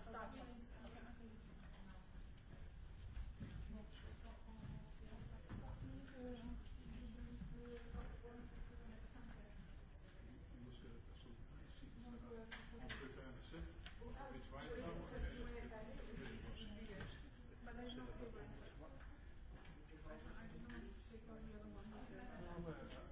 starts off. Thank you.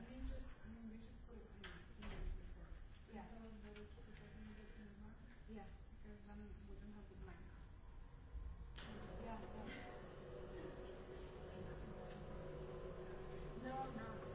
just, just we put before. Yeah. Yeah. Yeah, yeah. Because then don't have the blank. No, no.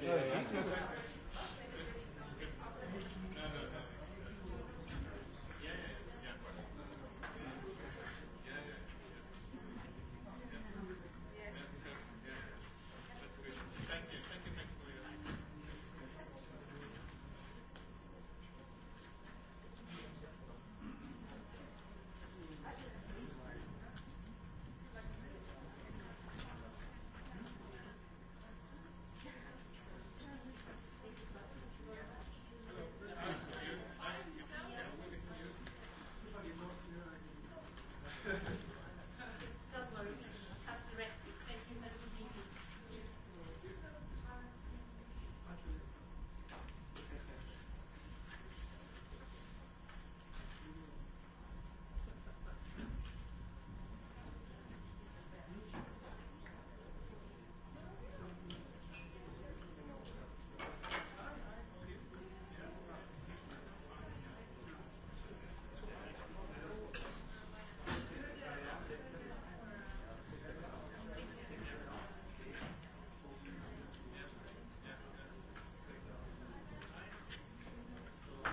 Köszönöm.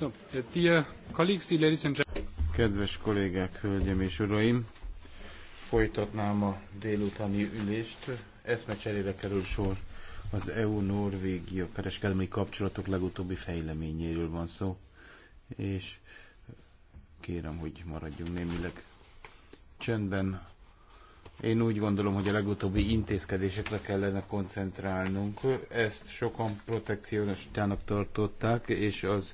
Uh, Kedves kollégák, hölgyem és uraim, folytatnám a délutáni ülést. Eszmecserére kerül sor az EU-Norvégia kereskedelmi kapcsolatok legutóbbi fejleményéről van szó, és kérem, hogy maradjunk némileg csendben. Én úgy gondolom, hogy a legutóbbi intézkedésekre kellene koncentrálnunk. Ezt sokan protekcionistának tartották, és az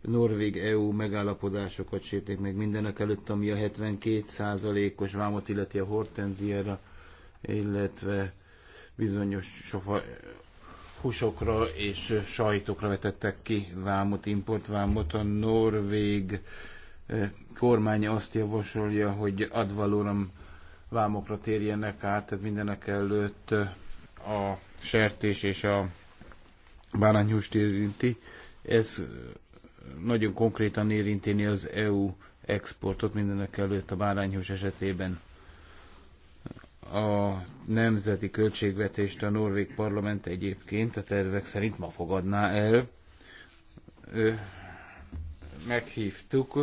Norvég-EU megállapodásokat sérték meg mindenek előtt, ami a 72%-os vámot illeti a hortenziára, illetve bizonyos sofa, húsokra és sajtokra vetettek ki vámot, importvámot. A norvég eh, kormánya azt javasolja, hogy advalóram vámokra térjenek át, tehát mindenek előtt eh, a sertés és a bárányhúst érinti. Ez nagyon konkrétan érinteni az EU exportot mindenek előtt a bárányhús esetében. A nemzeti költségvetést a Norvég parlament egyébként a tervek szerint ma fogadná el. Meghívtuk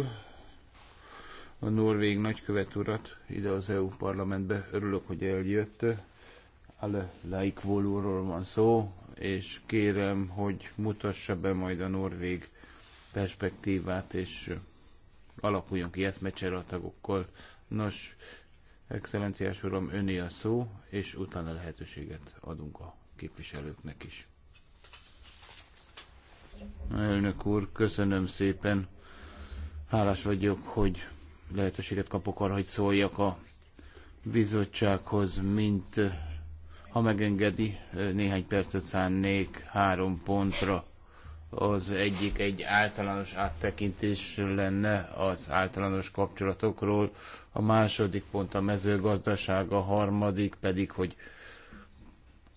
a norvég nagykövet urat ide az EU parlamentbe. Örülök, hogy eljött. Ale Laikvolúról van szó, és kérem, hogy mutassa be majd a norvég perspektívát, és alakuljon ki eszmecsere a tagokkal. Nos, excellenciás uram, öné a szó, és utána lehetőséget adunk a képviselőknek is. Elnök úr, köszönöm szépen. Hálás vagyok, hogy lehetőséget kapok arra, hogy szóljak a bizottsághoz, mint ha megengedi, néhány percet szánnék három pontra az egyik egy általános áttekintés lenne az általános kapcsolatokról, a második pont a mezőgazdaság, a harmadik pedig, hogy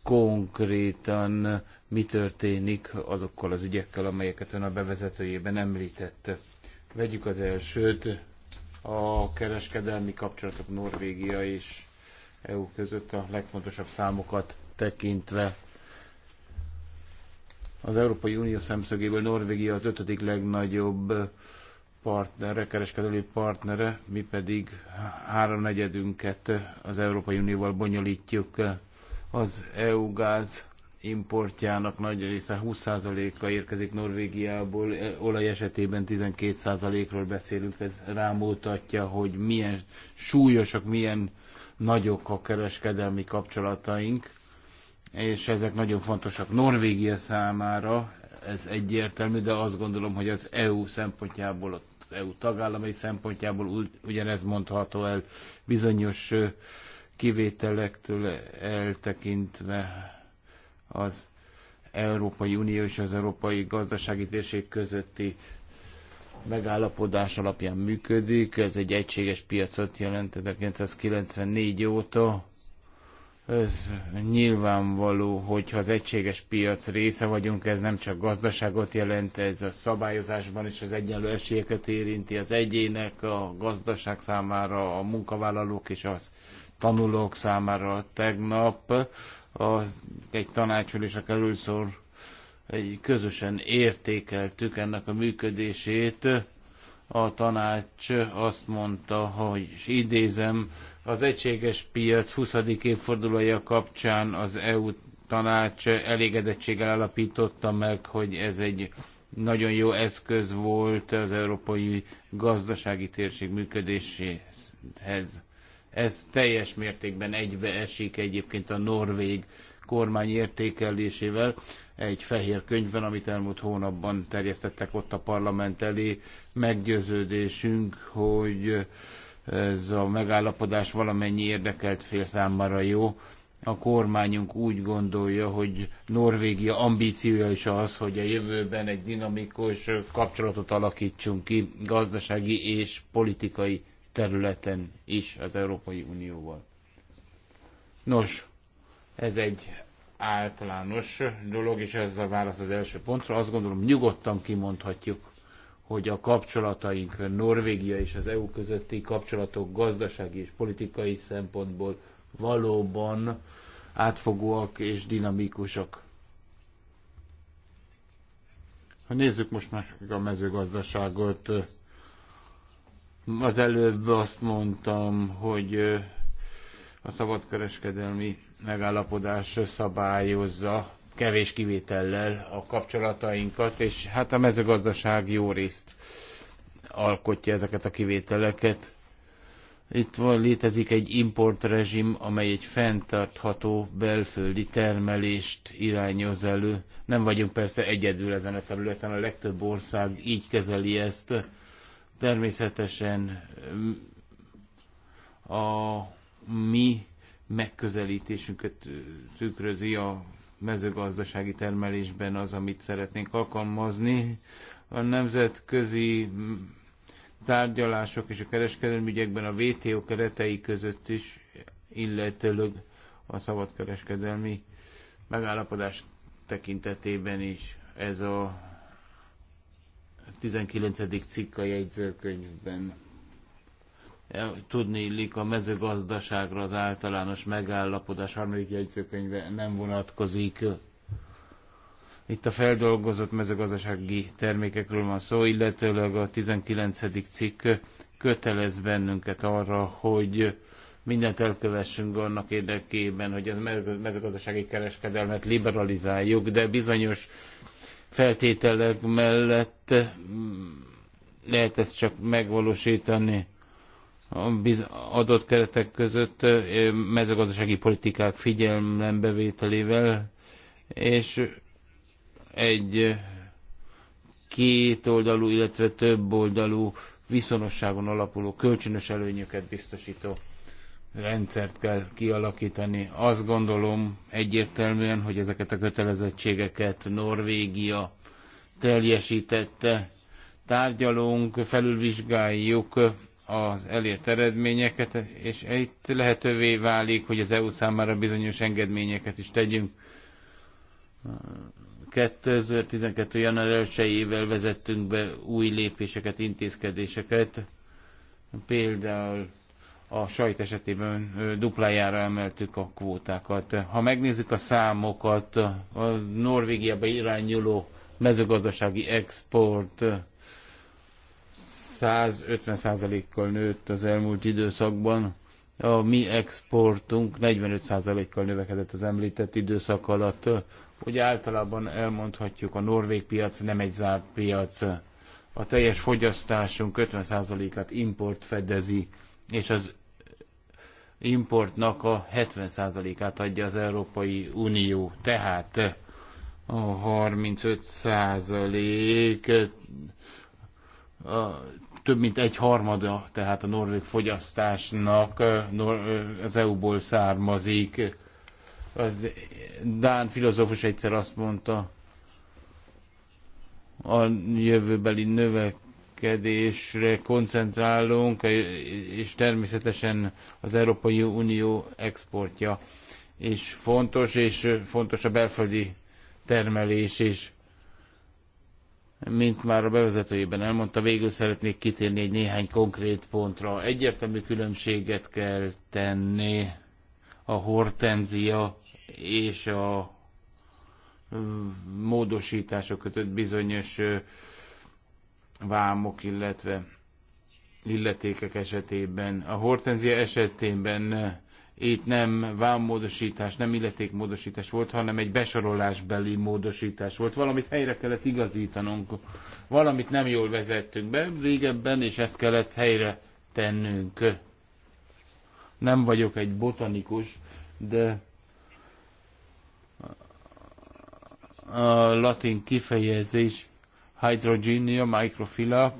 konkrétan mi történik azokkal az ügyekkel, amelyeket ön a bevezetőjében említette. Vegyük az elsőt, a kereskedelmi kapcsolatok Norvégia és EU között a legfontosabb számokat tekintve az Európai Unió szemszögéből Norvégia az ötödik legnagyobb partnere, kereskedelmi partnere, mi pedig háromnegyedünket az Európai Unióval bonyolítjuk. Az EU gáz importjának nagy része 20%-a érkezik Norvégiából, e, olaj esetében 12%-ról beszélünk, ez rámutatja, hogy milyen súlyosak, milyen nagyok a kereskedelmi kapcsolataink és ezek nagyon fontosak Norvégia számára, ez egyértelmű, de azt gondolom, hogy az EU szempontjából, az EU tagállamai szempontjából ugyanez mondható el bizonyos kivételektől eltekintve az Európai Unió és az Európai Gazdasági Térség közötti megállapodás alapján működik. Ez egy egységes piacot jelent 1994 óta ez nyilvánvaló, hogyha az egységes piac része vagyunk, ez nem csak gazdaságot jelent, ez a szabályozásban is az egyenlő esélyeket érinti az egyének, a gazdaság számára, a munkavállalók és a tanulók számára. Tegnap a, egy tanácsülésre kerül egy közösen értékeltük ennek a működését. A tanács azt mondta, hogy idézem, az egységes piac 20. évfordulója kapcsán az EU tanács elégedettséggel alapította meg, hogy ez egy nagyon jó eszköz volt az európai gazdasági térség működéséhez. Ez teljes mértékben egybeesik egyébként a norvég kormány értékelésével egy fehér könyvben, amit elmúlt hónapban terjesztettek ott a parlament elé. Meggyőződésünk, hogy ez a megállapodás valamennyi érdekelt fél számára jó. A kormányunk úgy gondolja, hogy Norvégia ambíciója is az, hogy a jövőben egy dinamikus kapcsolatot alakítsunk ki gazdasági és politikai területen is az Európai Unióval. Nos, ez egy általános dolog, és ez a válasz az első pontra. Azt gondolom, nyugodtan kimondhatjuk, hogy a kapcsolataink Norvégia és az EU közötti kapcsolatok gazdasági és politikai szempontból valóban átfogóak és dinamikusak. Ha nézzük most meg a mezőgazdaságot, az előbb azt mondtam, hogy a szabadkereskedelmi megállapodás szabályozza kevés kivétellel a kapcsolatainkat, és hát a mezőgazdaság jó részt alkotja ezeket a kivételeket. Itt van, létezik egy importrezsim, amely egy fenntartható belföldi termelést irányoz elő. Nem vagyunk persze egyedül ezen a területen, a legtöbb ország így kezeli ezt. Természetesen mm, a mi megközelítésünket tükrözi a mezőgazdasági termelésben az, amit szeretnénk alkalmazni. A nemzetközi tárgyalások és a kereskedelmi ügyekben a WTO keretei között is, illetőleg a szabadkereskedelmi megállapodás tekintetében is ez a 19. cikk a jegyzőkönyvben E, tudni illik a mezőgazdaságra az általános megállapodás harmadik jegyzőkönyve nem vonatkozik. Itt a feldolgozott mezőgazdasági termékekről van szó, illetőleg a 19. cikk kötelez bennünket arra, hogy mindent elkövessünk annak érdekében, hogy a mezőgazdasági kereskedelmet liberalizáljuk, de bizonyos feltételek mellett mm, lehet ezt csak megvalósítani adott keretek között mezőgazdasági politikák figyelembevételével, és egy két oldalú, illetve több oldalú viszonosságon alapuló kölcsönös előnyöket biztosító rendszert kell kialakítani. Azt gondolom egyértelműen, hogy ezeket a kötelezettségeket Norvégia teljesítette. Tárgyalunk, felülvizsgáljuk az elért eredményeket, és itt lehetővé válik, hogy az EU számára bizonyos engedményeket is tegyünk. 2012. január 1-ével vezettünk be új lépéseket, intézkedéseket. Például a sajt esetében duplájára emeltük a kvótákat. Ha megnézzük a számokat, a Norvégiába irányuló mezőgazdasági export 150%-kal nőtt az elmúlt időszakban, a mi exportunk 45%-kal növekedett az említett időszak alatt. Ugye általában elmondhatjuk, a norvég piac nem egy zárt piac. A teljes fogyasztásunk 50%-át import fedezi, és az importnak a 70%-át adja az Európai Unió. Tehát a 35% a több mint egy harmada, tehát a norvég fogyasztásnak az EU-ból származik. Az Dán filozófus egyszer azt mondta, a jövőbeli növekedésre koncentrálunk, és természetesen az Európai Unió exportja és fontos, és fontos a belföldi termelés is mint már a bevezetőjében elmondta, végül szeretnék kitérni egy néhány konkrét pontra. Egyértelmű különbséget kell tenni a hortenzia és a módosítások között bizonyos vámok, illetve illetékek esetében. A hortenzia esetében itt nem vámmódosítás, nem illetékmódosítás volt, hanem egy besorolásbeli módosítás volt. Valamit helyre kellett igazítanunk, valamit nem jól vezettünk be régebben, és ezt kellett helyre tennünk. Nem vagyok egy botanikus, de a latin kifejezés hydrogenia microfila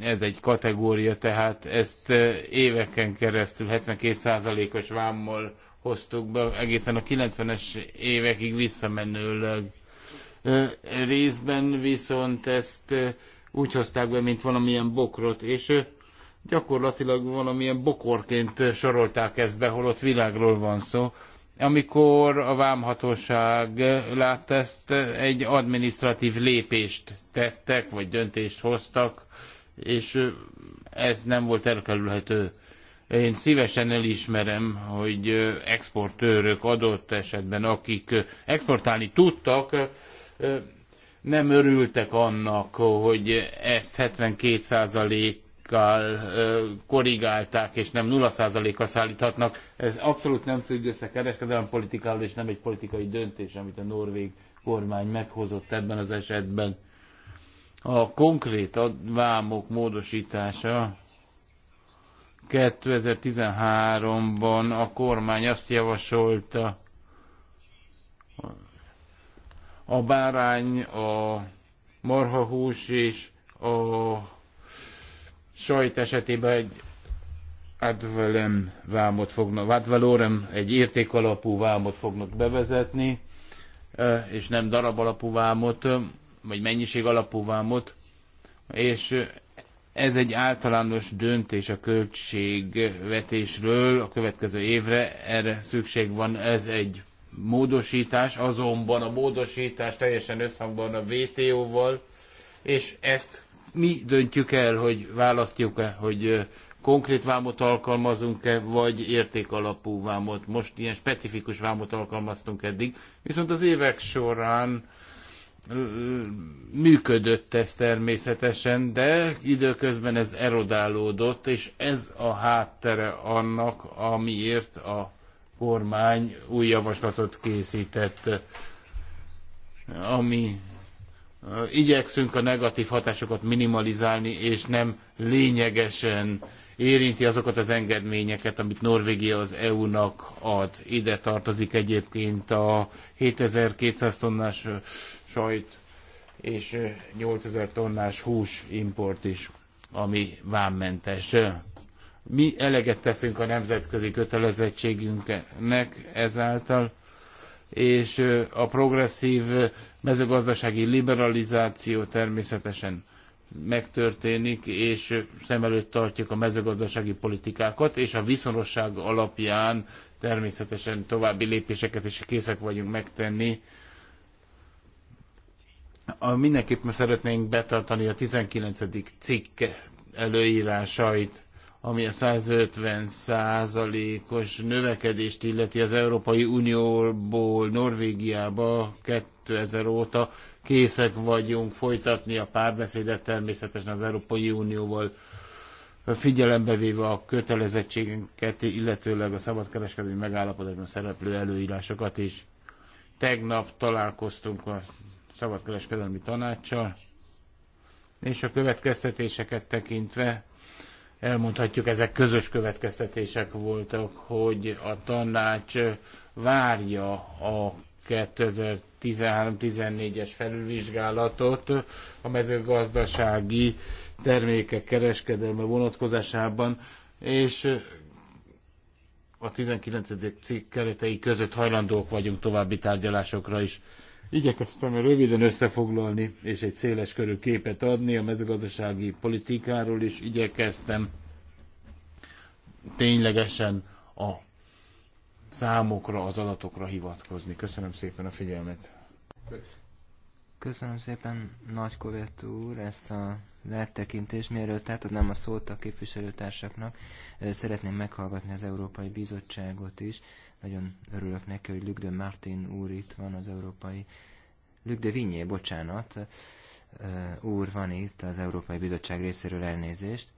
ez egy kategória, tehát ezt éveken keresztül 72%-os vámmal hoztuk be, egészen a 90-es évekig visszamenőleg. Részben viszont ezt úgy hozták be, mint valamilyen bokrot, és gyakorlatilag valamilyen bokorként sorolták ezt be, holott világról van szó. Amikor a vámhatóság látta ezt, egy administratív lépést tettek, vagy döntést hoztak, és ez nem volt elkerülhető. Én szívesen elismerem, hogy exportőrök adott esetben, akik exportálni tudtak, nem örültek annak, hogy ezt 72%-kal korrigálták, és nem 0%-kal szállíthatnak. Ez abszolút nem függ össze kereskedelmi politikával, és nem egy politikai döntés, amit a norvég kormány meghozott ebben az esetben. A konkrét vámok módosítása 2013-ban a kormány azt javasolta, a bárány, a marhahús és a sajt esetében egy advelem vámot fognak, advalorem egy értékalapú vámot fognak bevezetni, eh, és nem darabalapú vámot vagy mennyiség alapú vámot, és ez egy általános döntés a költségvetésről a következő évre, erre szükség van, ez egy módosítás, azonban a módosítás teljesen összhangban a VTO-val, és ezt mi döntjük el, hogy választjuk-e, hogy konkrét vámot alkalmazunk-e, vagy értékalapú vámot. Most ilyen specifikus vámot alkalmaztunk eddig, viszont az évek során működött ez természetesen, de időközben ez erodálódott, és ez a háttere annak, amiért a kormány új javaslatot készített, ami igyekszünk a negatív hatásokat minimalizálni, és nem lényegesen érinti azokat az engedményeket, amit Norvégia az EU-nak ad. Ide tartozik egyébként a 7200 tonnás sajt és 8000 tonnás hús import is, ami vámmentes. Mi eleget teszünk a nemzetközi kötelezettségünknek ezáltal, és a progresszív mezőgazdasági liberalizáció természetesen megtörténik, és szem előtt tartjuk a mezőgazdasági politikákat, és a viszonosság alapján természetesen további lépéseket is készek vagyunk megtenni, a, mindenképpen szeretnénk betartani a 19. cikk előírásait, ami a 150 százalékos növekedést illeti az Európai Unióból Norvégiába 2000 óta. Készek vagyunk folytatni a párbeszédet természetesen az Európai Unióval figyelembe véve a kötelezettségünket, illetőleg a szabadkereskedelmi megállapodásban szereplő előírásokat is. Tegnap találkoztunk a szabadkereskedelmi tanácssal, és a következtetéseket tekintve elmondhatjuk, ezek közös következtetések voltak, hogy a tanács várja a 2013-14-es felülvizsgálatot a mezőgazdasági termékek kereskedelme vonatkozásában, és a 19. cikk keretei között hajlandók vagyunk további tárgyalásokra is. Igyekeztem röviden összefoglalni és egy széles körű képet adni a mezőgazdasági politikáról is igyekeztem ténylegesen a számokra, az adatokra hivatkozni. Köszönöm szépen a figyelmet. Köszönöm szépen Kovett úr ezt a lettekintést. Mielőtt átadnám a szót a képviselőtársaknak, szeretném meghallgatni az Európai Bizottságot is. Nagyon örülök neki, hogy Luc de Martin úr itt van az európai... Luc de Vigné, bocsánat, úr van itt az Európai Bizottság részéről elnézést.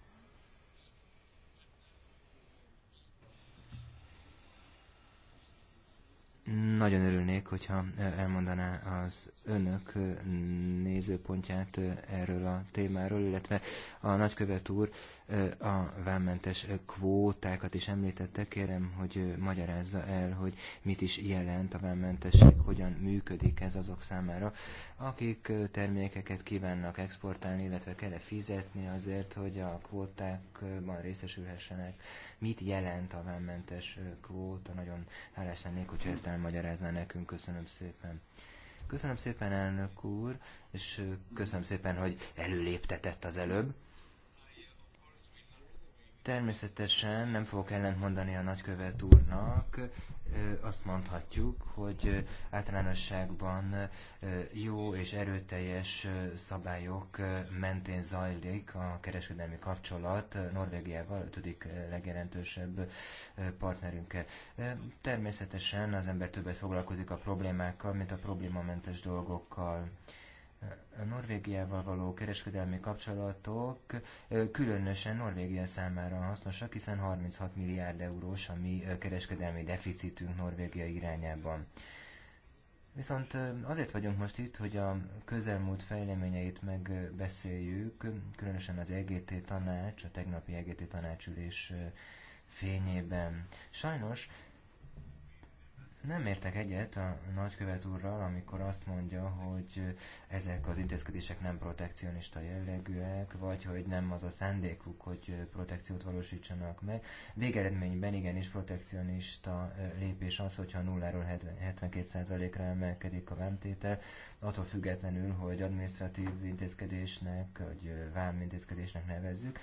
Nagyon örülnék, hogyha elmondaná az önök nézőpontját erről a témáról, illetve a nagykövet úr a vámmentes kvótákat is említette, kérem, hogy magyarázza el, hogy mit is jelent a vámmentesség, hogyan működik ez azok számára, akik termékeket kívánnak exportálni, illetve kell -e fizetni azért, hogy a kvótákban részesülhessenek. Mit jelent a vámmentes kvóta? Nagyon hálás lennék, hogyha ezt elmagyarázná nekünk. Köszönöm szépen. Köszönöm szépen, elnök úr, és köszönöm szépen, hogy előléptetett az előbb. Természetesen nem fogok mondani a nagykövet úrnak. Azt mondhatjuk, hogy általánosságban jó és erőteljes szabályok mentén zajlik a kereskedelmi kapcsolat Norvégiával, ötödik legjelentősebb partnerünkkel. Természetesen az ember többet foglalkozik a problémákkal, mint a problémamentes dolgokkal. Norvégiával való kereskedelmi kapcsolatok különösen Norvégia számára hasznosak, hiszen 36 milliárd eurós a mi kereskedelmi deficitünk Norvégia irányában. Viszont azért vagyunk most itt, hogy a közelmúlt fejleményeit megbeszéljük, különösen az EGT tanács, a tegnapi EGT tanácsülés fényében. Sajnos nem értek egyet a nagykövet úrral, amikor azt mondja, hogy ezek az intézkedések nem protekcionista jellegűek, vagy hogy nem az a szándékuk, hogy protekciót valósítsanak meg. Végeredményben igenis protekcionista lépés az, hogyha nulláról 72%-ra emelkedik a vámtétel, attól függetlenül, hogy adminisztratív intézkedésnek, vagy vámintézkedésnek nevezzük,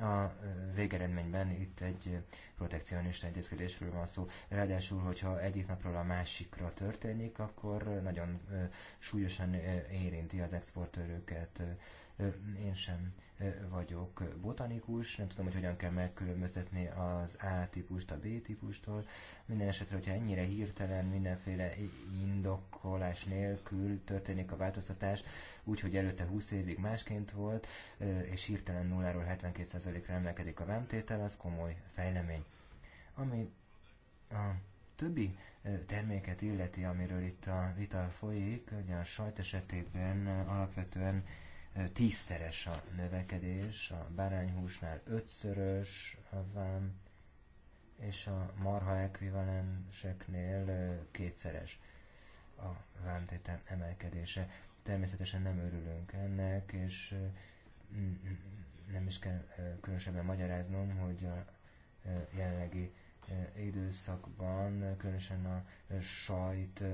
a végeredményben itt egy protekcionista egyezkedésről van szó. Ráadásul, hogyha egyik napról a másikra történik, akkor nagyon súlyosan érinti az exportőröket. Én sem vagyok botanikus, nem tudom, hogy hogyan kell megkülönböztetni az A-típust a B-típustól. Minden esetre, hogyha ennyire hirtelen, mindenféle indokolás nélkül történik a változtatás, úgyhogy előtte 20 évig másként volt, és hirtelen 0-ról 72%-ra emelkedik a vámtétel, az komoly fejlemény. Ami a többi terméket illeti, amiről itt a vita folyik, ugye a sajt esetében alapvetően tízszeres a növekedés, a bárányhúsnál ötszörös a vám, és a marha ekvivalenseknél kétszeres a vámtétel emelkedése. Természetesen nem örülünk ennek, és nem is kell különösebben magyaráznom, hogy a jelenlegi időszakban, különösen a sajt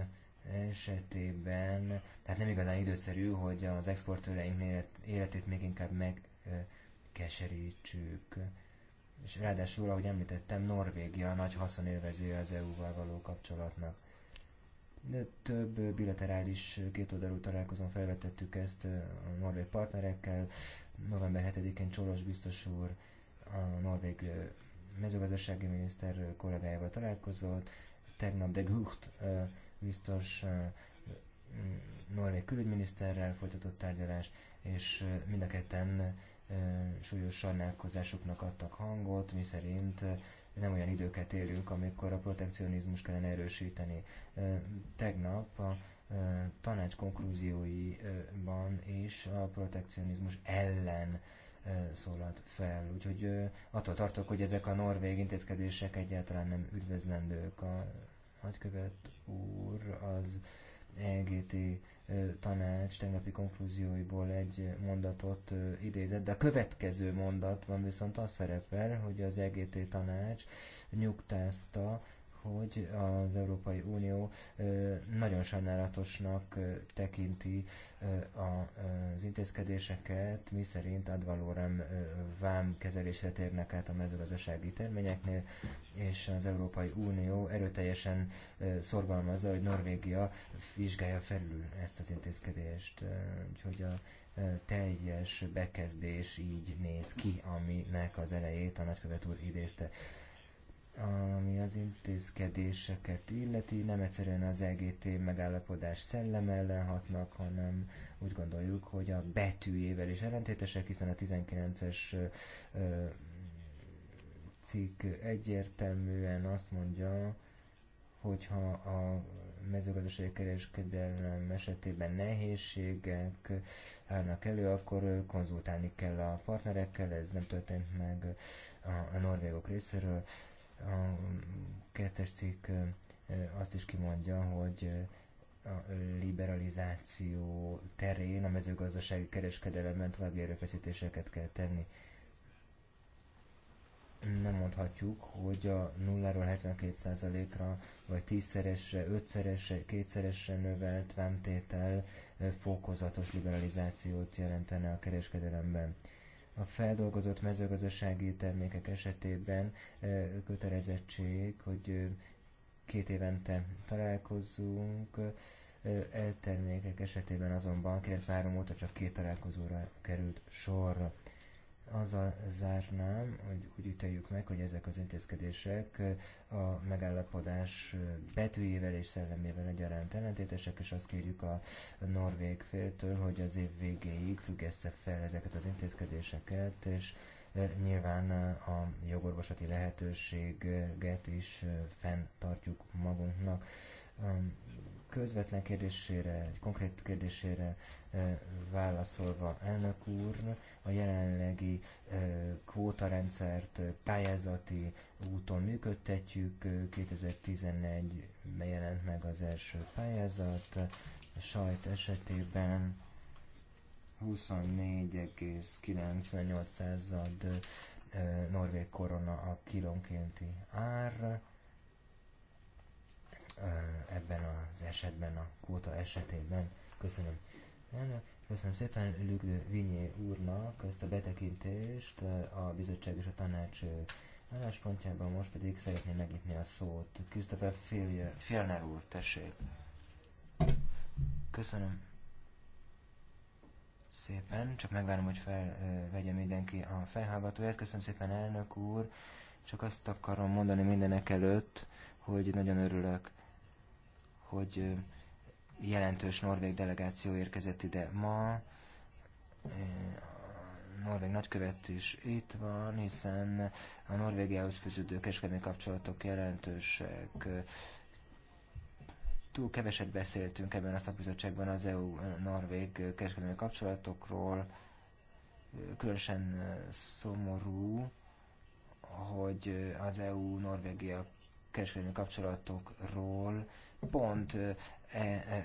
esetében, tehát nem igazán időszerű, hogy az exportőreink életét még inkább megkeserítsük. És ráadásul, ahogy említettem, Norvégia nagy haszonélvezője az EU-val való kapcsolatnak. De több bilaterális kétoldalú találkozón felvetettük ezt a norvég partnerekkel. November 7-én Csolos biztos úr a norvég mezőgazdasági miniszter kollégájával találkozott, tegnap de Gucht biztos norvég külügyminiszterrel folytatott tárgyalás, és mind a ketten súlyos sarnálkozásoknak adtak hangot, miszerint nem olyan időket élünk, amikor a protekcionizmus kellene erősíteni. Tegnap a tanács konklúzióiban is a protekcionizmus ellen szólalt fel. Úgyhogy attól tartok, hogy ezek a norvég intézkedések egyáltalán nem üdvözlendők. A nagykövet úr az EGT tanács tegnapi konklúzióiból egy mondatot idézett, de a következő mondatban viszont az szerepel, hogy az EGT tanács nyugtázta hogy az Európai Unió nagyon sajnálatosnak tekinti az intézkedéseket, miszerint ad valórem vám kezelésre térnek át a mezőgazdasági terményeknél, és az Európai Unió erőteljesen szorgalmazza, hogy Norvégia vizsgálja felül ezt az intézkedést. Úgyhogy a teljes bekezdés így néz ki, aminek az elejét a nagykövet úr idézte ami az intézkedéseket illeti, nem egyszerűen az EGT megállapodás szellem ellen hatnak, hanem úgy gondoljuk, hogy a betűjével is ellentétesek, hiszen a 19-es cikk egyértelműen azt mondja, hogyha a mezőgazdasági kereskedelem esetében nehézségek állnak elő, akkor konzultálni kell a partnerekkel, ez nem történt meg a norvégok részéről. A kettes cikk azt is kimondja, hogy a liberalizáció terén a mezőgazdasági kereskedelemben további erőfeszítéseket kell tenni. Nem mondhatjuk, hogy a nulláról 72%-ra, vagy tízszeresre, ötszeresre, kétszeresre növelt vámtétel fokozatos liberalizációt jelentene a kereskedelemben a feldolgozott mezőgazdasági termékek esetében kötelezettség, hogy két évente találkozzunk, e esetében azonban 93 óta csak két találkozóra került sorra azzal zárnám, hogy úgy ítéljük meg, hogy ezek az intézkedések a megállapodás betűjével és szellemével egyaránt ellentétesek, és azt kérjük a norvég féltől, hogy az év végéig függesse fel ezeket az intézkedéseket, és nyilván a jogorvosati lehetőséget is fenntartjuk magunknak. Közvetlen kérdésére, egy konkrét kérdésére Eh, válaszolva, elnök úr, a jelenlegi eh, kvótarendszert eh, pályázati úton működtetjük. 2011-ben jelent meg az első pályázat, a sajt esetében 24,98 norvég korona a kilónkénti ár. Ebben az esetben, a kvóta esetében. Köszönöm. Elnök, köszönöm szépen Lüglő Vinyé úrnak ezt a betekintést eh, a bizottság és a tanács eh, álláspontjában, most pedig szeretném megnyitni a szót. Christopher Fjellner úr, tessék. Köszönöm szépen, csak megvárom, hogy felvegye eh, mindenki a felhallgatóját. Köszönöm szépen, elnök úr. Csak azt akarom mondani mindenek előtt, hogy nagyon örülök, hogy jelentős norvég delegáció érkezett ide ma. A norvég nagykövet is itt van, hiszen a Norvégiához fűződő kereskedelmi kapcsolatok jelentősek. Túl keveset beszéltünk ebben a szakbizottságban az EU-Norvég kereskedelmi kapcsolatokról. Különösen szomorú, hogy az EU-Norvégia kereskedelmi kapcsolatokról pont e, e,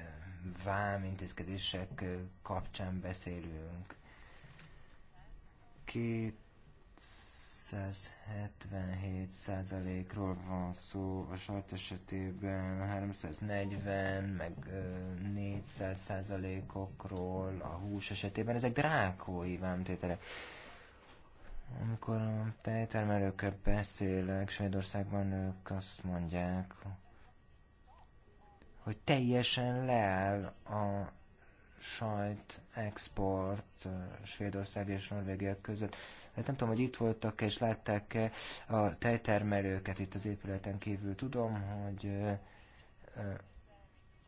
vám intézkedések kapcsán beszélünk. 277 százalékról van szó a sajt esetében, 340 meg 400 százalékokról a hús esetében. Ezek drákói vámtételek. Amikor a tejtermelőkkel beszélek, Svédországban ők azt mondják, hogy teljesen leáll a sajt export Svédország és Norvégia között. Hát nem tudom, hogy itt voltak és látták-e a tejtermelőket itt az épületen kívül. Tudom, hogy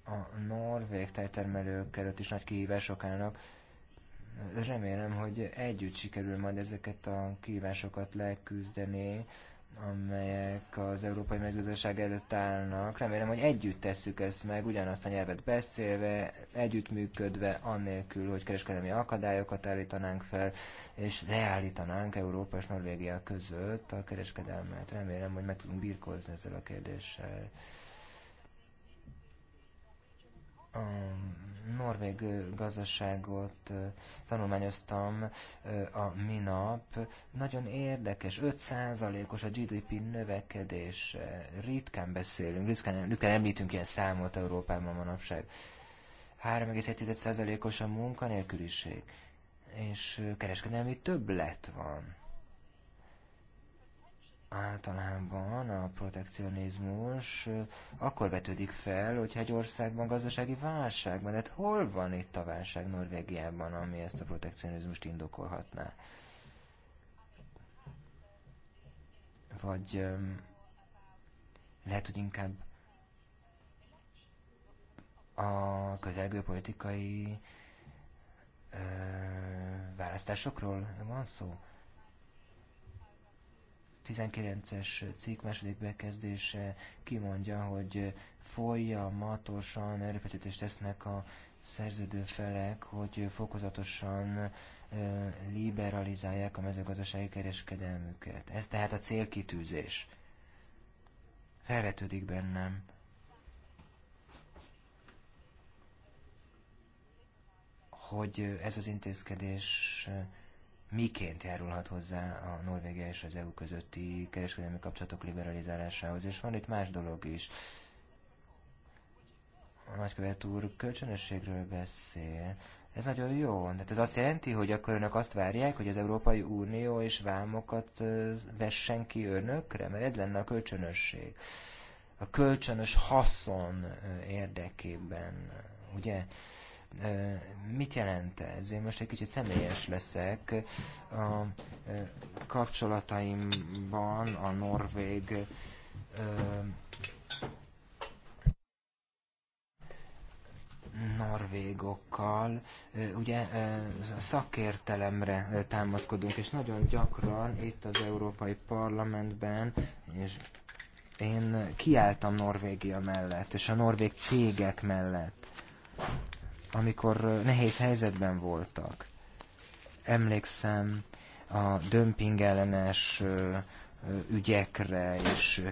a norvég tejtermelők előtt is nagy kihívások állnak. Remélem, hogy együtt sikerül majd ezeket a kihívásokat leküzdeni amelyek az Európai Mezőgazdaság előtt állnak. Remélem, hogy együtt tesszük ezt meg, ugyanazt a nyelvet beszélve, együttműködve, annélkül, hogy kereskedelmi akadályokat állítanánk fel, és leállítanánk Európa és Norvégia között a kereskedelmet. Remélem, hogy meg tudunk birkózni ezzel a kérdéssel. Um, norvég gazdaságot tanulmányoztam a minap. Nagyon érdekes, 5%-os a GDP növekedés. Ritkán beszélünk, ritkán, ritkán említünk ilyen számot Európában manapság. 3,7%-os a munkanélküliség, és kereskedelmi többlet van általában a protekcionizmus akkor vetődik fel, hogyha egy országban gazdasági válság van. Hát hol van itt a válság Norvégiában, ami ezt a protekcionizmust indokolhatná? Vagy lehet, hogy inkább a közelgő politikai ö, választásokról van szó? 19-es cikk második bekezdése kimondja, hogy folyamatosan erőfeszítést tesznek a szerződő felek, hogy fokozatosan liberalizálják a mezőgazdasági kereskedelmüket. Ez tehát a célkitűzés. Felvetődik bennem. hogy ez az intézkedés miként járulhat hozzá a Norvégia és az EU közötti kereskedelmi kapcsolatok liberalizálásához. És van itt más dolog is. A nagykövet úr kölcsönösségről beszél. Ez nagyon jó. Tehát ez azt jelenti, hogy akkor önök azt várják, hogy az Európai Unió és vámokat vessen ki önökre, mert ez lenne a kölcsönösség. A kölcsönös haszon érdekében, ugye? mit jelent ez? Én most egy kicsit személyes leszek. A kapcsolataimban a norvég norvégokkal, ugye szakértelemre támaszkodunk, és nagyon gyakran itt az Európai Parlamentben, és én kiálltam Norvégia mellett, és a norvég cégek mellett amikor nehéz helyzetben voltak. Emlékszem a dömping ellenes ügyekre és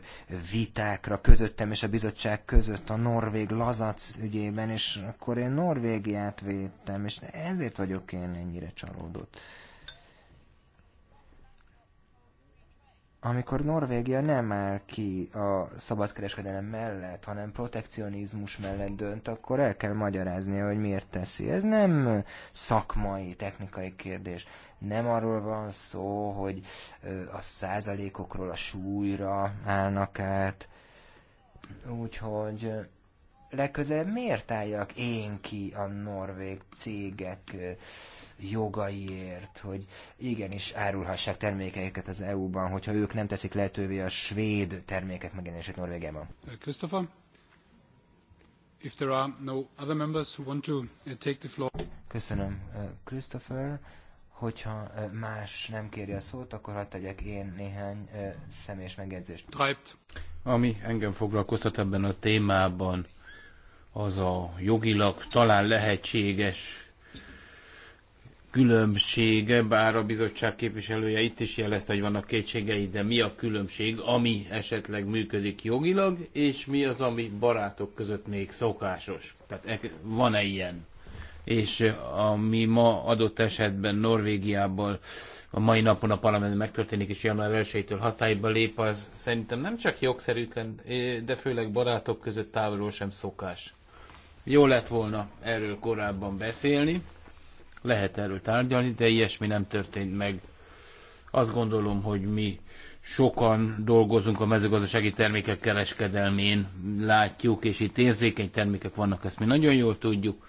vitákra közöttem és a bizottság között a Norvég lazac ügyében, és akkor én Norvégiát védtem, és ezért vagyok én ennyire csalódott. amikor Norvégia nem áll ki a szabadkereskedelem mellett, hanem protekcionizmus mellett dönt, akkor el kell magyaráznia, hogy miért teszi. Ez nem szakmai, technikai kérdés. Nem arról van szó, hogy a százalékokról a súlyra állnak át. Úgyhogy legközelebb miért álljak én ki a norvég cégek jogaiért, hogy igenis árulhassák termékeiket az EU-ban, hogyha ők nem teszik lehetővé a svéd termékek megjelenését Norvégiában. Christopher? If there are no other members who want to uh, take the floor. Köszönöm, uh, Christopher. Hogyha uh, más nem kéri a szót, akkor hadd tegyek én néhány személyes megjegyzést. Treibt. Ami engem foglalkoztat ebben a témában, az a jogilag talán lehetséges különbség, bár a bizottság képviselője itt is jelezte, hogy vannak kétségei, de mi a különbség, ami esetleg működik jogilag, és mi az, ami barátok között még szokásos. Tehát e- van-e ilyen? És eh, ami ma adott esetben Norvégiából a mai napon a parlament megtörténik, és január 1-től hatályba lép, az szerintem nem csak jogszerűtlen, eh, de főleg barátok között távolról sem szokás. Jó lett volna erről korábban beszélni lehet erről tárgyalni, de ilyesmi nem történt meg. Azt gondolom, hogy mi sokan dolgozunk a mezőgazdasági termékek kereskedelmén, látjuk, és itt érzékeny termékek vannak, ezt mi nagyon jól tudjuk.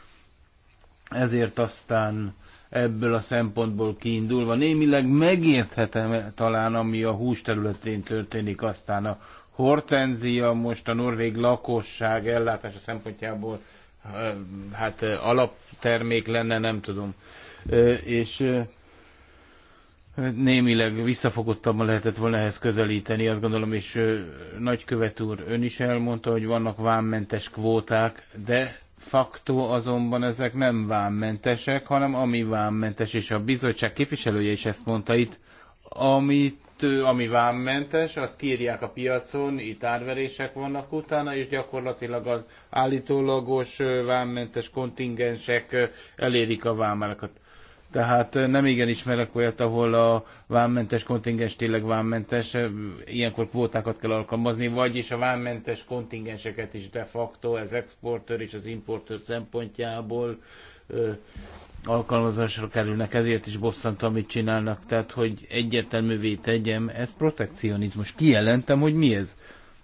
Ezért aztán ebből a szempontból kiindulva némileg megérthetem talán, ami a hús területén történik, aztán a hortenzia most a norvég lakosság ellátása szempontjából hát alaptermék lenne, nem tudom. És némileg visszafogottabban lehetett volna ehhez közelíteni, azt gondolom, és nagykövet úr ön is elmondta, hogy vannak vámmentes kvóták, de faktó azonban ezek nem vámmentesek, hanem ami vámmentes, és a bizottság képviselője is ezt mondta itt, amit kettő, ami vámmentes, azt kírják a piacon, itt árverések vannak utána, és gyakorlatilag az állítólagos vámmentes kontingensek elérik a vámárakat. Tehát nem igen ismerek olyat, ahol a vámmentes kontingens tényleg vámmentes, ilyenkor kvótákat kell alkalmazni, vagyis a vámmentes kontingenseket is de facto, ez exportőr és az importőr szempontjából alkalmazásra kerülnek, ezért is bosszant, amit csinálnak, tehát hogy egyértelművé tegyem, ez protekcionizmus. Kijelentem, hogy mi ez.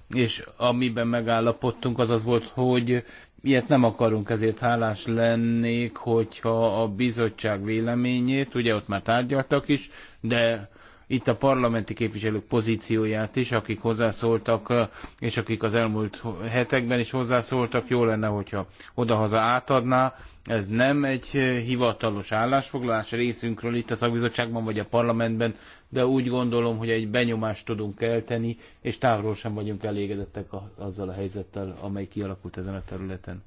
És amiben megállapodtunk, az az volt, hogy ilyet nem akarunk, ezért hálás lennék, hogyha a bizottság véleményét, ugye ott már tárgyaltak is, de itt a parlamenti képviselők pozícióját is, akik hozzászóltak, és akik az elmúlt hetekben is hozzászóltak, jó lenne, hogyha odahaza átadná, ez nem egy eh, hivatalos állásfoglalás részünkről itt a szakbizottságban vagy a parlamentben, de úgy gondolom, hogy egy benyomást tudunk kelteni, és távolról sem vagyunk elégedettek azzal a helyzettel, amely kialakult ezen a területen.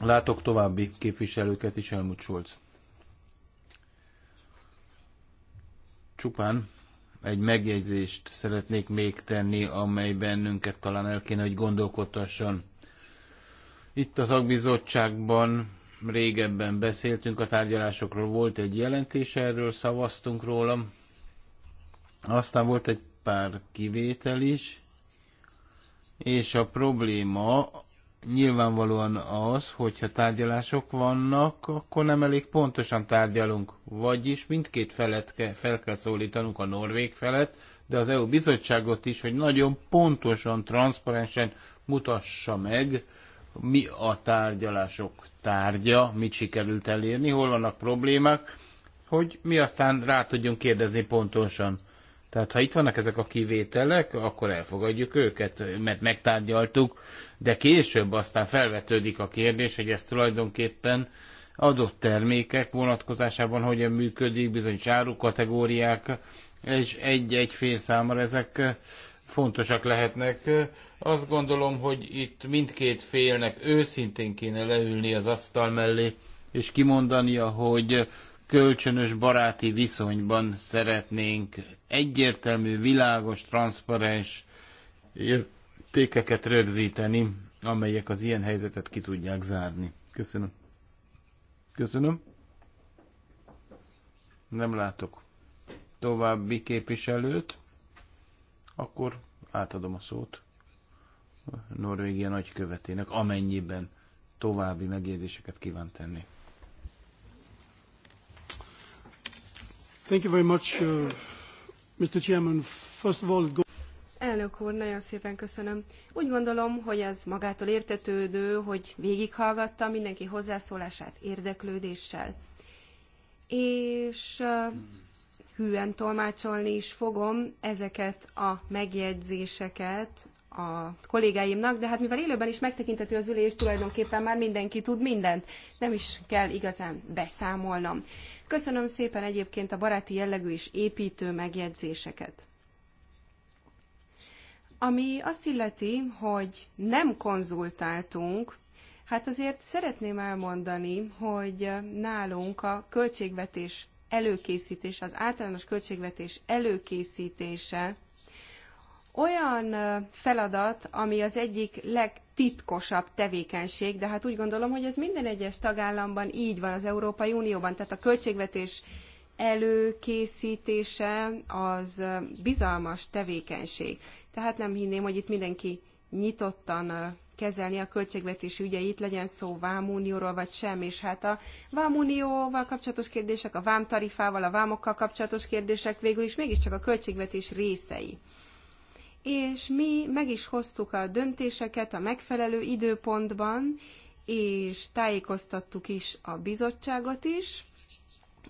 Látok további képviselőket is, Helmut Scholz. Csupán egy megjegyzést szeretnék még tenni, amely bennünket talán el kéne, hogy gondolkodtasson. Itt az agbizottságban régebben beszéltünk a tárgyalásokról, volt egy jelentés, erről szavaztunk róla. Aztán volt egy pár kivétel is, és a probléma nyilvánvalóan az, hogyha tárgyalások vannak, akkor nem elég pontosan tárgyalunk. Vagyis mindkét felet ke, fel kell szólítanunk, a Norvég felet, de az EU bizottságot is, hogy nagyon pontosan, transzparensen mutassa meg, mi a tárgyalások tárgya, mit sikerült elérni, hol vannak problémák, hogy mi aztán rá tudjunk kérdezni pontosan. Tehát ha itt vannak ezek a kivételek, akkor elfogadjuk őket, mert megtárgyaltuk, de később aztán felvetődik a kérdés, hogy ez tulajdonképpen adott termékek vonatkozásában hogyan működik, csáru kategóriák, és egy-egy fél számára ezek fontosak lehetnek. Azt gondolom, hogy itt mindkét félnek őszintén kéne leülni az asztal mellé, és kimondania, hogy kölcsönös baráti viszonyban szeretnénk egyértelmű, világos, transzparens értékeket rögzíteni, amelyek az ilyen helyzetet ki tudják zárni. Köszönöm. Köszönöm. Nem látok további képviselőt. Akkor átadom a szót Norvégia nagykövetének, amennyiben további megjegyzéseket kíván tenni. Elnök úr, nagyon szépen köszönöm. Úgy gondolom, hogy ez magától értetődő, hogy végighallgatta mindenki hozzászólását érdeklődéssel. És hűen tolmácsolni is fogom ezeket a megjegyzéseket a kollégáimnak, de hát mivel élőben is megtekintető az ülés, tulajdonképpen már mindenki tud mindent, nem is kell igazán beszámolnom. Köszönöm szépen egyébként a baráti jellegű és építő megjegyzéseket. Ami azt illeti, hogy nem konzultáltunk, hát azért szeretném elmondani, hogy nálunk a költségvetés előkészítés, az általános költségvetés előkészítése olyan feladat, ami az egyik legtitkosabb tevékenység, de hát úgy gondolom, hogy ez minden egyes tagállamban így van az Európai Unióban, tehát a költségvetés előkészítése az bizalmas tevékenység. Tehát nem hinném, hogy itt mindenki nyitottan kezelni a költségvetési ügyeit, legyen szó vámunióról vagy sem, és hát a vámunióval kapcsolatos kérdések, a vámtarifával, a vámokkal kapcsolatos kérdések végül is mégiscsak a költségvetés részei és mi meg is hoztuk a döntéseket a megfelelő időpontban, és tájékoztattuk is a bizottságot is,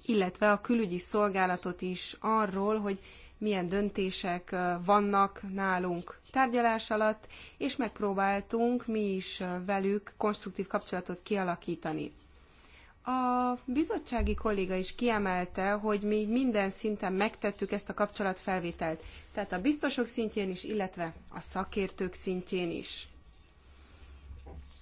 illetve a külügyi szolgálatot is arról, hogy milyen döntések vannak nálunk tárgyalás alatt, és megpróbáltunk mi is velük konstruktív kapcsolatot kialakítani. A bizottsági kolléga is kiemelte, hogy mi minden szinten megtettük ezt a kapcsolatfelvételt, tehát a biztosok szintjén is, illetve a szakértők szintjén is.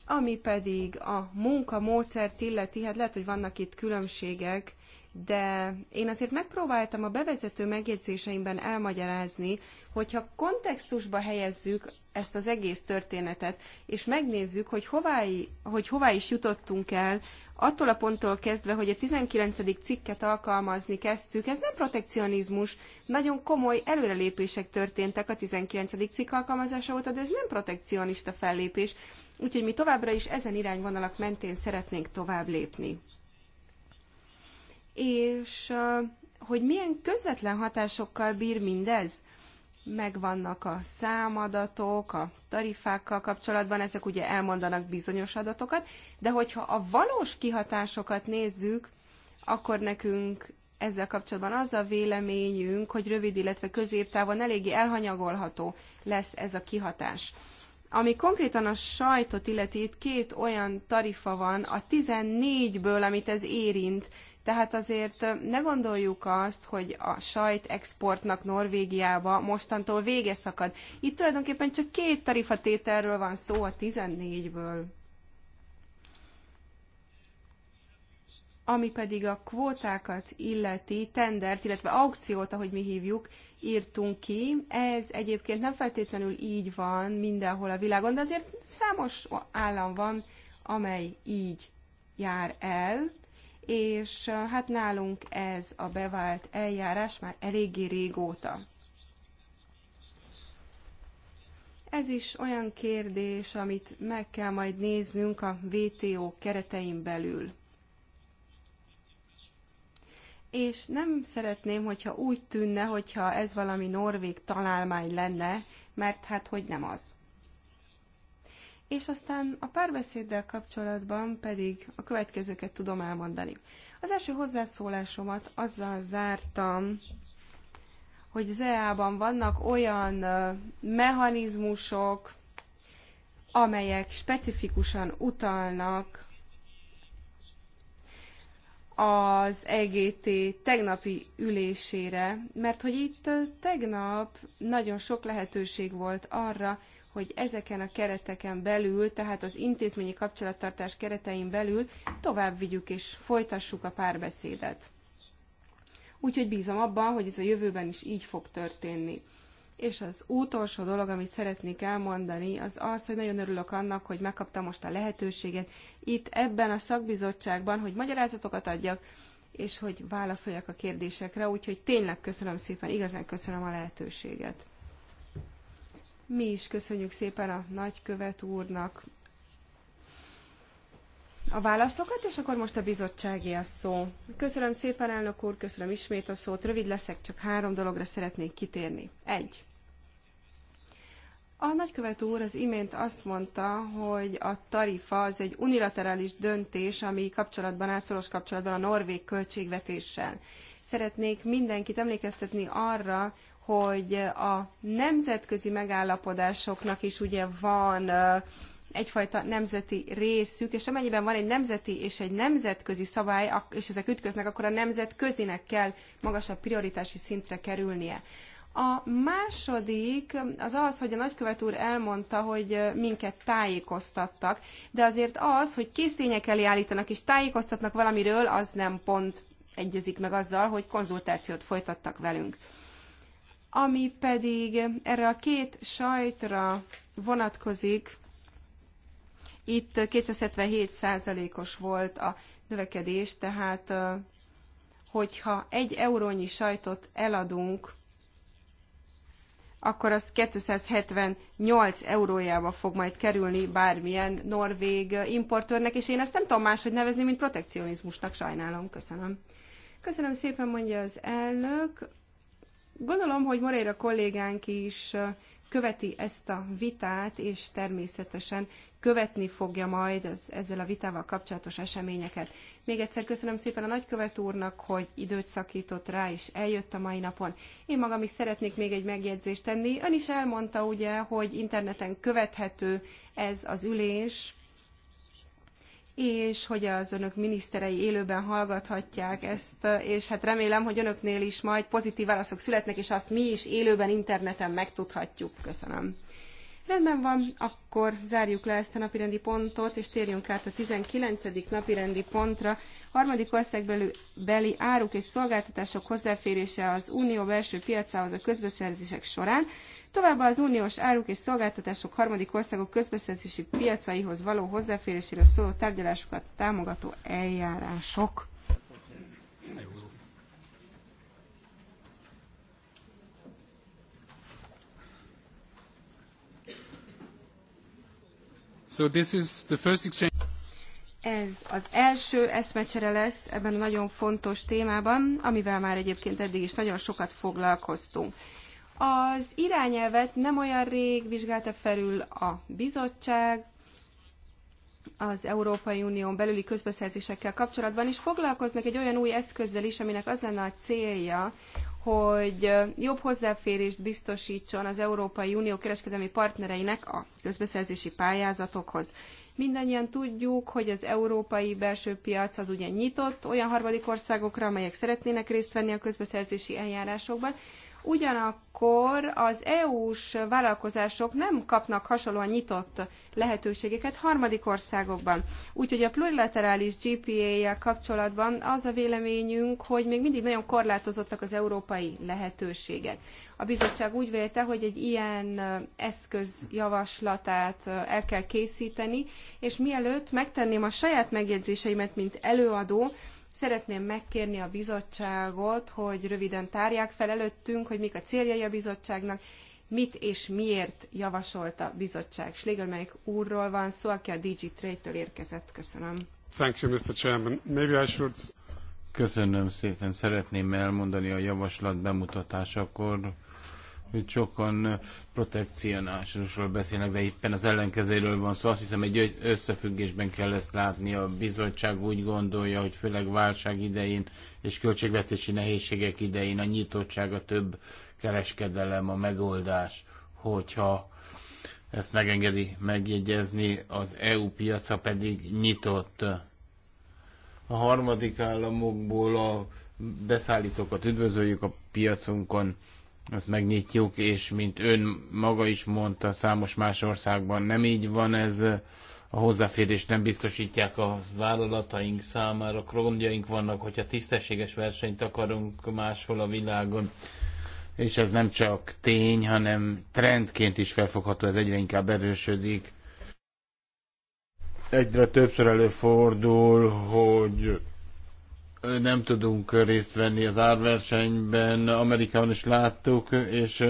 Ami pedig a munkamódszert illeti, hát lehet, hogy vannak itt különbségek, de én azért megpróbáltam a bevezető megjegyzéseimben elmagyarázni, hogyha kontextusba helyezzük ezt az egész történetet, és megnézzük, hogy hová, hogy hová is jutottunk el, attól a ponttól kezdve, hogy a 19. cikket alkalmazni kezdtük, ez nem protekcionizmus, nagyon komoly előrelépések történtek a 19. cikk alkalmazása óta, de ez nem protekcionista fellépés, úgyhogy mi továbbra is ezen irányvonalak mentén szeretnénk tovább lépni és hogy milyen közvetlen hatásokkal bír mindez? Megvannak a számadatok, a tarifákkal kapcsolatban, ezek ugye elmondanak bizonyos adatokat, de hogyha a valós kihatásokat nézzük, akkor nekünk ezzel kapcsolatban az a véleményünk, hogy rövid, illetve középtávon eléggé elhanyagolható lesz ez a kihatás. Ami konkrétan a sajtot illeti, itt két olyan tarifa van a 14-ből, amit ez érint. Tehát azért ne gondoljuk azt, hogy a sajt exportnak Norvégiába mostantól vége szakad. Itt tulajdonképpen csak két tarifatételről van szó a 14-ből. Ami pedig a kvótákat illeti, tendert, illetve aukciót, ahogy mi hívjuk, írtunk ki. Ez egyébként nem feltétlenül így van mindenhol a világon, de azért számos állam van, amely így jár el, és hát nálunk ez a bevált eljárás már eléggé régóta. Ez is olyan kérdés, amit meg kell majd néznünk a WTO keretein belül és nem szeretném, hogyha úgy tűnne, hogyha ez valami norvég találmány lenne, mert hát hogy nem az. És aztán a párbeszéddel kapcsolatban pedig a következőket tudom elmondani. Az első hozzászólásomat azzal zártam, hogy Zeában vannak olyan mechanizmusok, amelyek specifikusan utalnak az EGT tegnapi ülésére, mert hogy itt tegnap nagyon sok lehetőség volt arra, hogy ezeken a kereteken belül, tehát az intézményi kapcsolattartás keretein belül tovább vigyük és folytassuk a párbeszédet. Úgyhogy bízom abban, hogy ez a jövőben is így fog történni. És az utolsó dolog, amit szeretnék elmondani, az az, hogy nagyon örülök annak, hogy megkaptam most a lehetőséget itt ebben a szakbizottságban, hogy magyarázatokat adjak, és hogy válaszoljak a kérdésekre, úgyhogy tényleg köszönöm szépen, igazán köszönöm a lehetőséget. Mi is köszönjük szépen a nagykövet úrnak a válaszokat, és akkor most a bizottsági a szó. Köszönöm szépen, elnök úr, köszönöm ismét a szót. Rövid leszek, csak három dologra szeretnék kitérni. Egy. A nagykövet úr az imént azt mondta, hogy a tarifa az egy unilaterális döntés, ami kapcsolatban áll, szoros kapcsolatban a norvég költségvetéssel. Szeretnék mindenkit emlékeztetni arra, hogy a nemzetközi megállapodásoknak is ugye van egyfajta nemzeti részük, és amennyiben van egy nemzeti és egy nemzetközi szabály, és ezek ütköznek, akkor a nemzetközinek kell magasabb prioritási szintre kerülnie. A második az az, hogy a nagykövet úr elmondta, hogy minket tájékoztattak, de azért az, hogy késztények elé állítanak és tájékoztatnak valamiről, az nem pont egyezik meg azzal, hogy konzultációt folytattak velünk. Ami pedig erre a két sajtra vonatkozik, itt 277 os volt a növekedés, tehát hogyha egy eurónyi sajtot eladunk akkor az 278 eurójába fog majd kerülni bármilyen norvég importőrnek, és én ezt nem tudom máshogy nevezni, mint protekcionizmusnak, sajnálom, köszönöm. Köszönöm szépen, mondja az elnök. Gondolom, hogy Moreira kollégánk is követi ezt a vitát, és természetesen követni fogja majd az, ezzel a vitával kapcsolatos eseményeket. Még egyszer köszönöm szépen a nagykövet úrnak, hogy időt szakított rá, és eljött a mai napon. Én magam is szeretnék még egy megjegyzést tenni. Ön is elmondta ugye, hogy interneten követhető ez az ülés, és hogy az önök miniszterei élőben hallgathatják ezt, és hát remélem, hogy önöknél is majd pozitív válaszok születnek, és azt mi is élőben interneten megtudhatjuk. Köszönöm. Rendben van, akkor zárjuk le ezt a napirendi pontot, és térjünk át a 19. napirendi pontra. Harmadik országbeli áruk és szolgáltatások hozzáférése az unió belső piacához a közbeszerzések során. Továbbá az uniós áruk és szolgáltatások harmadik országok közbeszerzési piacaihoz való hozzáféréséről szóló tárgyalásokat támogató eljárások. So this is the first exchange. Ez az első eszmecsere lesz ebben a nagyon fontos témában, amivel már egyébként eddig is nagyon sokat foglalkoztunk. Az irányelvet nem olyan rég vizsgálta felül a bizottság, az Európai Unión belüli közbeszerzésekkel kapcsolatban, is foglalkoznak egy olyan új eszközzel is, aminek az lenne a célja, hogy jobb hozzáférést biztosítson az Európai Unió kereskedelmi partnereinek a közbeszerzési pályázatokhoz. Mindannyian tudjuk, hogy az európai belső piac az ugye nyitott olyan harmadik országokra, amelyek szeretnének részt venni a közbeszerzési eljárásokban, Ugyanakkor az EU-s vállalkozások nem kapnak hasonlóan nyitott lehetőségeket harmadik országokban. Úgyhogy a plurilaterális GPA-jel kapcsolatban az a véleményünk, hogy még mindig nagyon korlátozottak az európai lehetőségek. A bizottság úgy vélte, hogy egy ilyen eszköz javaslatát el kell készíteni, és mielőtt megtenném a saját megjegyzéseimet, mint előadó, Szeretném megkérni a bizottságot, hogy röviden tárják fel előttünk, hogy mik a céljai a bizottságnak, mit és miért javasolt a bizottság. Schlegelmeik úrról van szó, aki a DG Trade-től érkezett. Köszönöm. Thank you, Mr. Chairman. Maybe I should... Köszönöm szépen. Szeretném elmondani a javaslat bemutatásakor, hogy sokan protekcionásról beszélnek, de éppen az ellenkezéről van szó. Szóval azt hiszem, egy összefüggésben kell ezt látni. A bizottság úgy gondolja, hogy főleg válság idején és költségvetési nehézségek idején a nyitottság, a több kereskedelem a megoldás, hogyha ezt megengedi megjegyezni, az EU piaca pedig nyitott. A harmadik államokból a beszállítókat üdvözöljük a piacunkon, azt megnyitjuk, és mint ön maga is mondta, számos más országban nem így van ez, a hozzáférést nem biztosítják a vállalataink számára, krondjaink vannak, hogyha tisztességes versenyt akarunk máshol a világon, és ez nem csak tény, hanem trendként is felfogható, ez egyre inkább erősödik. Egyre többször előfordul, hogy nem tudunk részt venni az árversenyben, Amerikában is láttuk, és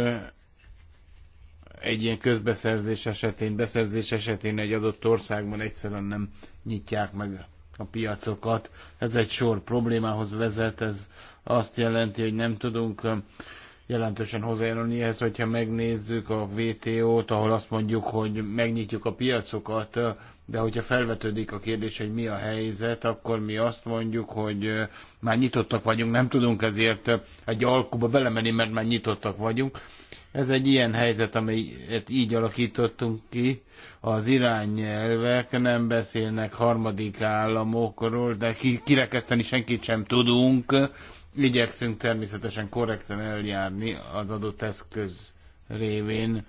egy ilyen közbeszerzés esetén, beszerzés esetén egy adott országban egyszerűen nem nyitják meg a piacokat. Ez egy sor problémához vezet, ez azt jelenti, hogy nem tudunk jelentősen hozzájárulni ehhez, hogyha megnézzük a VTO-t, ahol azt mondjuk, hogy megnyitjuk a piacokat, de hogyha felvetődik a kérdés, hogy mi a helyzet, akkor mi azt mondjuk, hogy már nyitottak vagyunk, nem tudunk ezért egy alkuba belemenni, mert már nyitottak vagyunk. Ez egy ilyen helyzet, amelyet így alakítottunk ki. Az irányelvek nem beszélnek harmadik államokról, de kirekeszteni senkit sem tudunk, Igyekszünk természetesen korrekten eljárni az adott eszköz révén.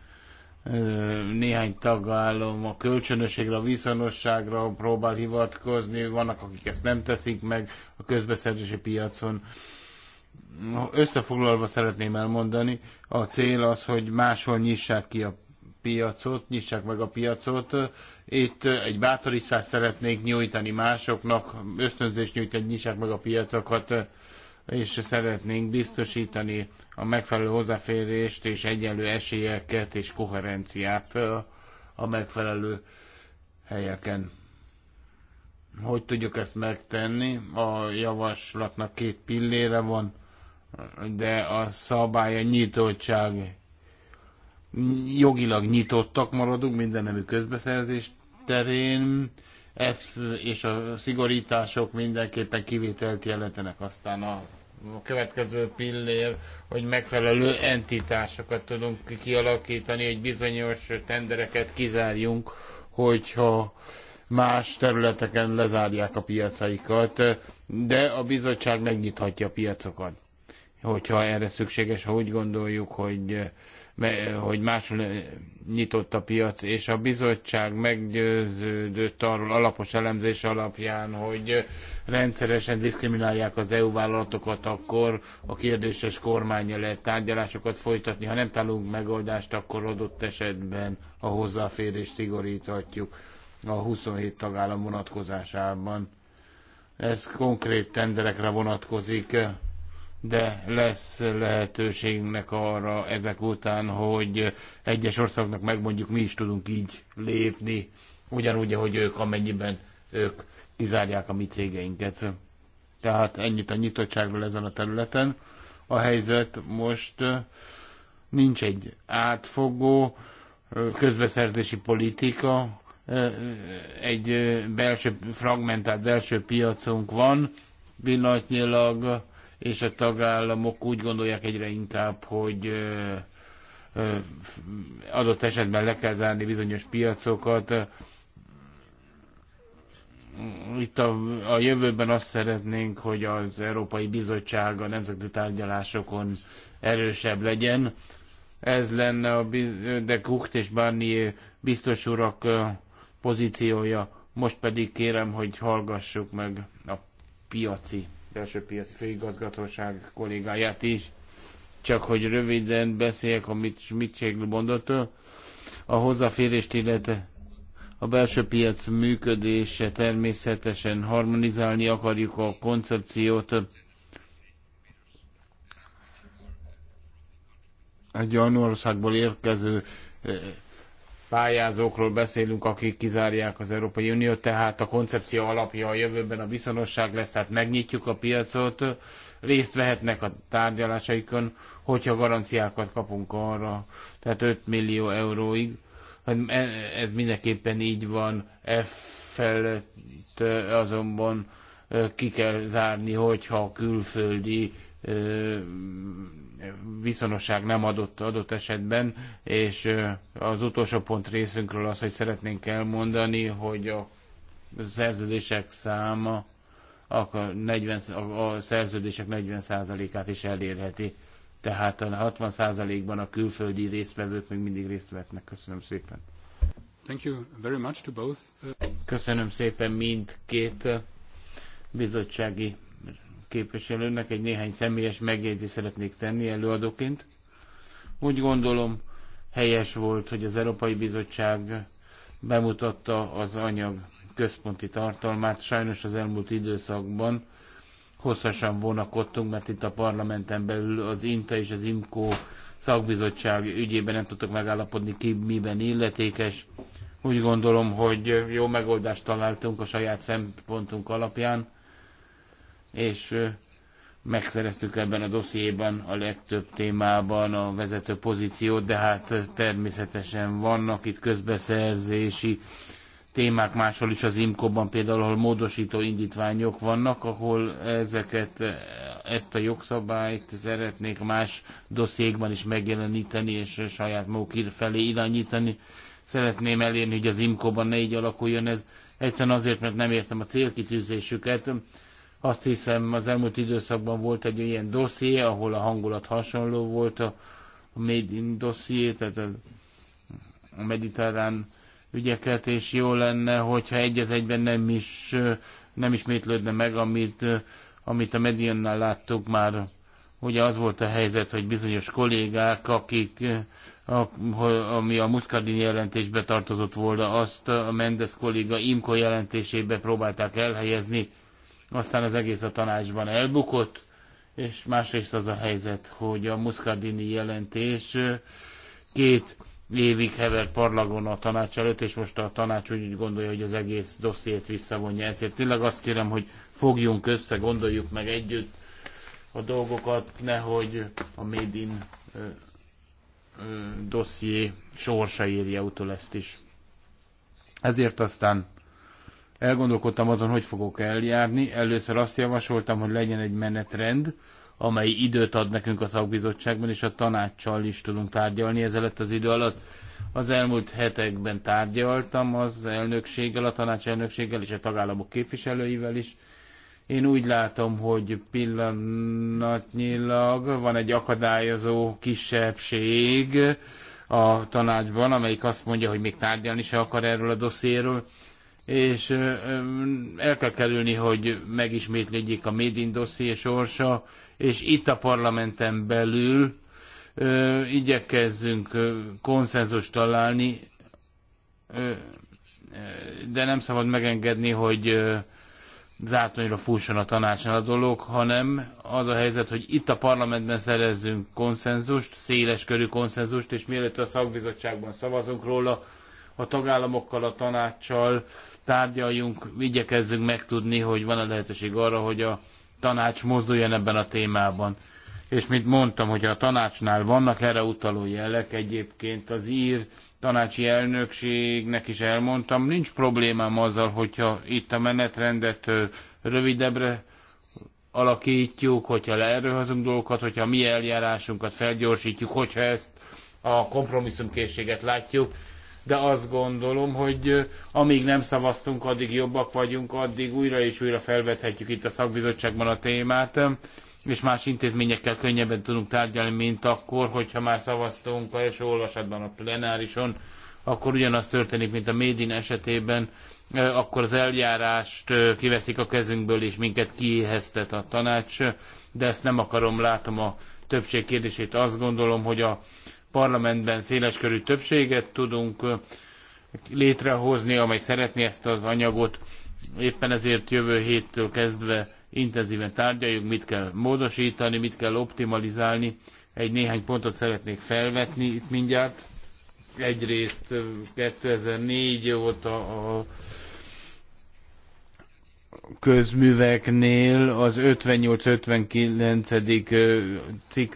Néhány tagállam a kölcsönösségre, a viszonosságra próbál hivatkozni, vannak, akik ezt nem teszik meg a közbeszerzési piacon összefoglalva szeretném elmondani, a cél az, hogy máshol nyissák ki a piacot, nyissák meg a piacot. Itt egy bátorítást szeretnék nyújtani másoknak, ösztönzést nyújtani, nyissák meg a piacokat és szeretnénk biztosítani a megfelelő hozzáférést és egyenlő esélyeket és koherenciát a megfelelő helyeken. Hogy tudjuk ezt megtenni? A javaslatnak két pillére van, de a szabálya nyitottság. Jogilag nyitottak maradunk minden nemű közbeszerzés terén, ez és a szigorítások mindenképpen kivételt jelentenek aztán a következő pillér, hogy megfelelő entitásokat tudunk kialakítani, hogy bizonyos tendereket kizárjunk, hogyha más területeken lezárják a piacaikat, de a bizottság megnyithatja a piacokat, hogyha erre szükséges, ha úgy gondoljuk, hogy hogy máshol nyitott a piac, és a bizottság meggyőződött arról alapos elemzés alapján, hogy rendszeresen diszkriminálják az EU vállalatokat, akkor a kérdéses kormányjal lehet tárgyalásokat folytatni. Ha nem találunk megoldást, akkor adott esetben a hozzáférés szigoríthatjuk a 27 tagállam vonatkozásában. Ez konkrét tenderekre vonatkozik de lesz lehetőségnek arra ezek után, hogy egyes országnak megmondjuk, mi is tudunk így lépni, ugyanúgy, ahogy ők, amennyiben ők kizárják a mi cégeinket. Tehát ennyit a nyitottságról ezen a területen. A helyzet most nincs egy átfogó közbeszerzési politika, egy belső fragmentált belső piacunk van, pillanatnyilag és a tagállamok úgy gondolják egyre inkább, hogy adott esetben le kell zárni bizonyos piacokat. Itt a, a jövőben azt szeretnénk, hogy az Európai Bizottság a nemzeti tárgyalásokon erősebb legyen. Ez lenne a de Kucht és Barnier biztos urak pozíciója. Most pedig kérem, hogy hallgassuk meg a piaci belső piaci főigazgatóság kollégáját is. Csak hogy röviden beszéljek, amit Schmidt mondott, a hozzáférést, illetve a belső piac működése természetesen harmonizálni akarjuk a koncepciót. Egy olyan országból érkező eh, pályázókról beszélünk, akik kizárják az Európai Uniót, tehát a koncepció alapja a jövőben a viszonosság lesz, tehát megnyitjuk a piacot, részt vehetnek a tárgyalásaikon, hogyha garanciákat kapunk arra, tehát 5 millió euróig. Hát e, ez mindenképpen így van, e felett e, azonban e, ki kell zárni, hogyha a külföldi viszonosság nem adott adott esetben, és az utolsó pont részünkről az, hogy szeretnénk elmondani, hogy a szerződések száma a, 40, a szerződések 40%-át is elérheti. Tehát a 60%-ban a külföldi résztvevők még mindig részt vetnek. Köszönöm szépen. Thank you very much to both. Köszönöm szépen mindkét bizottsági képviselőnek egy néhány személyes megjegyzést szeretnék tenni előadóként. Úgy gondolom, helyes volt, hogy az Európai Bizottság bemutatta az anyag központi tartalmát. Sajnos az elmúlt időszakban hosszasan vonakodtunk, mert itt a parlamenten belül az INTA és az IMCO szakbizottság ügyében nem tudtak megállapodni ki, miben illetékes. Úgy gondolom, hogy jó megoldást találtunk a saját szempontunk alapján és megszereztük ebben a dossziéban a legtöbb témában a vezető pozíciót, de hát természetesen vannak itt közbeszerzési témák máshol is az IMKO-ban, például ahol módosító indítványok vannak, ahol ezeket, ezt a jogszabályt szeretnék más dossziékban is megjeleníteni, és saját maguk felé irányítani. Szeretném elérni, hogy az IMKO-ban ne így alakuljon ez, egyszerűen azért, mert nem értem a célkitűzésüket azt hiszem az elmúlt időszakban volt egy ilyen dosszié, ahol a hangulat hasonló volt a Made in dosszié, tehát a mediterrán ügyeket, és jó lenne, hogyha egy az egyben nem is nem ismétlődne meg, amit, amit a mediannál láttuk már. Ugye az volt a helyzet, hogy bizonyos kollégák, akik a, ami a Muscardini jelentésbe tartozott volna, azt a Mendes kolléga imko jelentésébe próbálták elhelyezni, aztán az egész a tanácsban elbukott, és másrészt az a helyzet, hogy a Muscardini jelentés két évig hever parlagon a tanács előtt, és most a tanács úgy gondolja, hogy az egész dossziét visszavonja. Ezért tényleg azt kérem, hogy fogjunk össze, gondoljuk meg együtt a dolgokat, nehogy a Made in dosszié sorsa írja utol ezt is. Ezért aztán elgondolkodtam azon, hogy fogok eljárni. Először azt javasoltam, hogy legyen egy menetrend, amely időt ad nekünk a szakbizottságban, és a tanácssal is tudunk tárgyalni ezelőtt az idő alatt. Az elmúlt hetekben tárgyaltam az elnökséggel, a tanács elnökséggel és a tagállamok képviselőivel is. Én úgy látom, hogy pillanatnyilag van egy akadályozó kisebbség a tanácsban, amelyik azt mondja, hogy még tárgyalni se akar erről a dosszéről és el kell kerülni, hogy megismétlődjék a Médin dosszié sorsa, és itt a parlamenten belül igyekezzünk konszenzust találni, de nem szabad megengedni, hogy zátonyra fússon a tanácsnál a dolog, hanem az a helyzet, hogy itt a parlamentben szerezzünk konszenzust, széles körű konszenzust, és mielőtt a szakbizottságban szavazunk róla, a tagállamokkal, a tanácssal, tárgyaljunk, igyekezzünk megtudni, hogy van-e lehetőség arra, hogy a tanács mozduljon ebben a témában. És mint mondtam, hogy a tanácsnál vannak erre utaló jelek, egyébként az ír tanácsi elnökségnek is elmondtam, nincs problémám azzal, hogyha itt a menetrendet rövidebbre alakítjuk, hogyha leerőhozunk dolgokat, hogyha mi eljárásunkat felgyorsítjuk, hogyha ezt a kompromisszumkészséget látjuk, de azt gondolom, hogy amíg nem szavaztunk, addig jobbak vagyunk, addig újra és újra felvethetjük itt a szakbizottságban a témát, és más intézményekkel könnyebben tudunk tárgyalni, mint akkor, hogyha már szavaztunk a első olvasatban a plenárison, akkor ugyanaz történik, mint a Médin esetében, akkor az eljárást kiveszik a kezünkből, és minket kiéheztet a tanács, de ezt nem akarom, látom a többség kérdését. Azt gondolom, hogy a parlamentben széleskörű többséget tudunk létrehozni, amely szeretné ezt az anyagot. Éppen ezért jövő héttől kezdve intenzíven tárgyaljuk, mit kell módosítani, mit kell optimalizálni. Egy néhány pontot szeretnék felvetni itt mindjárt. Egyrészt 2004 óta a közműveknél az 58-59. cikk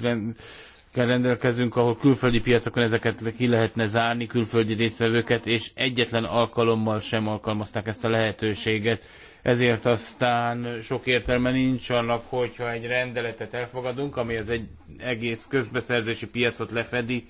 rendelkezünk, ahol külföldi piacokon ezeket ki lehetne zárni, külföldi résztvevőket, és egyetlen alkalommal sem alkalmazták ezt a lehetőséget. Ezért aztán sok értelme nincs annak, hogyha egy rendeletet elfogadunk, ami az egy egész közbeszerzési piacot lefedi,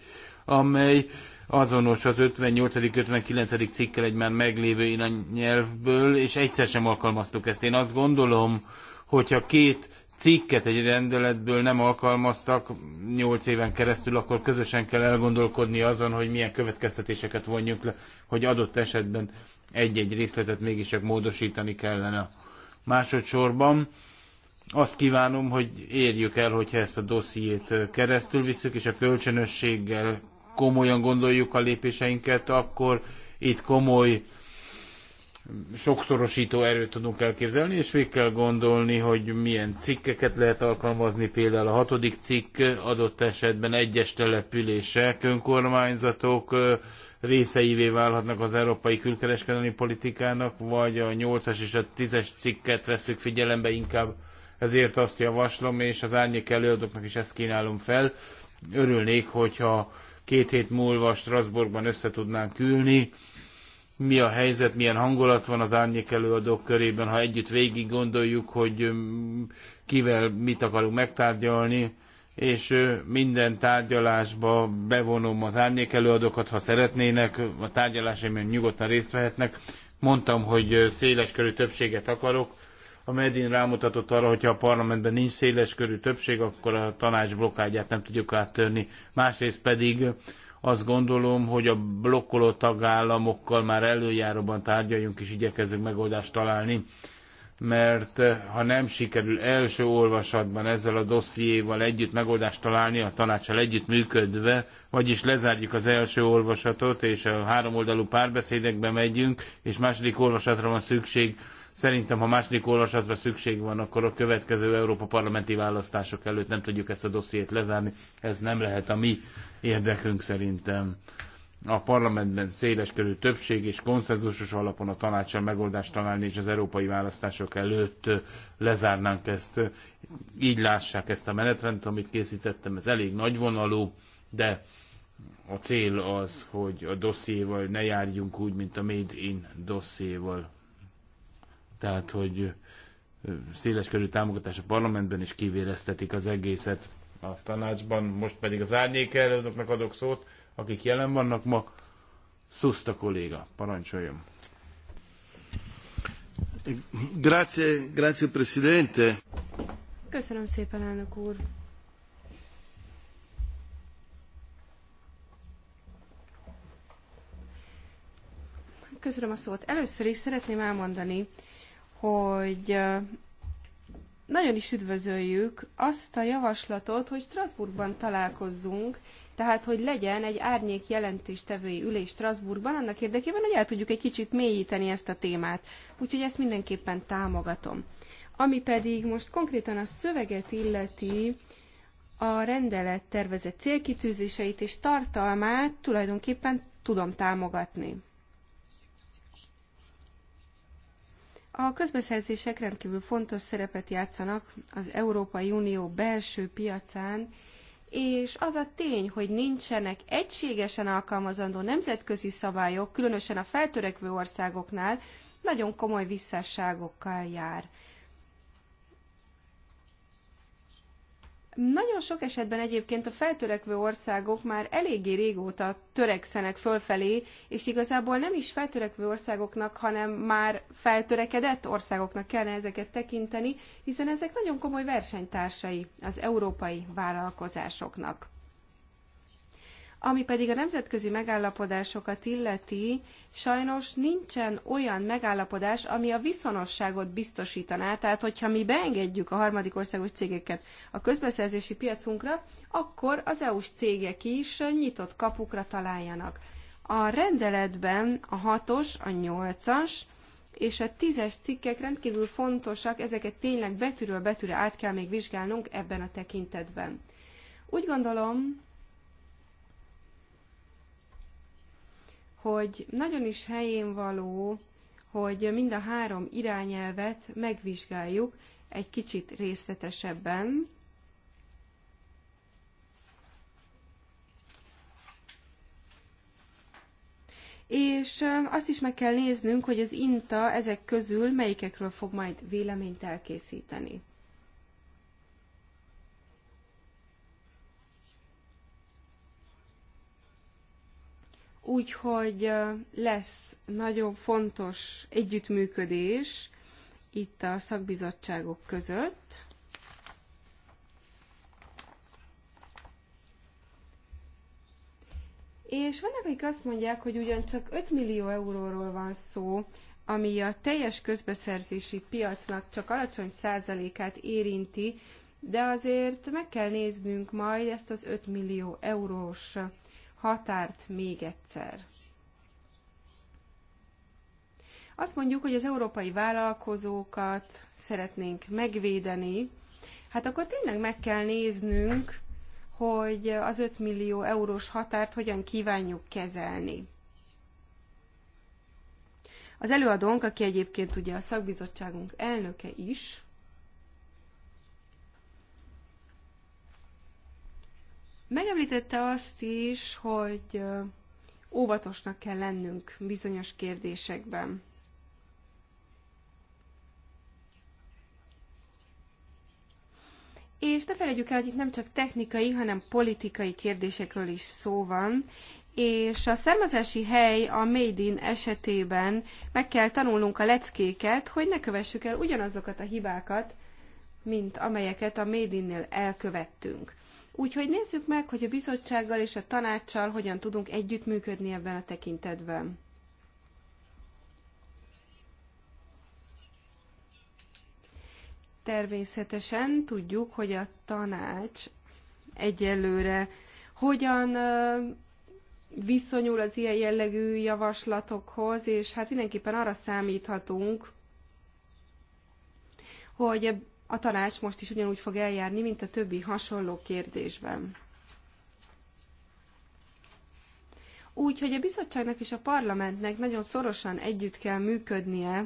amely azonos az 58.-59. cikkel egy már meglévő irányelvből, és egyszer sem alkalmaztuk ezt. Én azt gondolom, hogyha két cikket egy rendeletből nem alkalmaztak nyolc éven keresztül, akkor közösen kell elgondolkodni azon, hogy milyen következtetéseket vonjunk le, hogy adott esetben egy-egy részletet mégis módosítani kellene. Másodszorban azt kívánom, hogy érjük el, hogyha ezt a dossziét keresztül visszük, és a kölcsönösséggel komolyan gondoljuk a lépéseinket, akkor itt komoly sokszorosító erőt tudunk elképzelni, és végig kell gondolni, hogy milyen cikkeket lehet alkalmazni, például a hatodik cikk adott esetben egyes települések, önkormányzatok részeivé válhatnak az európai külkereskedelmi politikának, vagy a nyolcas és a tízes cikket veszük figyelembe inkább, ezért azt javaslom, és az árnyék előadóknak is ezt kínálom fel. Örülnék, hogyha két hét múlva Strasbourgban össze tudnánk ülni, mi a helyzet, milyen hangulat van az árnyék előadók körében, ha együtt végig gondoljuk, hogy kivel mit akarunk megtárgyalni, és minden tárgyalásba bevonom az árnyék előadókat, ha szeretnének, a tárgyalásaimon nyugodtan részt vehetnek. Mondtam, hogy széleskörű többséget akarok. A Medin rámutatott arra, hogy ha a parlamentben nincs széleskörű többség, akkor a tanács blokkádját nem tudjuk áttörni. Másrészt pedig azt gondolom, hogy a blokkoló tagállamokkal már előjáróban tárgyaljunk és igyekezzünk megoldást találni, mert eh, ha nem sikerül első olvasatban ezzel a dossziéval együtt megoldást találni, a tanácsal együtt működve, vagyis lezárjuk az első olvasatot, és a háromoldalú párbeszédekbe megyünk, és második olvasatra van szükség, Szerintem, ha második olvasatra szükség van, akkor a következő Európa parlamenti választások előtt nem tudjuk ezt a dossziét lezárni. Ez nem lehet a mi érdekünk szerintem. A parlamentben körű többség és konszenzusos alapon a tanácsal megoldást találni, és az európai választások előtt lezárnánk ezt. Így lássák ezt a menetrendet, amit készítettem, ez elég nagyvonalú, de a cél az, hogy a dossziéval ne járjunk úgy, mint a Made in dossziéval tehát, hogy széles körű támogatás a parlamentben is kivéreztetik az egészet a tanácsban. Most pedig az árnyék előadóknak adok szót, akik jelen vannak ma. Szuszta kolléga, parancsoljon. Grazie, grazie presidente. Köszönöm szépen, elnök úr. Köszönöm a szót. Először is szeretném elmondani, hogy nagyon is üdvözöljük azt a javaslatot, hogy Strasbourgban találkozzunk, tehát hogy legyen egy árnyék jelentéstevői ülés Strasbourgban, annak érdekében, hogy el tudjuk egy kicsit mélyíteni ezt a témát. Úgyhogy ezt mindenképpen támogatom. Ami pedig most konkrétan a szöveget illeti, a rendelet tervezett célkitűzéseit és tartalmát tulajdonképpen tudom támogatni. A közbeszerzések rendkívül fontos szerepet játszanak az Európai Unió belső piacán, és az a tény, hogy nincsenek egységesen alkalmazandó nemzetközi szabályok, különösen a feltörekvő országoknál, nagyon komoly visszásságokkal jár. Nagyon sok esetben egyébként a feltörekvő országok már eléggé régóta törekszenek fölfelé, és igazából nem is feltörekvő országoknak, hanem már feltörekedett országoknak kellene ezeket tekinteni, hiszen ezek nagyon komoly versenytársai az európai vállalkozásoknak. Ami pedig a nemzetközi megállapodásokat illeti, sajnos nincsen olyan megállapodás, ami a viszonosságot biztosítaná. Tehát, hogyha mi beengedjük a harmadik országos cégeket a közbeszerzési piacunkra, akkor az EU-s cégek is nyitott kapukra találjanak. A rendeletben a hatos, a nyolcas és a tízes cikkek rendkívül fontosak, ezeket tényleg betűről betűre át kell még vizsgálnunk ebben a tekintetben. Úgy gondolom, hogy nagyon is helyén való, hogy mind a három irányelvet megvizsgáljuk egy kicsit részletesebben, és azt is meg kell néznünk, hogy az INTA ezek közül melyikekről fog majd véleményt elkészíteni. úgyhogy lesz nagyon fontos együttműködés itt a szakbizottságok között. És vannak, akik azt mondják, hogy ugyancsak 5 millió euróról van szó, ami a teljes közbeszerzési piacnak csak alacsony százalékát érinti, de azért meg kell néznünk majd ezt az 5 millió eurós határt még egyszer. Azt mondjuk, hogy az európai vállalkozókat szeretnénk megvédeni, hát akkor tényleg meg kell néznünk, hogy az 5 millió eurós határt hogyan kívánjuk kezelni. Az előadónk, aki egyébként ugye a szakbizottságunk elnöke is, Megemlítette azt is, hogy óvatosnak kell lennünk bizonyos kérdésekben. És ne felejtjük el, hogy itt nem csak technikai, hanem politikai kérdésekről is szó van, és a származási hely a Made in esetében meg kell tanulnunk a leckéket, hogy ne kövessük el ugyanazokat a hibákat, mint amelyeket a Médinnél elkövettünk. Úgyhogy nézzük meg, hogy a bizottsággal és a tanácssal hogyan tudunk együttműködni ebben a tekintetben. Természetesen tudjuk, hogy a tanács egyelőre hogyan viszonyul az ilyen jellegű javaslatokhoz, és hát mindenképpen arra számíthatunk, hogy a tanács most is ugyanúgy fog eljárni, mint a többi hasonló kérdésben. Úgy, hogy a bizottságnak és a parlamentnek nagyon szorosan együtt kell működnie,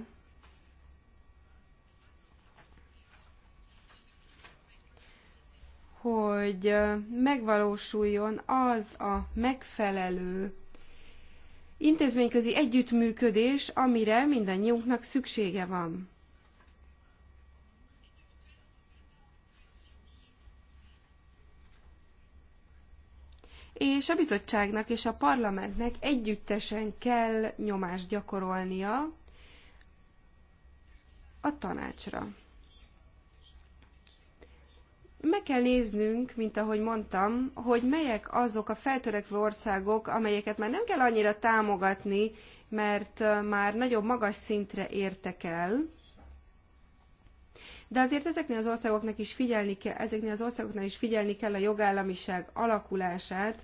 hogy megvalósuljon az a megfelelő intézményközi együttműködés, amire mindannyiunknak szüksége van. és a bizottságnak és a parlamentnek együttesen kell nyomást gyakorolnia a tanácsra. Meg kell néznünk, mint ahogy mondtam, hogy melyek azok a feltörekvő országok, amelyeket már nem kell annyira támogatni, mert már nagyobb magas szintre értek el, de azért ezeknél az országoknak is figyelni kell, ezeknél az országoknál is figyelni kell a jogállamiság alakulását,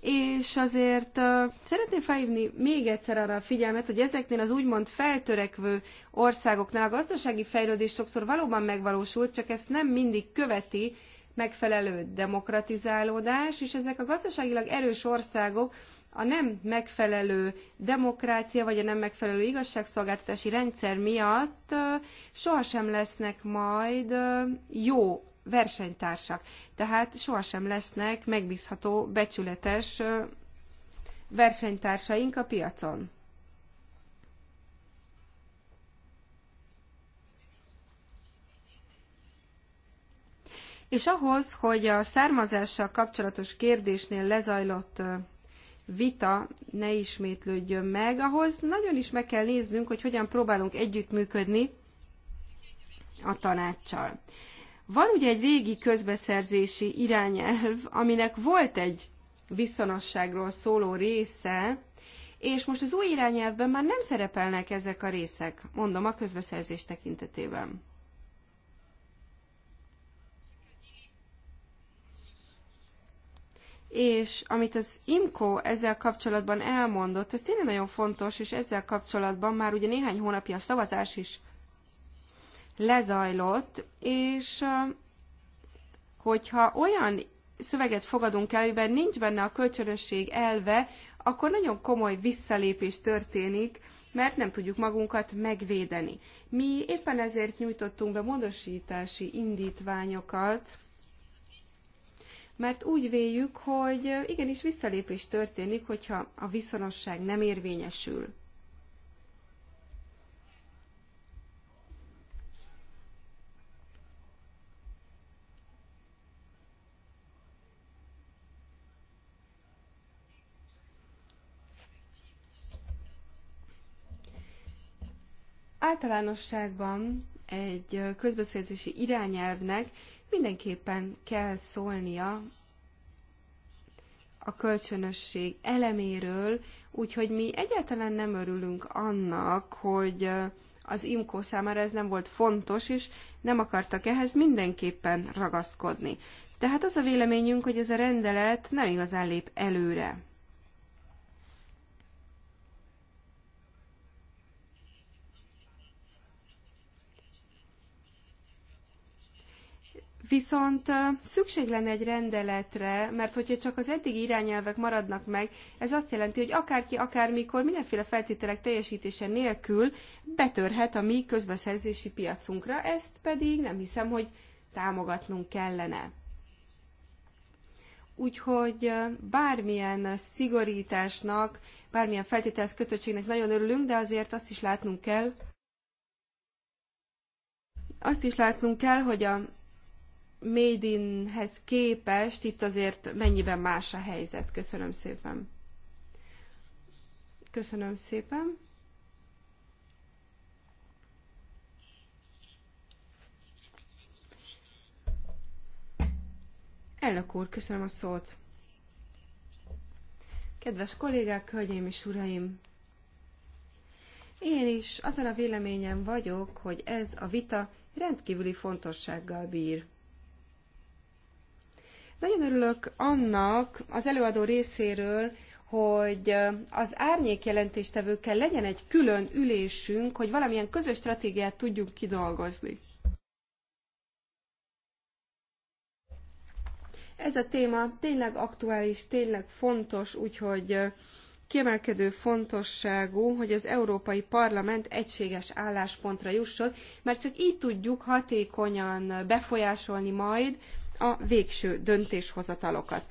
és azért uh, szeretném felhívni még egyszer arra a figyelmet, hogy ezeknél az úgymond feltörekvő országoknál a gazdasági fejlődés sokszor valóban megvalósult, csak ezt nem mindig követi megfelelő demokratizálódás, és ezek a gazdaságilag erős országok a nem megfelelő demokrácia vagy a nem megfelelő igazságszolgáltatási rendszer miatt sohasem lesznek majd jó versenytársak. Tehát sohasem lesznek megbízható, becsületes versenytársaink a piacon. És ahhoz, hogy a származással kapcsolatos kérdésnél lezajlott vita ne ismétlődjön meg, ahhoz nagyon is meg kell néznünk, hogy hogyan próbálunk együttműködni a tanácssal. Van ugye egy régi közbeszerzési irányelv, aminek volt egy viszonosságról szóló része, és most az új irányelvben már nem szerepelnek ezek a részek, mondom a közbeszerzés tekintetében. és amit az IMCO ezzel kapcsolatban elmondott, ez tényleg nagyon fontos, és ezzel kapcsolatban már ugye néhány hónapja a szavazás is lezajlott, és hogyha olyan szöveget fogadunk el, amiben nincs benne a kölcsönösség elve, akkor nagyon komoly visszalépés történik, mert nem tudjuk magunkat megvédeni. Mi éppen ezért nyújtottunk be módosítási indítványokat, mert úgy véljük, hogy igenis visszalépés történik, hogyha a viszonosság nem érvényesül. Általánosságban egy közbeszerzési irányelvnek mindenképpen kell szólnia a kölcsönösség eleméről, úgyhogy mi egyáltalán nem örülünk annak, hogy az imkó számára ez nem volt fontos, és nem akartak ehhez mindenképpen ragaszkodni. Tehát az a véleményünk, hogy ez a rendelet nem igazán lép előre. Viszont szükség lenne egy rendeletre, mert hogyha csak az eddigi irányelvek maradnak meg, ez azt jelenti, hogy akárki, akármikor, mindenféle feltételek teljesítése nélkül betörhet a mi közbeszerzési piacunkra, ezt pedig nem hiszem, hogy támogatnunk kellene. Úgyhogy bármilyen szigorításnak, bármilyen feltételez kötöttségnek nagyon örülünk, de azért azt is látnunk kell, azt is látnunk kell, hogy a Made inhez képest itt azért mennyiben más a helyzet. Köszönöm szépen. Köszönöm szépen. Elnök úr, köszönöm a szót. Kedves kollégák, hölgyeim és uraim! Én is azon a véleményem vagyok, hogy ez a vita rendkívüli fontossággal bír. Nagyon örülök annak az előadó részéről, hogy az árnyék jelentéstevőkkel legyen egy külön ülésünk, hogy valamilyen közös stratégiát tudjunk kidolgozni. Ez a téma tényleg aktuális, tényleg fontos, úgyhogy kiemelkedő fontosságú, hogy az Európai Parlament egységes álláspontra jusson, mert csak így tudjuk hatékonyan befolyásolni majd a végső döntéshozatalokat.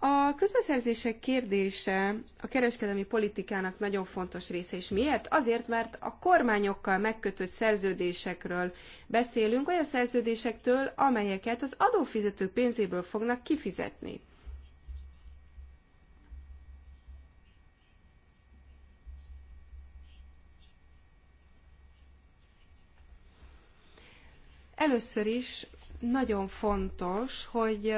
A közbeszerzések kérdése a kereskedelmi politikának nagyon fontos része, és miért? Azért, mert a kormányokkal megkötött szerződésekről beszélünk, olyan szerződésektől, amelyeket az adófizetők pénzéből fognak kifizetni. Először is nagyon fontos, hogy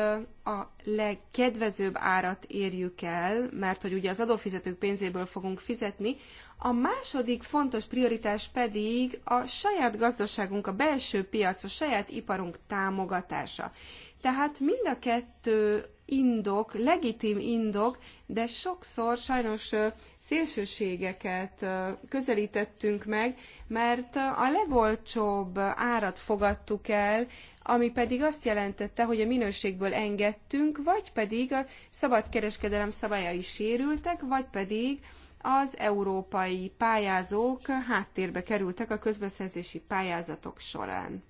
a legkedvezőbb árat érjük el, mert hogy ugye az adófizetők pénzéből fogunk fizetni. A második fontos prioritás pedig a saját gazdaságunk, a belső piac, a saját iparunk támogatása. Tehát mind a kettő indok, legitim indok, de sokszor sajnos szélsőségeket közelítettünk meg, mert a legolcsóbb árat fogadtuk el, ami pedig azt jelentette, hogy a minőségből engedtünk, vagy pedig a szabadkereskedelem szabályai sérültek, vagy pedig az európai pályázók háttérbe kerültek a közbeszerzési pályázatok során.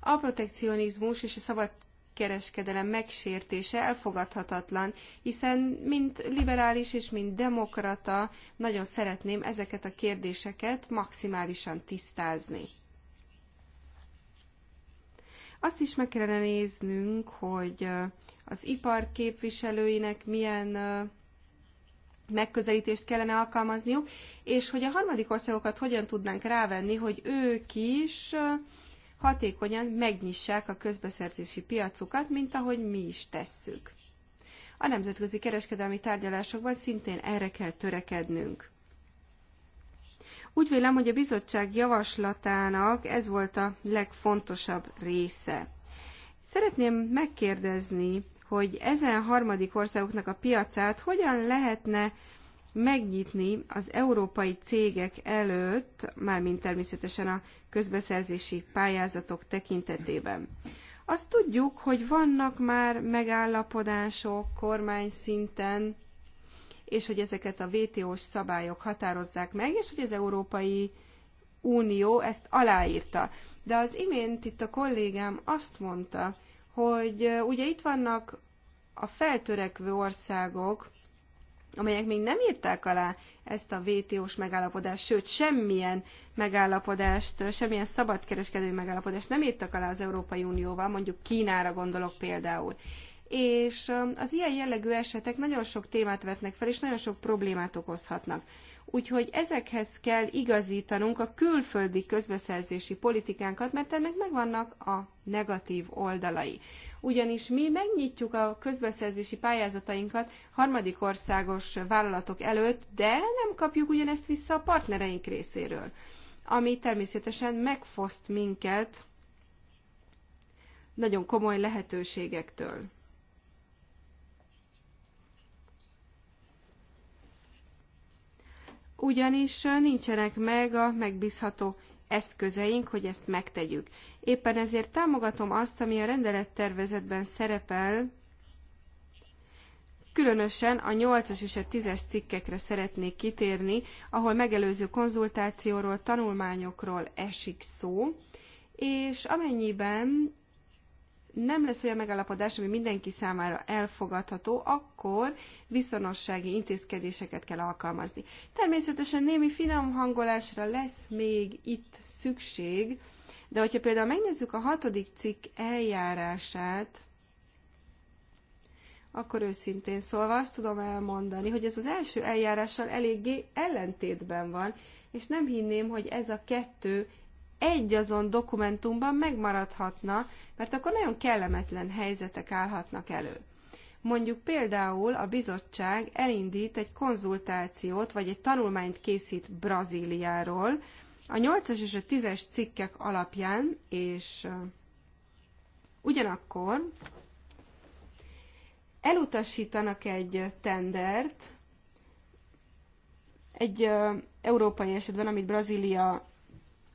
A protekcionizmus és a szabad kereskedelem megsértése elfogadhatatlan, hiszen mint liberális és mint demokrata nagyon szeretném ezeket a kérdéseket maximálisan tisztázni. Azt is meg kellene néznünk, hogy az ipar képviselőinek milyen megközelítést kellene alkalmazniuk, és hogy a harmadik országokat hogyan tudnánk rávenni, hogy ők is hatékonyan megnyissák a közbeszerzési piacokat, mint ahogy mi is tesszük. A nemzetközi kereskedelmi tárgyalásokban szintén erre kell törekednünk. Úgy vélem, hogy a bizottság javaslatának ez volt a legfontosabb része. Szeretném megkérdezni, hogy ezen harmadik országoknak a piacát hogyan lehetne megnyitni az európai cégek előtt, mármint természetesen a közbeszerzési pályázatok tekintetében. Azt tudjuk, hogy vannak már megállapodások kormány szinten, és hogy ezeket a vto s szabályok határozzák meg, és hogy az Európai Unió ezt aláírta. De az imént itt a kollégám azt mondta, hogy ugye itt vannak a feltörekvő országok, amelyek még nem írták alá ezt a WTO-s megállapodást, sőt, semmilyen megállapodást, semmilyen szabadkereskedelmi megállapodást nem írtak alá az Európai Unióval, mondjuk Kínára gondolok például. És az ilyen jellegű esetek nagyon sok témát vetnek fel, és nagyon sok problémát okozhatnak. Úgyhogy ezekhez kell igazítanunk a külföldi közbeszerzési politikánkat, mert ennek megvannak a negatív oldalai. Ugyanis mi megnyitjuk a közbeszerzési pályázatainkat harmadik országos vállalatok előtt, de nem kapjuk ugyanezt vissza a partnereink részéről, ami természetesen megfoszt minket nagyon komoly lehetőségektől. ugyanis nincsenek meg a megbízható eszközeink, hogy ezt megtegyük. Éppen ezért támogatom azt, ami a rendelettervezetben szerepel, Különösen a 8-as és a 10-es cikkekre szeretnék kitérni, ahol megelőző konzultációról, tanulmányokról esik szó, és amennyiben nem lesz olyan megállapodás, ami mindenki számára elfogadható, akkor viszonossági intézkedéseket kell alkalmazni. Természetesen némi finom hangolásra lesz még itt szükség, de hogyha például megnézzük a hatodik cikk eljárását, akkor őszintén szólva azt tudom elmondani, hogy ez az első eljárással eléggé ellentétben van, és nem hinném, hogy ez a kettő egy azon dokumentumban megmaradhatna, mert akkor nagyon kellemetlen helyzetek állhatnak elő. Mondjuk például a bizottság elindít egy konzultációt, vagy egy tanulmányt készít Brazíliáról, a 8-as és a 10-es cikkek alapján, és ugyanakkor elutasítanak egy tendert, egy európai esetben, amit Brazília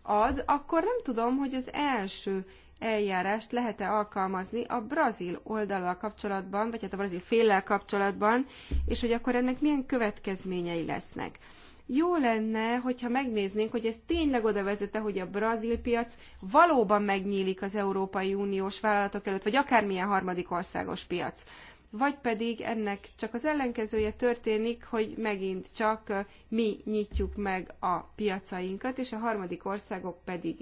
ad, akkor nem tudom, hogy az első eljárást lehet-e alkalmazni a brazil oldalal kapcsolatban, vagy hát a brazil féllel kapcsolatban, és hogy akkor ennek milyen következményei lesznek. Jó lenne, hogyha megnéznénk, hogy ez tényleg oda vezete, hogy a brazil piac valóban megnyílik az Európai Uniós vállalatok előtt, vagy akármilyen harmadik országos piac vagy pedig ennek csak az ellenkezője történik, hogy megint csak mi nyitjuk meg a piacainkat, és a harmadik országok pedig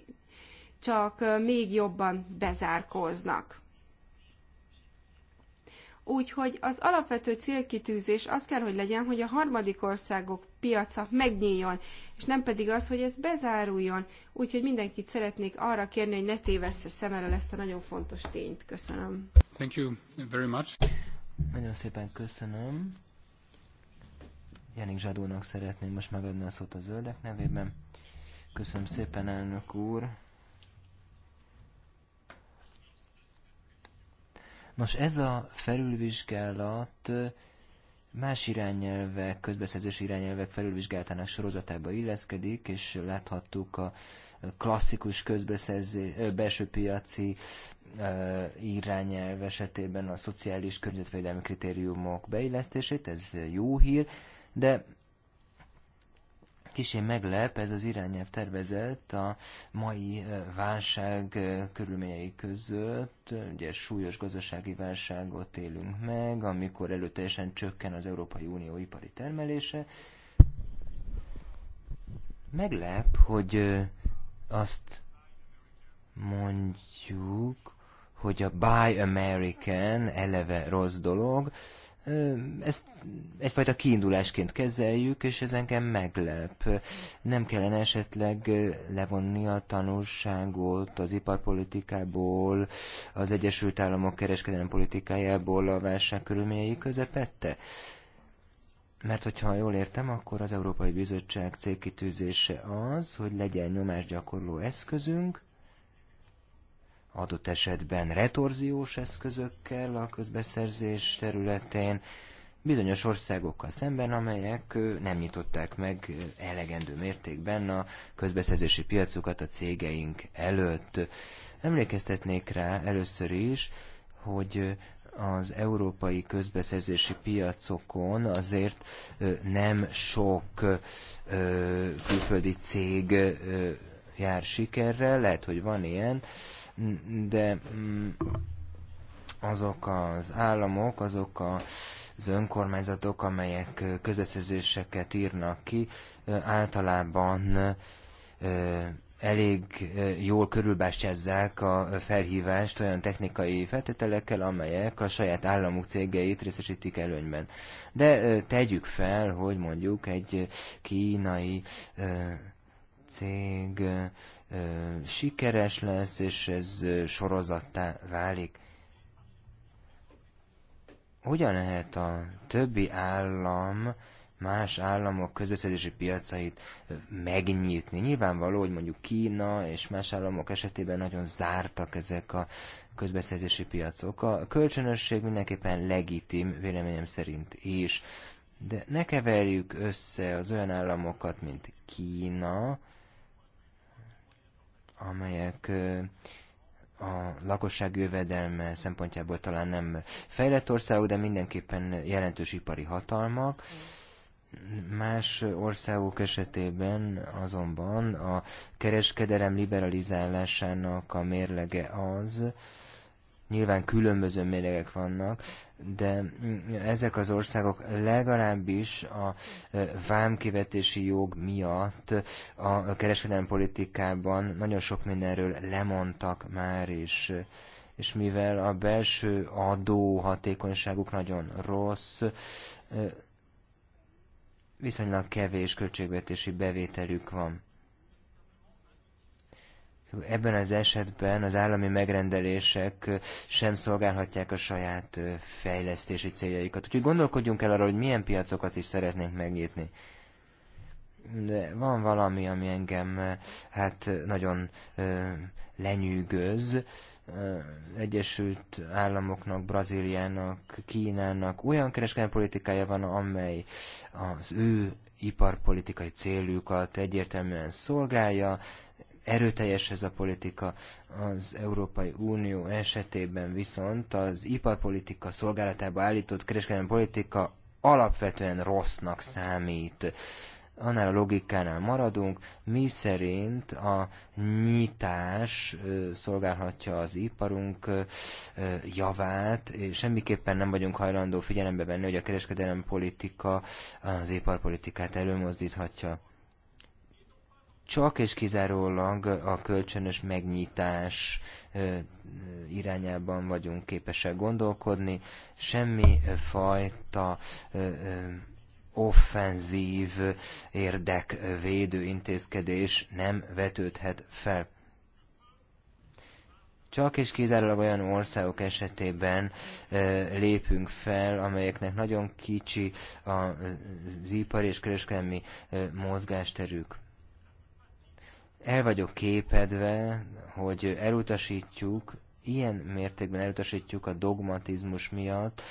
csak még jobban bezárkóznak. Úgyhogy az alapvető célkitűzés az kell, hogy legyen, hogy a harmadik országok piaca megnyíljon, és nem pedig az, hogy ez bezáruljon. Úgyhogy mindenkit szeretnék arra kérni, hogy ne tévessze szem ezt a nagyon fontos tényt. Köszönöm. Thank you very much. Nagyon szépen köszönöm. Janik Zsadónak szeretném most megadni a szót a zöldek nevében. Köszönöm szépen, elnök úr. Nos, ez a felülvizsgálat más irányelvek, közbeszerzési irányelvek felülvizsgálatának sorozatába illeszkedik, és láthattuk a klasszikus közbeszerzés, belső piaci irányelv esetében a szociális környezetvédelmi kritériumok beillesztését, ez jó hír, de kisé meglep ez az irányelv tervezett a mai válság körülményei között. Ugye súlyos gazdasági válságot élünk meg, amikor előteljesen csökken az Európai Unió ipari termelése. Meglep, hogy azt mondjuk, hogy a Buy American eleve rossz dolog, ezt egyfajta kiindulásként kezeljük, és ez engem meglep. Nem kellene esetleg levonni a tanulságot az iparpolitikából, az Egyesült Államok kereskedelmi politikájából a válság körülményei közepette? Mert hogyha jól értem, akkor az Európai Bizottság célkitűzése az, hogy legyen nyomásgyakorló eszközünk, adott esetben retorziós eszközökkel a közbeszerzés területén, bizonyos országokkal szemben, amelyek nem nyitották meg elegendő mértékben a közbeszerzési piacokat a cégeink előtt. Emlékeztetnék rá először is, hogy az európai közbeszerzési piacokon azért nem sok külföldi cég jár sikerrel, lehet, hogy van ilyen, de mm, azok az államok, azok az önkormányzatok, amelyek közbeszerzéseket írnak ki, általában elég jól körülbástyázzák a felhívást olyan technikai feltételekkel, amelyek a saját államuk cégeit részesítik előnyben. De tegyük fel, hogy mondjuk egy kínai cég sikeres lesz, és ez sorozattá válik. Hogyan lehet a többi állam más államok közbeszerzési piacait megnyitni? Nyilvánvaló, hogy mondjuk Kína és más államok esetében nagyon zártak ezek a közbeszerzési piacok. A kölcsönösség mindenképpen legitim, véleményem szerint is. De ne keverjük össze az olyan államokat, mint Kína, amelyek a lakosság jövedelme szempontjából talán nem fejlett országok, de mindenképpen jelentős ipari hatalmak. Más országok esetében azonban a kereskedelem liberalizálásának a mérlege az, Nyilván különböző méregek vannak, de mm, ezek az országok legalábbis a e, vámkivetési jog miatt a kereskedelmi politikában nagyon sok mindenről lemondtak már is és mivel a belső adó hatékonyságuk nagyon rossz, e, viszonylag kevés költségvetési bevételük van. Ebben az esetben az állami megrendelések sem szolgálhatják a saját fejlesztési céljaikat. Úgyhogy gondolkodjunk el arra, hogy milyen piacokat is szeretnénk megnyitni. De van valami, ami engem hát nagyon ö, lenyűgöz. Egyesült Államoknak, Brazíliának, Kínának olyan kereskedelmi politikája van, amely az ő iparpolitikai céljukat egyértelműen szolgálja, erőteljes ez a politika. Az Európai Unió esetében viszont az iparpolitika szolgálatába állított kereskedelmi politika alapvetően rossznak számít. Annál a logikánál maradunk, mi szerint a nyitás szolgálhatja az iparunk javát, és semmiképpen nem vagyunk hajlandó figyelembe venni, hogy a kereskedelem politika az iparpolitikát előmozdíthatja csak és kizárólag a kölcsönös megnyitás irányában vagyunk képesek gondolkodni. Semmi fajta offenzív érdekvédő intézkedés nem vetődhet fel. Csak és kizárólag olyan országok esetében lépünk fel, amelyeknek nagyon kicsi az ipari és kereskedelmi mozgásterük el vagyok képedve, hogy elutasítjuk, ilyen mértékben elutasítjuk a dogmatizmus miatt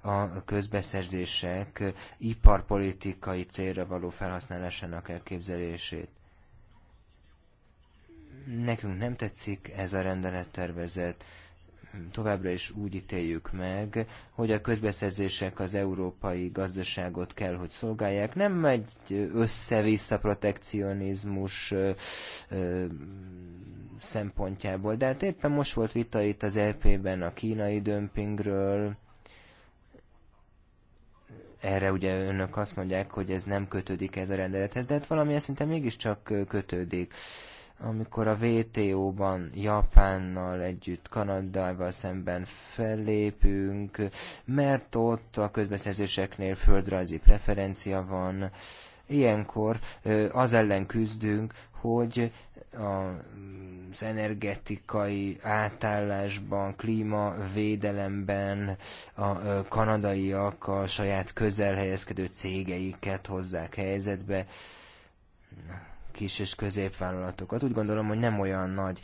a közbeszerzések iparpolitikai célra való felhasználásának elképzelését. Nekünk nem tetszik ez a rendelettervezet. tervezet továbbra is úgy ítéljük meg, hogy a közbeszerzések az európai gazdaságot kell, hogy szolgálják. Nem egy össze-vissza protekcionizmus szempontjából, de hát éppen most volt vita itt az EP-ben a kínai dömpingről, erre ugye önök azt mondják, hogy ez nem kötődik ez a rendelethez, de hát valamilyen szinte mégiscsak kötődik amikor a WTO-ban Japánnal együtt Kanadával szemben fellépünk, mert ott a közbeszerzéseknél földrajzi preferencia van. Ilyenkor az ellen küzdünk, hogy az energetikai átállásban, klímavédelemben a kanadaiak a saját közel helyezkedő cégeiket hozzák helyzetbe kis és középvállalatokat. Úgy gondolom, hogy nem olyan nagy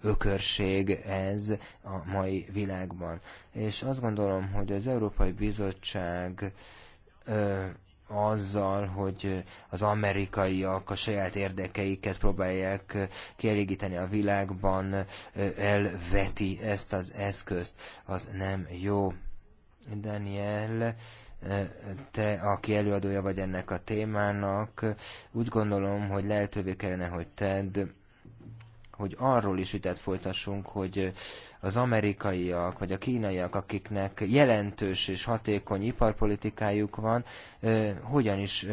ökörség ez a mai világban. És azt gondolom, hogy az Európai Bizottság azzal, hogy az amerikaiak a saját érdekeiket próbálják kielégíteni a világban, elveti ezt az eszközt. Az nem jó. Daniel te, aki előadója vagy ennek a témának, úgy gondolom, hogy lehetővé kellene, hogy tedd hogy arról is vitát folytassunk, hogy az amerikaiak vagy a kínaiak, akiknek jelentős és hatékony iparpolitikájuk van, hogyan is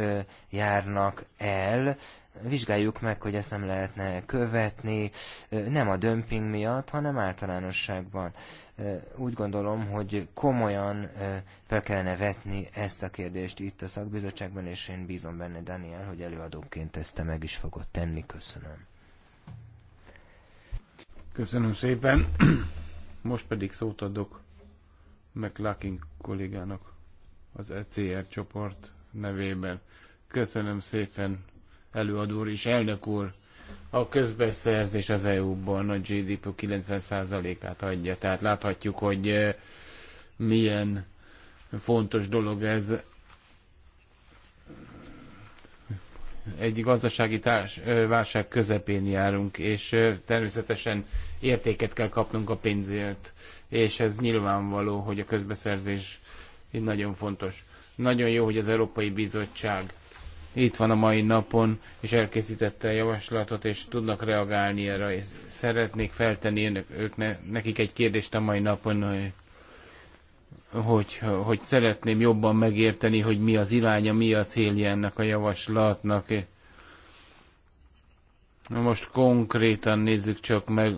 járnak el, vizsgáljuk meg, hogy ezt nem lehetne követni, nem a dömping miatt, hanem általánosságban. Úgy gondolom, hogy komolyan fel kellene vetni ezt a kérdést itt a szakbizottságban, és én bízom benne, Daniel, hogy előadóként ezt te meg is fogod tenni. Köszönöm. Köszönöm szépen. Most pedig szót adok McLaughlin kollégának az ECR csoport nevében. Köszönöm szépen, előadó úr és elnök úr. A közbeszerzés az EU-ban a GDP 90%-át adja, tehát láthatjuk, hogy eh, milyen fontos dolog ez egy gazdasági társ, válság közepén járunk, és természetesen értéket kell kapnunk a pénzért, és ez nyilvánvaló, hogy a közbeszerzés nagyon fontos. Nagyon jó, hogy az Európai Bizottság itt van a mai napon, és elkészítette a javaslatot, és tudnak reagálni erre. És szeretnék feltenni önök, ők ne, nekik egy kérdést a mai napon, hogy hogy, hogy szeretném jobban megérteni, hogy mi az iránya, mi a célja ennek a javaslatnak. Most konkrétan nézzük csak meg,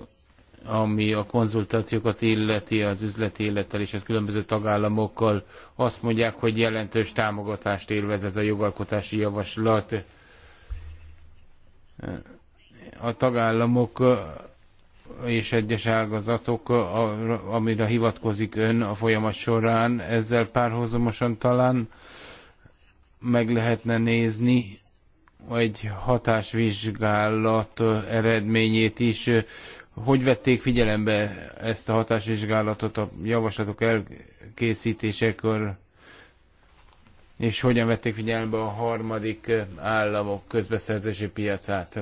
ami a konzultációkat illeti az üzleti élettel és a különböző tagállamokkal. Azt mondják, hogy jelentős támogatást élvez ez a jogalkotási javaslat. A tagállamok és egyes ágazatok, amire hivatkozik ön a folyamat során, ezzel párhuzamosan talán meg lehetne nézni egy hatásvizsgálat eredményét is. Hogy vették figyelembe ezt a hatásvizsgálatot a javaslatok elkészítésekor, és hogyan vették figyelembe a harmadik államok közbeszerzési piacát?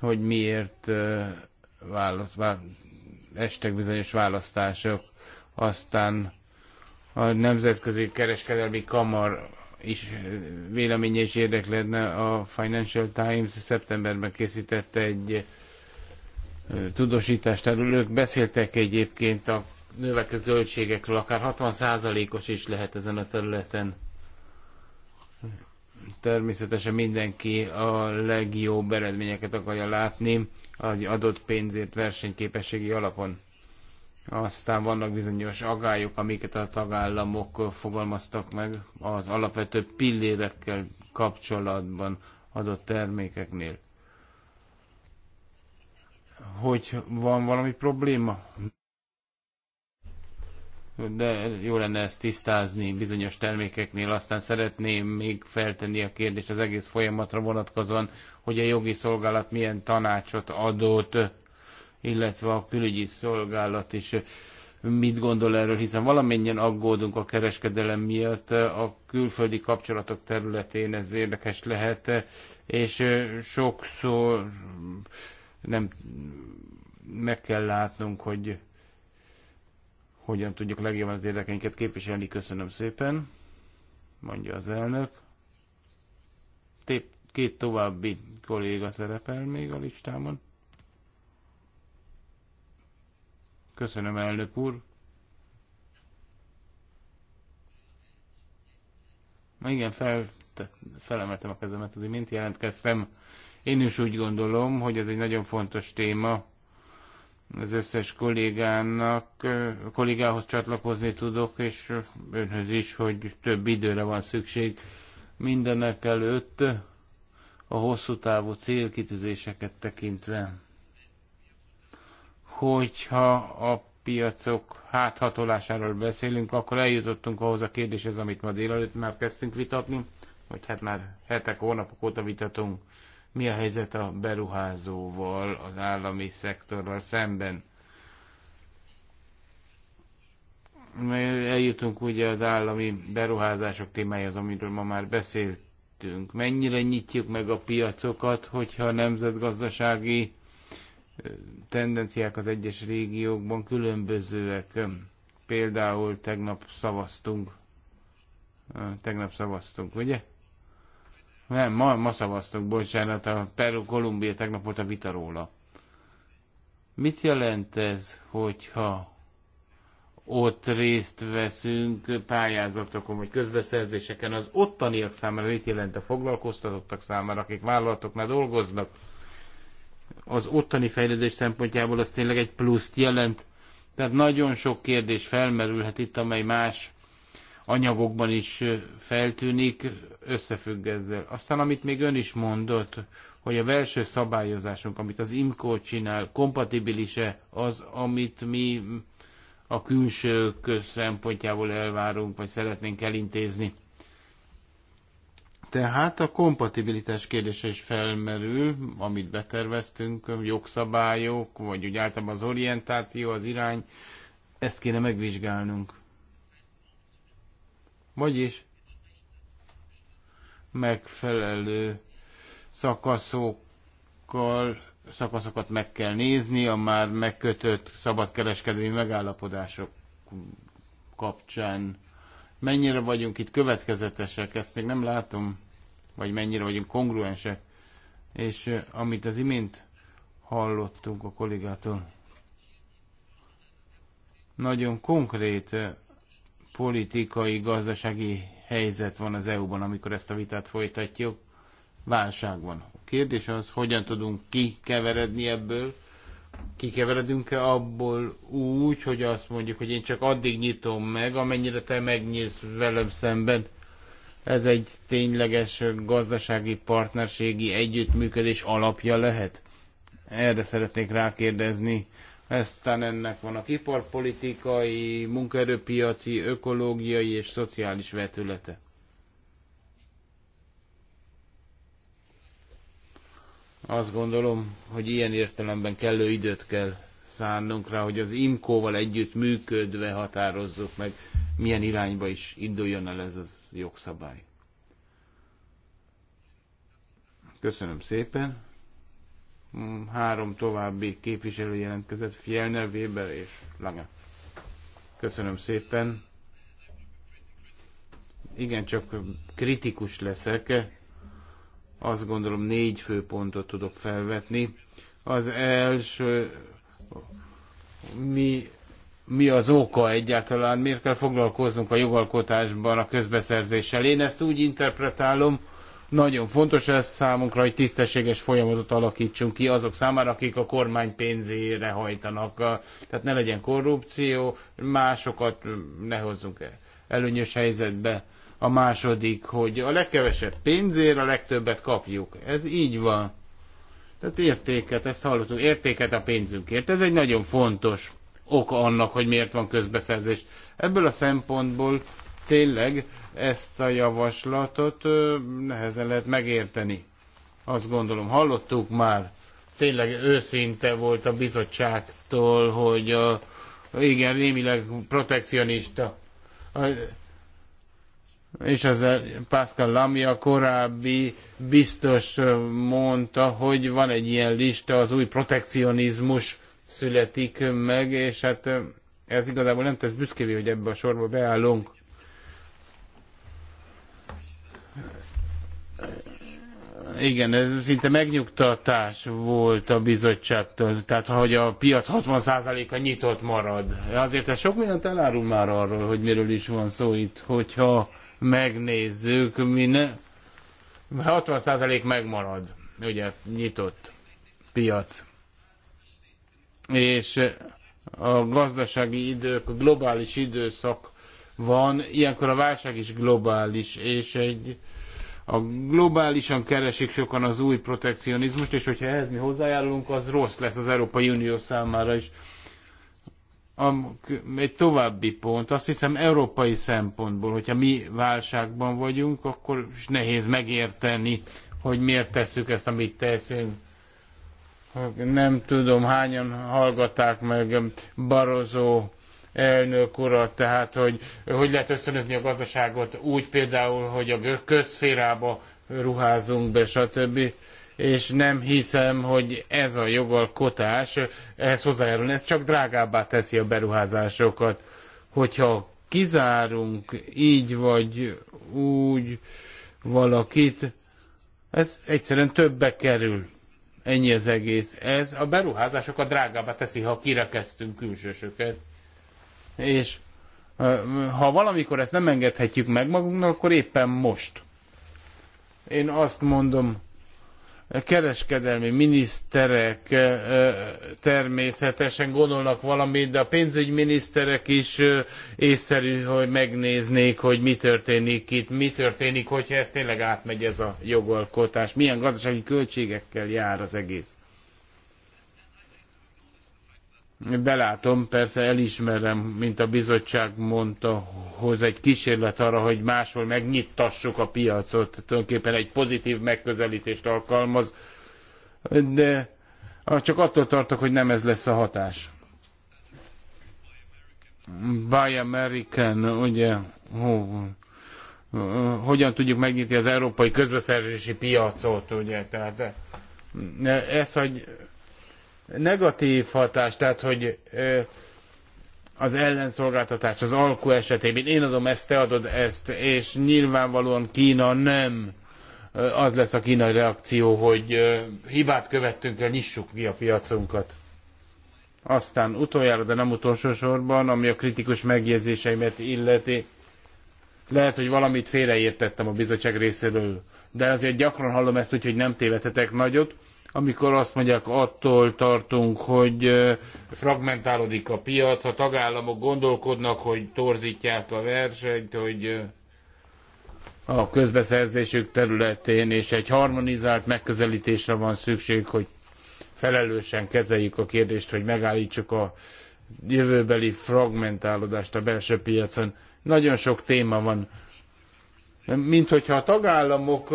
hogy miért választ, estek bizonyos választások, aztán a Nemzetközi Kereskedelmi Kamar is véleménye is érdeklődne. A Financial Times szeptemberben készített egy tudósítást erről. Ők beszéltek egyébként a növekvő költségekről, akár 60%-os is lehet ezen a területen természetesen mindenki a legjobb eredményeket akarja látni az adott pénzért versenyképességi alapon. Aztán vannak bizonyos agályok, amiket a tagállamok fogalmaztak meg az alapvető pillérekkel kapcsolatban adott termékeknél. Hogy van valami probléma? de jó lenne ezt tisztázni bizonyos termékeknél. Aztán szeretném még feltenni a kérdést az egész folyamatra vonatkozóan, hogy a jogi szolgálat milyen tanácsot adott, illetve a külügyi szolgálat is mit gondol erről, hiszen valamennyien aggódunk a kereskedelem miatt, a külföldi kapcsolatok területén ez érdekes lehet, és sokszor nem meg kell látnunk, hogy hogyan tudjuk legjobban az érdekeinket képviselni. Köszönöm szépen, mondja az elnök. Tép, két további kolléga szerepel még a listámon. Köszönöm, elnök úr. Na igen, fel, te, felemeltem a kezemet az imént, jelentkeztem. Én is úgy gondolom, hogy ez egy nagyon fontos téma az összes kollégának, kollégához csatlakozni tudok, és önhöz is, hogy több időre van szükség mindenek előtt a hosszú távú célkitűzéseket tekintve. Hogyha a piacok háthatolásáról beszélünk, akkor eljutottunk ahhoz a kérdéshez, amit ma délelőtt már kezdtünk vitatni, vagy hát már hetek, hónapok óta vitatunk mi a helyzet a beruházóval, az állami szektorral szemben. Eljutunk ugye az állami beruházások témájához, amiről ma már beszéltünk. Mennyire nyitjuk meg a piacokat, hogyha a nemzetgazdasági tendenciák az egyes régiókban különbözőek. Például tegnap szavaztunk, tegnap szavaztunk, ugye? Nem, ma, ma szavaztok, bocsánat, a Peru, Kolumbia, tegnap volt a vita róla. Mit jelent ez, hogyha ott részt veszünk pályázatokon, vagy közbeszerzéseken, az ottaniak számára mit jelent a foglalkoztatottak számára, akik vállalatoknál dolgoznak? Az ottani fejlődés szempontjából az tényleg egy pluszt jelent. Tehát nagyon sok kérdés felmerülhet itt, amely más anyagokban is feltűnik, összefügg ezzel. Aztán, amit még ön is mondott, hogy a belső szabályozásunk, amit az IMCO csinál, kompatibilise az, amit mi a külső szempontjából elvárunk, vagy szeretnénk elintézni. Tehát a kompatibilitás kérdése is felmerül, amit beterveztünk, jogszabályok, vagy úgy általában az orientáció, az irány, ezt kéne megvizsgálnunk. Vagyis megfelelő szakaszokkal, szakaszokat meg kell nézni a már megkötött szabadkereskedelmi megállapodások kapcsán. Mennyire vagyunk itt következetesek, ezt még nem látom, vagy mennyire vagyunk kongruensek. És eh, amit az imént hallottunk a kollégától, nagyon konkrét eh, politikai, gazdasági helyzet van az EU-ban, amikor ezt a vitát folytatjuk. Válság van. A kérdés az, hogyan tudunk kikeveredni ebből, kikeveredünk-e abból úgy, hogy azt mondjuk, hogy én csak addig nyitom meg, amennyire te megnyílsz velem szemben. Ez egy tényleges gazdasági partnerségi együttműködés alapja lehet? Erre szeretnék rákérdezni, Eztán ennek vannak iparpolitikai, munkaerőpiaci, ökológiai és szociális vetülete. Azt gondolom, hogy ilyen értelemben kellő időt kell szánnunk rá, hogy az IMCO-val együtt működve határozzuk meg, milyen irányba is induljon el ez a jogszabály. Köszönöm szépen! Három további képviselő jelentkezett, Fjellner, Weber és Lange. Köszönöm szépen. Igen, csak kritikus leszek. Azt gondolom négy főpontot tudok felvetni. Az első, mi, mi az oka egyáltalán, miért kell foglalkoznunk a jogalkotásban a közbeszerzéssel. Én ezt úgy interpretálom, nagyon fontos ez számunkra, hogy tisztességes folyamatot alakítsunk ki azok számára, akik a kormány pénzére hajtanak. Tehát ne legyen korrupció, másokat ne hozzunk előnyös helyzetbe. A második, hogy a legkevesebb pénzért a legtöbbet kapjuk. Ez így van. Tehát értéket, ezt hallottuk, értéket a pénzünkért. Ez egy nagyon fontos oka annak, hogy miért van közbeszerzés. Ebből a szempontból tényleg ezt a javaslatot nehezen lehet megérteni. Azt gondolom, hallottuk már, tényleg őszinte volt a bizottságtól, hogy a, igen, némileg protekcionista. A, és az Pászkal Lamy, a korábbi biztos mondta, hogy van egy ilyen lista, az új protekcionizmus születik meg, és hát ez igazából nem tesz büszkévé, hogy ebbe a sorba beállunk. igen, ez szinte megnyugtatás volt a bizottságtól, tehát hogy a piac 60%-a nyitott marad. Azért ez sok mindent elárul már arról, hogy miről is van szó itt, hogyha megnézzük, mi ne... 60% megmarad, ugye, nyitott piac. És a gazdasági idők, a globális időszak van, ilyenkor a válság is globális, és egy a globálisan keresik sokan az új protekcionizmust, és hogyha ehhez mi hozzájárulunk, az rossz lesz az Európai Unió számára is. A, egy további pont, azt hiszem európai szempontból, hogyha mi válságban vagyunk, akkor is nehéz megérteni, hogy miért tesszük ezt, amit teszünk. Nem tudom, hányan hallgatták meg Barozó elnök urat, tehát hogy hogy lehet ösztönözni a gazdaságot úgy például, hogy a közférába ruházunk be, stb. És nem hiszem, hogy ez a jogalkotás ehhez hozzájárul. Ez csak drágábbá teszi a beruházásokat. Hogyha kizárunk így vagy úgy valakit, ez egyszerűen többe kerül. Ennyi az egész. Ez a beruházásokat drágábbá teszi, ha kirekeztünk külsősöket. És ha valamikor ezt nem engedhetjük meg magunknak, akkor éppen most. Én azt mondom, kereskedelmi miniszterek természetesen gondolnak valamit, de a pénzügyminiszterek is észszerű, hogy megnéznék, hogy mi történik itt, mi történik, hogyha ez tényleg átmegy ez a jogalkotás, milyen gazdasági költségekkel jár az egész. Belátom, persze elismerem, mint a bizottság mondta, hoz egy kísérlet arra, hogy máshol megnyittassuk a piacot. Tulajdonképpen egy pozitív megközelítést alkalmaz, de ah, csak attól tartok, hogy nem ez lesz a hatás. Buy American, ugye, hó, hogyan tudjuk megnyitni az európai közbeszerzési piacot, ugye, tehát ez, hogy negatív hatás, tehát hogy az ellenszolgáltatás az alkú esetében én adom ezt, te adod ezt, és nyilvánvalóan Kína nem az lesz a kínai reakció, hogy hibát követtünk el, nyissuk ki a piacunkat. Aztán utoljára, de nem utolsó sorban, ami a kritikus megjegyzéseimet illeti, lehet, hogy valamit félreértettem a bizottság részéről, de azért gyakran hallom ezt, úgyhogy nem tévedhetek nagyot amikor azt mondják, attól tartunk, hogy fragmentálódik a piac, a tagállamok gondolkodnak, hogy torzítják a versenyt, hogy a közbeszerzésük területén, és egy harmonizált megközelítésre van szükség, hogy felelősen kezeljük a kérdést, hogy megállítsuk a jövőbeli fragmentálódást a belső piacon. Nagyon sok téma van, mint hogyha a tagállamok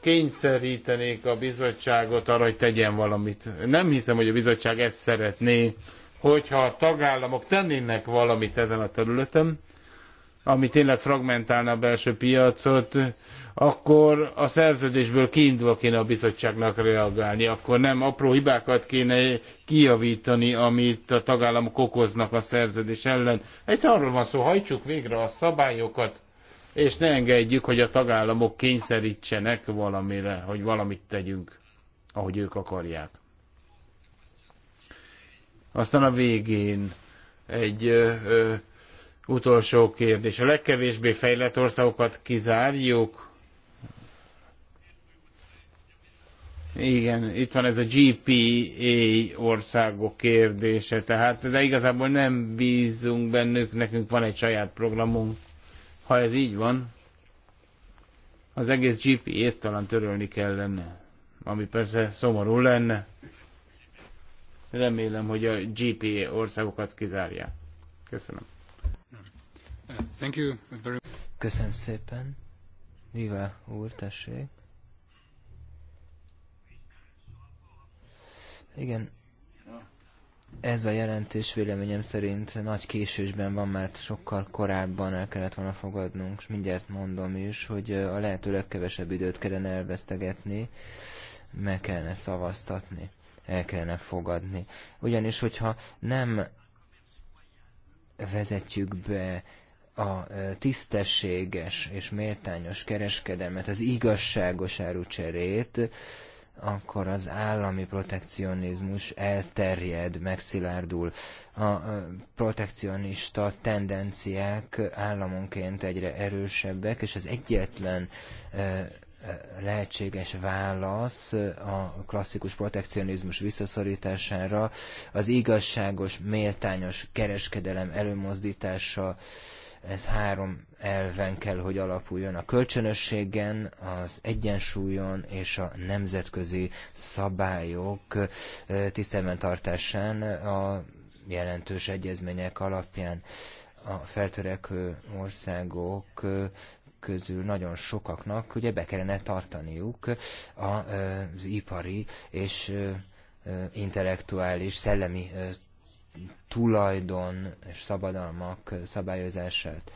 kényszerítenék a bizottságot arra, hogy tegyen valamit. Nem hiszem, hogy a bizottság ezt szeretné, hogyha a tagállamok tennének valamit ezen a területen, ami tényleg fragmentálna a belső piacot, akkor a szerződésből kiindulva kéne a bizottságnak reagálni, akkor nem apró hibákat kéne kijavítani, amit a tagállamok okoznak a szerződés ellen. Egyszerűen arról van szó, hajtsuk végre a szabályokat, és ne engedjük, hogy a tagállamok kényszerítsenek valamire, hogy valamit tegyünk, ahogy ők akarják. Aztán a végén egy ö, ö, utolsó kérdés. A legkevésbé fejlett országokat kizárjuk? Igen, itt van ez a GPA országok kérdése, tehát, de igazából nem bízunk bennük, nekünk van egy saját programunk. Ha ez így van, az egész GPA-t talán törölni kellene, ami persze szomorú lenne. Remélem, hogy a GPA országokat kizárják. Köszönöm. Thank you very Köszönöm szépen. Viva úr, tessék. Igen, ez a jelentés véleményem szerint nagy késősben van, mert sokkal korábban el kellett volna fogadnunk, és mindjárt mondom is, hogy a lehető legkevesebb időt kellene elvesztegetni, meg kellene szavaztatni, el kellene fogadni. Ugyanis, hogyha nem vezetjük be a tisztességes és méltányos kereskedelmet, az igazságos árucserét, akkor az állami protekcionizmus elterjed, megszilárdul. A protekcionista tendenciák államonként egyre erősebbek, és az egyetlen lehetséges válasz a klasszikus protekcionizmus visszaszorítására az igazságos, méltányos kereskedelem előmozdítása ez három elven kell, hogy alapuljon a kölcsönösségen, az egyensúlyon és a nemzetközi szabályok tisztelben tartásán a jelentős egyezmények alapján a feltörekvő országok közül nagyon sokaknak ugye be kellene tartaniuk az ipari és intellektuális, szellemi tulajdon és szabadalmak szabályozását.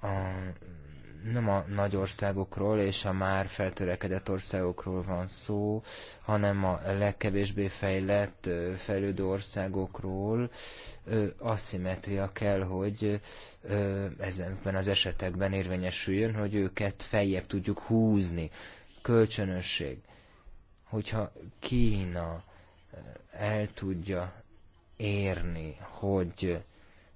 A, a, nem a nagy országokról és a már feltörekedett országokról van szó, hanem a legkevésbé fejlett, fejlődő országokról aszimetria kell, hogy ezenben az esetekben érvényesüljön, hogy őket feljebb tudjuk húzni. Kölcsönösség. Hogyha Kína eh, el tudja érni, hogy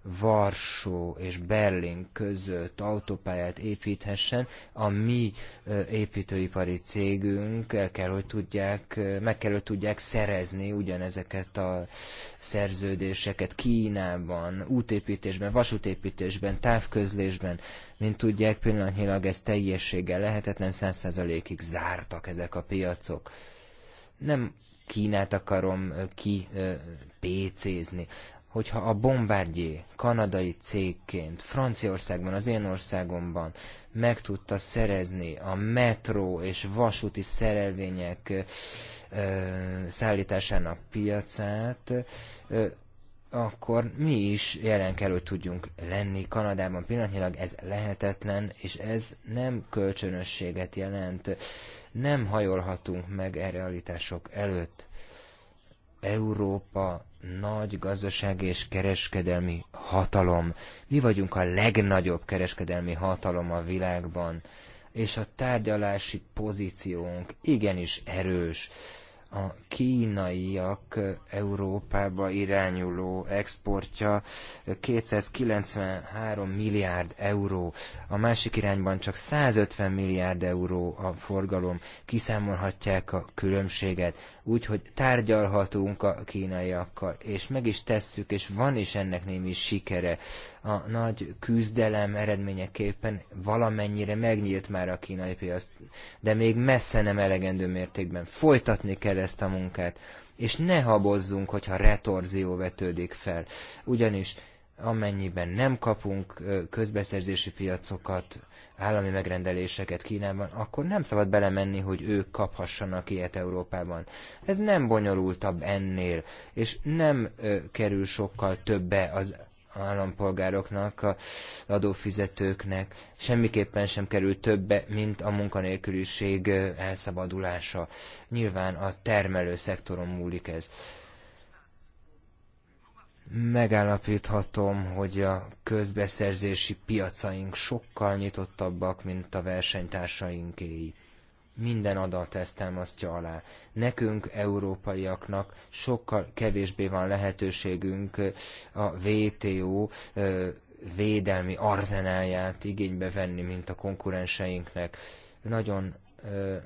Varsó és Berlin között autópályát építhessen, a mi eh, építőipari cégünk el kell, hogy tudják, eh, meg kell, hogy tudják szerezni ugyanezeket a szerződéseket Kínában, útépítésben, vasútépítésben, távközlésben. Mint tudják, pillanatnyilag ez teljességgel lehetetlen, száz százalékig zártak ezek a piacok. Nem Kínát akarom ki pécézni hogyha a Bombardier kanadai cégként Franciaországban, az én országomban meg tudta szerezni a metró és vasúti szerelvények ö, szállításának piacát, ö, akkor mi is jelen kell, hogy tudjunk lenni Kanadában. Pillanatnyilag ez lehetetlen, és ez nem kölcsönösséget jelent. Nem hajolhatunk meg e realitások előtt. Európa nagy gazdasági és kereskedelmi hatalom. Mi vagyunk a legnagyobb kereskedelmi hatalom a világban, és a tárgyalási pozíciónk igenis erős a kínaiak Európába irányuló exportja 293 milliárd euró, a másik irányban csak 150 milliárd euró a forgalom. Kiszámolhatják a különbséget úgy, hogy tárgyalhatunk a kínaiakkal, és meg is tesszük, és van is ennek némi sikere. A nagy küzdelem eredményeképpen valamennyire megnyílt már a kínai piac, de még messze nem elegendő mértékben. Folytatni kell ezt a munkát, és ne habozzunk, hogyha retorzió vetődik fel. Ugyanis amennyiben nem kapunk közbeszerzési piacokat, állami megrendeléseket Kínában, akkor nem szabad belemenni, hogy ők kaphassanak ilyet Európában. Ez nem bonyolultabb ennél, és nem kerül sokkal többe az állampolgároknak, az adófizetőknek semmiképpen sem kerül többe, mint a munkanélküliség elszabadulása. Nyilván a termelő szektoron múlik ez megállapíthatom, hogy a közbeszerzési piacaink sokkal nyitottabbak, mint a versenytársainkéi. Minden adat ezt támasztja alá. Nekünk, európaiaknak sokkal kevésbé van lehetőségünk eh, a WTO eh, védelmi arzenáját igénybe venni, mint a konkurenseinknek. Nagyon eh,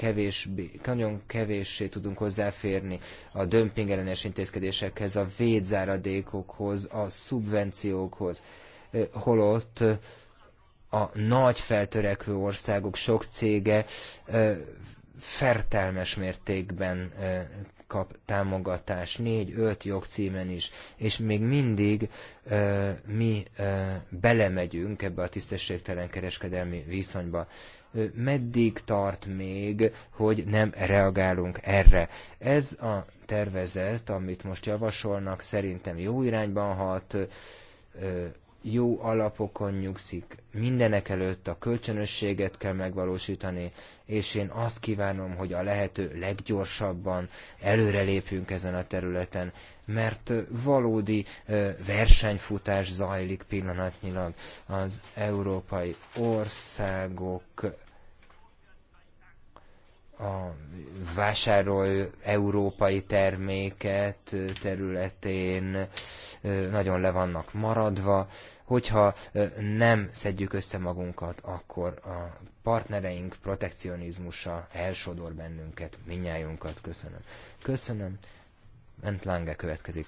kevésbé, nagyon kevéssé tudunk hozzáférni a ellenes intézkedésekhez, a védzáradékokhoz, a szubvenciókhoz, holott a nagy feltörekvő országok sok cége fertelmes mértékben kap támogatást, négy-öt jogcímen is, és még mindig ö, mi ö, belemegyünk ebbe a tisztességtelen kereskedelmi viszonyba meddig tart még, hogy nem reagálunk erre. Ez a tervezet, amit most javasolnak, szerintem jó irányban hat, jó alapokon nyugszik. Mindenek előtt a kölcsönösséget kell megvalósítani, és én azt kívánom, hogy a lehető leggyorsabban előrelépjünk ezen a területen mert valódi versenyfutás zajlik pillanatnyilag az európai országok a vásárol európai terméket területén nagyon le vannak maradva. Hogyha nem szedjük össze magunkat, akkor a partnereink protekcionizmusa elsodor bennünket, minnyájunkat. Köszönöm. Köszönöm. Bent Lange következik.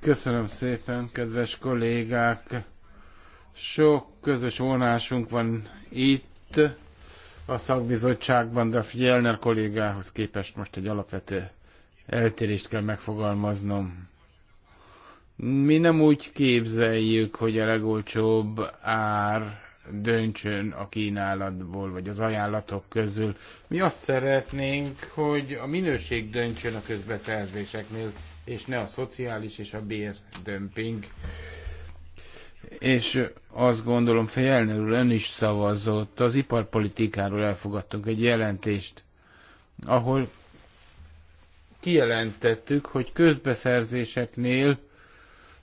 Köszönöm szépen, kedves kollégák! Sok közös vonásunk van itt a szakbizottságban, de a Fjellner kollégához képest most egy alapvető eltérést kell megfogalmaznom. Mi nem úgy képzeljük, hogy a legolcsóbb ár döntsön a kínálatból, vagy az ajánlatok közül. Mi azt szeretnénk, hogy a minőség döntsön a közbeszerzéseknél, és ne a szociális és a bérdömping. És azt gondolom, Fejelner úr ön is szavazott, az iparpolitikáról elfogadtunk egy jelentést, ahol kijelentettük, hogy közbeszerzéseknél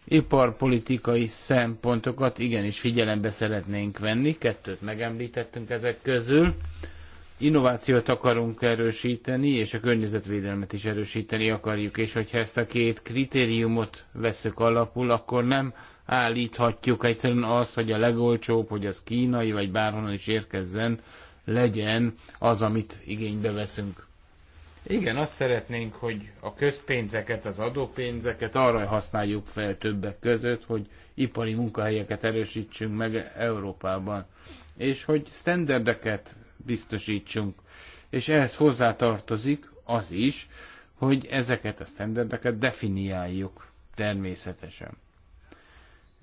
iparpolitikai szempontokat igenis figyelembe szeretnénk venni, kettőt megemlítettünk ezek közül. Innovációt akarunk erősíteni, és a környezetvédelmet is erősíteni akarjuk, és hogyha ezt a két kritériumot veszük alapul, akkor nem állíthatjuk egyszerűen azt, hogy a legolcsóbb, hogy az kínai, vagy bárhonnan is érkezzen, legyen az, amit igénybe veszünk. Igen, azt szeretnénk, hogy a közpénzeket, az adópénzeket arra használjuk fel többek között, hogy ipari munkahelyeket erősítsünk meg Európában, és hogy standardeket biztosítsunk. És ehhez hozzátartozik az is, hogy ezeket a standardeket definiáljuk természetesen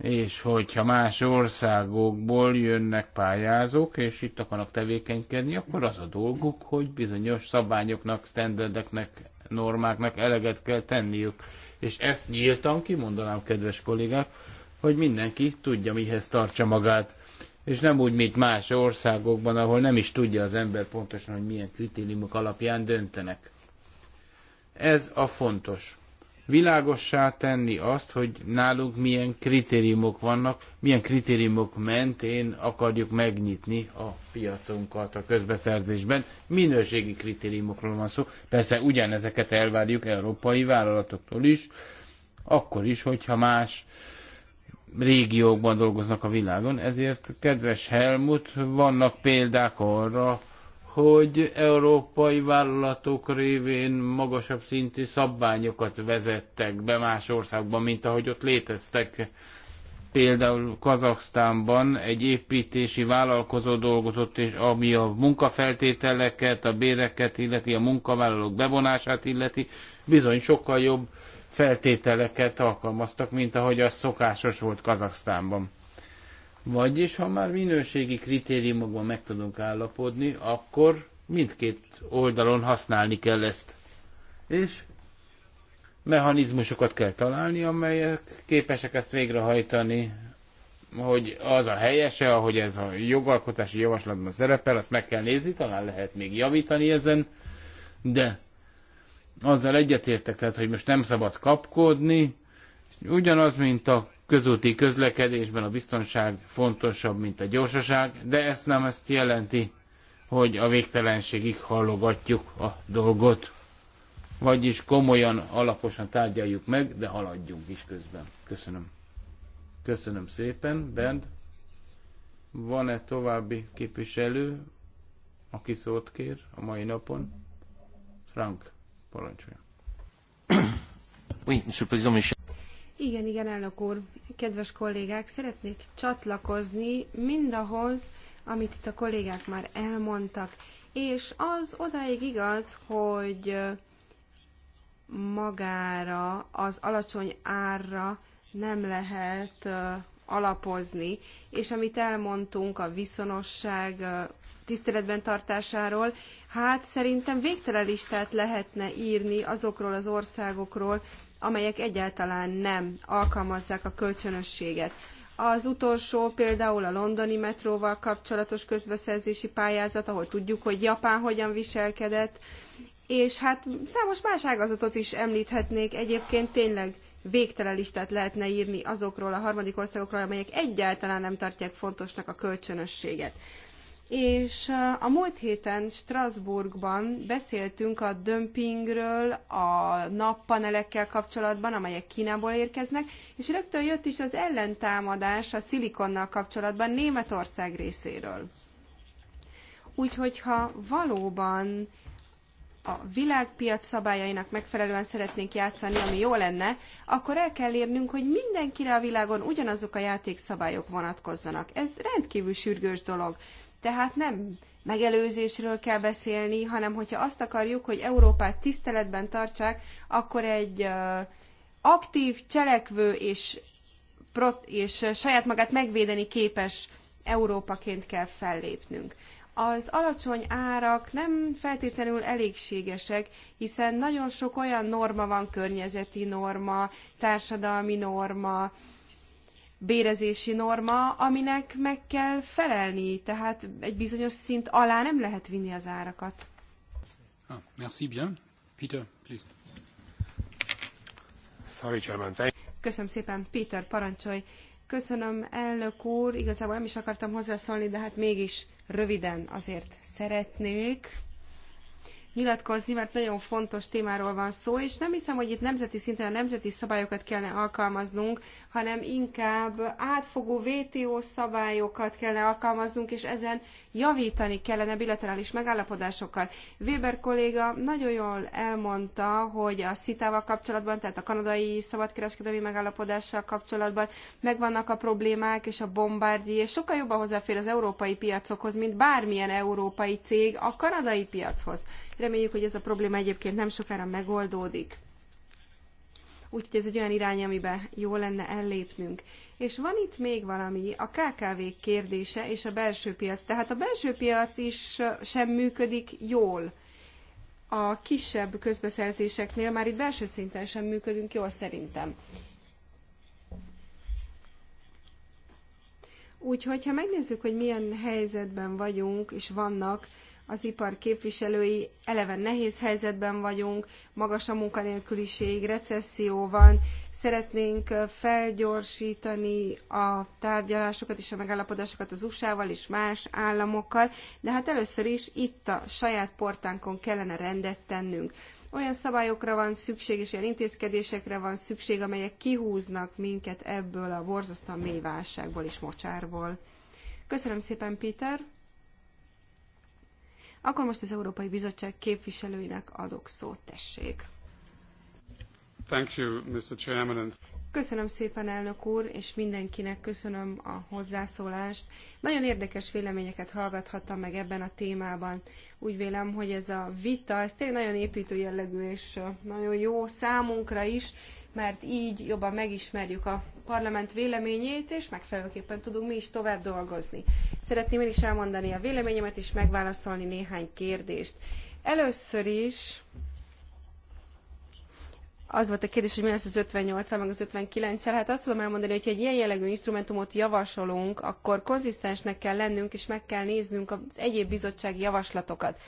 és hogyha más országokból jönnek pályázók, és itt akarnak tevékenykedni, akkor az a dolguk, hogy bizonyos szabályoknak, standardeknek, normáknak eleget kell tenniük. És ezt nyíltan kimondanám, kedves kollégák, hogy mindenki tudja, mihez tartsa magát. És nem úgy, mint más országokban, ahol nem is tudja az ember pontosan, hogy milyen kritériumok alapján döntenek. Ez a fontos világossá tenni azt, hogy nálunk milyen kritériumok vannak, milyen kritériumok mentén akarjuk megnyitni a piacunkat a közbeszerzésben. Minőségi kritériumokról van szó. Persze ugyanezeket elvárjuk európai vállalatoktól is, akkor is, hogyha más régiókban dolgoznak a világon. Ezért, kedves Helmut, vannak példák arra, hogy európai vállalatok révén magasabb szintű szabványokat vezettek be más országban, mint ahogy ott léteztek. Például Kazaksztánban egy építési vállalkozó dolgozott, és ami a munkafeltételeket, a béreket illeti, a munkavállalók bevonását illeti, bizony sokkal jobb feltételeket alkalmaztak, mint ahogy az szokásos volt Kazaksztánban vagyis, ha már minőségi kritériumokban meg tudunk állapodni, akkor mindkét oldalon használni kell ezt. És mechanizmusokat kell találni, amelyek képesek ezt végrehajtani, hogy az a helyese, ahogy ez a jogalkotási javaslatban szerepel, azt meg kell nézni, talán lehet még javítani ezen, de azzal egyetértek, tehát, hogy most nem szabad kapkodni, ugyanaz, mint a közúti közlekedésben a biztonság fontosabb, mint a gyorsaság, de ezt nem ezt jelenti, hogy a végtelenségig hallogatjuk a dolgot. Vagyis komolyan, alaposan tárgyaljuk meg, de haladjunk is közben. Köszönöm. Köszönöm szépen, Bernd. Van-e további képviselő, aki szót kér a mai napon? Frank, parancsolja. Oui, monsieur le président, igen, igen, elnök úr, kedves kollégák, szeretnék csatlakozni mindahhoz, amit itt a kollégák már elmondtak. És az odáig igaz, hogy magára, az alacsony árra nem lehet alapozni, és amit elmondtunk a viszonosság tiszteletben tartásáról, hát szerintem végtelen listát lehetne írni azokról az országokról, amelyek egyáltalán nem alkalmazzák a kölcsönösséget. Az utolsó például a londoni metróval kapcsolatos közbeszerzési pályázat, ahol tudjuk, hogy Japán hogyan viselkedett, és hát számos más ágazatot is említhetnék, egyébként tényleg végtelen listát lehetne írni azokról a harmadik országokról, amelyek egyáltalán nem tartják fontosnak a kölcsönösséget és a múlt héten Strasbourgban beszéltünk a dömpingről, a nappanelekkel kapcsolatban, amelyek Kínából érkeznek, és rögtön jött is az ellentámadás a szilikonnal kapcsolatban Németország részéről. Úgyhogy ha valóban a világpiac szabályainak megfelelően szeretnénk játszani, ami jó lenne, akkor el kell érnünk, hogy mindenkire a világon ugyanazok a játékszabályok vonatkozzanak. Ez rendkívül sürgős dolog. Tehát nem megelőzésről kell beszélni, hanem hogyha azt akarjuk, hogy Európát tiszteletben tartsák, akkor egy aktív, cselekvő és, és saját magát megvédeni képes Európaként kell fellépnünk. Az alacsony árak nem feltétlenül elégségesek, hiszen nagyon sok olyan norma van, környezeti norma, társadalmi norma, bérezési norma, aminek meg kell felelni, tehát egy bizonyos szint alá nem lehet vinni az árakat. Ah, merci bien. Peter, please. Sorry, Chairman. Thank Köszönöm szépen, Peter, parancsolj. Köszönöm, elnök úr. Igazából nem is akartam hozzászólni, de hát mégis röviden azért szeretnék nyilatkozni, mert nagyon fontos témáról van szó, és nem hiszem, hogy itt nemzeti szinten a nemzeti szabályokat kellene alkalmaznunk, hanem inkább átfogó WTO szabályokat kellene alkalmaznunk, és ezen javítani kellene bilaterális megállapodásokkal. Weber kolléga nagyon jól elmondta, hogy a szitával kapcsolatban, tehát a kanadai szabadkereskedelmi megállapodással kapcsolatban megvannak a problémák, és a bombárdi, és sokkal jobban hozzáfér az európai piacokhoz, mint bármilyen európai cég a kanadai piachoz Reméljük, hogy ez a probléma egyébként nem sokára megoldódik. Úgyhogy ez egy olyan irány, amiben jó lenne ellépnünk. És van itt még valami, a KKV kérdése és a belső piac. Tehát a belső piac is sem működik jól. A kisebb közbeszerzéseknél már itt belső szinten sem működünk jól szerintem. Úgyhogy, ha megnézzük, hogy milyen helyzetben vagyunk, és vannak az ipar képviselői, eleven nehéz helyzetben vagyunk, magas a munkanélküliség, recesszió van, szeretnénk felgyorsítani a tárgyalásokat és a megállapodásokat az USA-val és más államokkal, de hát először is itt a saját portánkon kellene rendet tennünk. Olyan szabályokra van szükség, és olyan intézkedésekre van szükség, amelyek kihúznak minket ebből a borzasztóan mély válságból és mocsárból. Köszönöm szépen, Peter. Akkor most az Európai Bizottság képviselőinek adok szót, tessék. Thank you, Mr. Chairman. Köszönöm szépen, elnök úr, és mindenkinek köszönöm a hozzászólást. Nagyon érdekes véleményeket hallgathattam meg ebben a témában. Úgy vélem, hogy ez a vita, ez tényleg nagyon építő jellegű, és nagyon jó számunkra is, mert így jobban megismerjük a parlament véleményét, és megfelelőképpen tudunk mi is tovább dolgozni. Szeretném én is elmondani a véleményemet, és megválaszolni néhány kérdést. Először is az volt a kérdés, hogy mi lesz az 58 meg az 59 -el. Hát azt tudom elmondani, hogy ha egy ilyen jellegű instrumentumot javasolunk, akkor konzisztensnek kell lennünk, és meg kell néznünk az egyéb bizottsági javaslatokat.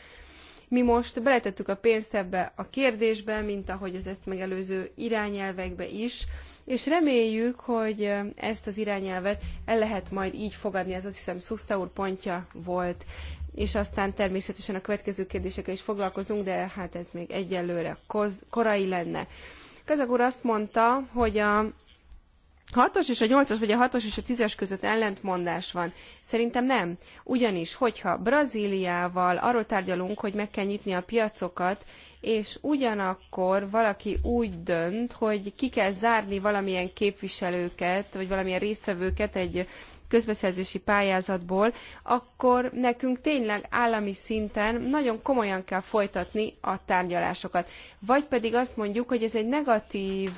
Mi most beletettük a pénzt ebbe a kérdésbe, mint ahogy az ezt megelőző irányelvekbe is, és reméljük, hogy ezt az irányelvet el lehet majd így fogadni, ez azt hiszem Szuszta úr pontja volt, és aztán természetesen a következő kérdésekkel is foglalkozunk, de hát ez még egyelőre korai lenne. Kazak úr azt mondta, hogy a 6-os és a 8-as, vagy a 6-os és a 10-es között ellentmondás van. Szerintem nem. Ugyanis, hogyha Brazíliával arról tárgyalunk, hogy meg kell nyitni a piacokat, és ugyanakkor valaki úgy dönt, hogy ki kell zárni valamilyen képviselőket, vagy valamilyen résztvevőket egy közbeszerzési pályázatból, akkor nekünk tényleg állami szinten nagyon komolyan kell folytatni a tárgyalásokat. Vagy pedig azt mondjuk, hogy ez egy negatív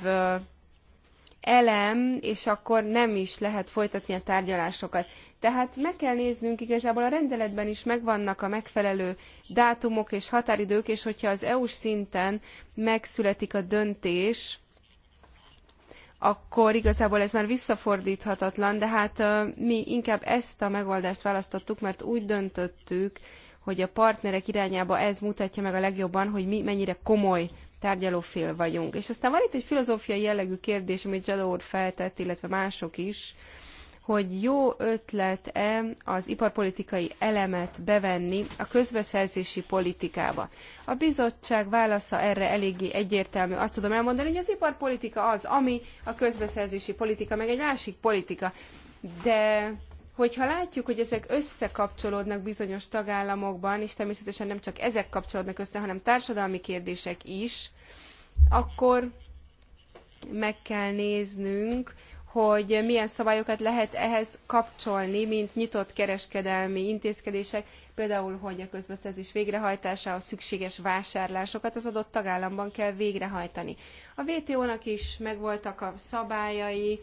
elem, és akkor nem is lehet folytatni a tárgyalásokat. Tehát meg kell néznünk, igazából a rendeletben is megvannak a megfelelő dátumok és határidők, és hogyha az EU-s szinten megszületik a döntés, akkor igazából ez már visszafordíthatatlan, de hát mi inkább ezt a megoldást választottuk, mert úgy döntöttük, hogy a partnerek irányába ez mutatja meg a legjobban, hogy mi mennyire komoly tárgyalófél vagyunk. És aztán van itt egy filozófiai jellegű kérdés, amit Zsadó úr feltett, illetve mások is, hogy jó ötlet-e az iparpolitikai elemet bevenni a közbeszerzési politikába. A bizottság válasza erre eléggé egyértelmű. Azt tudom elmondani, hogy az iparpolitika az, ami a közbeszerzési politika, meg egy másik politika. De hogyha látjuk, hogy ezek összekapcsolódnak bizonyos tagállamokban, és természetesen nem csak ezek kapcsolódnak össze, hanem társadalmi kérdések is, akkor meg kell néznünk, hogy milyen szabályokat lehet ehhez kapcsolni, mint nyitott kereskedelmi intézkedések, például, hogy a közbeszerzés végrehajtásához szükséges vásárlásokat az adott tagállamban kell végrehajtani. A WTO-nak is megvoltak a szabályai,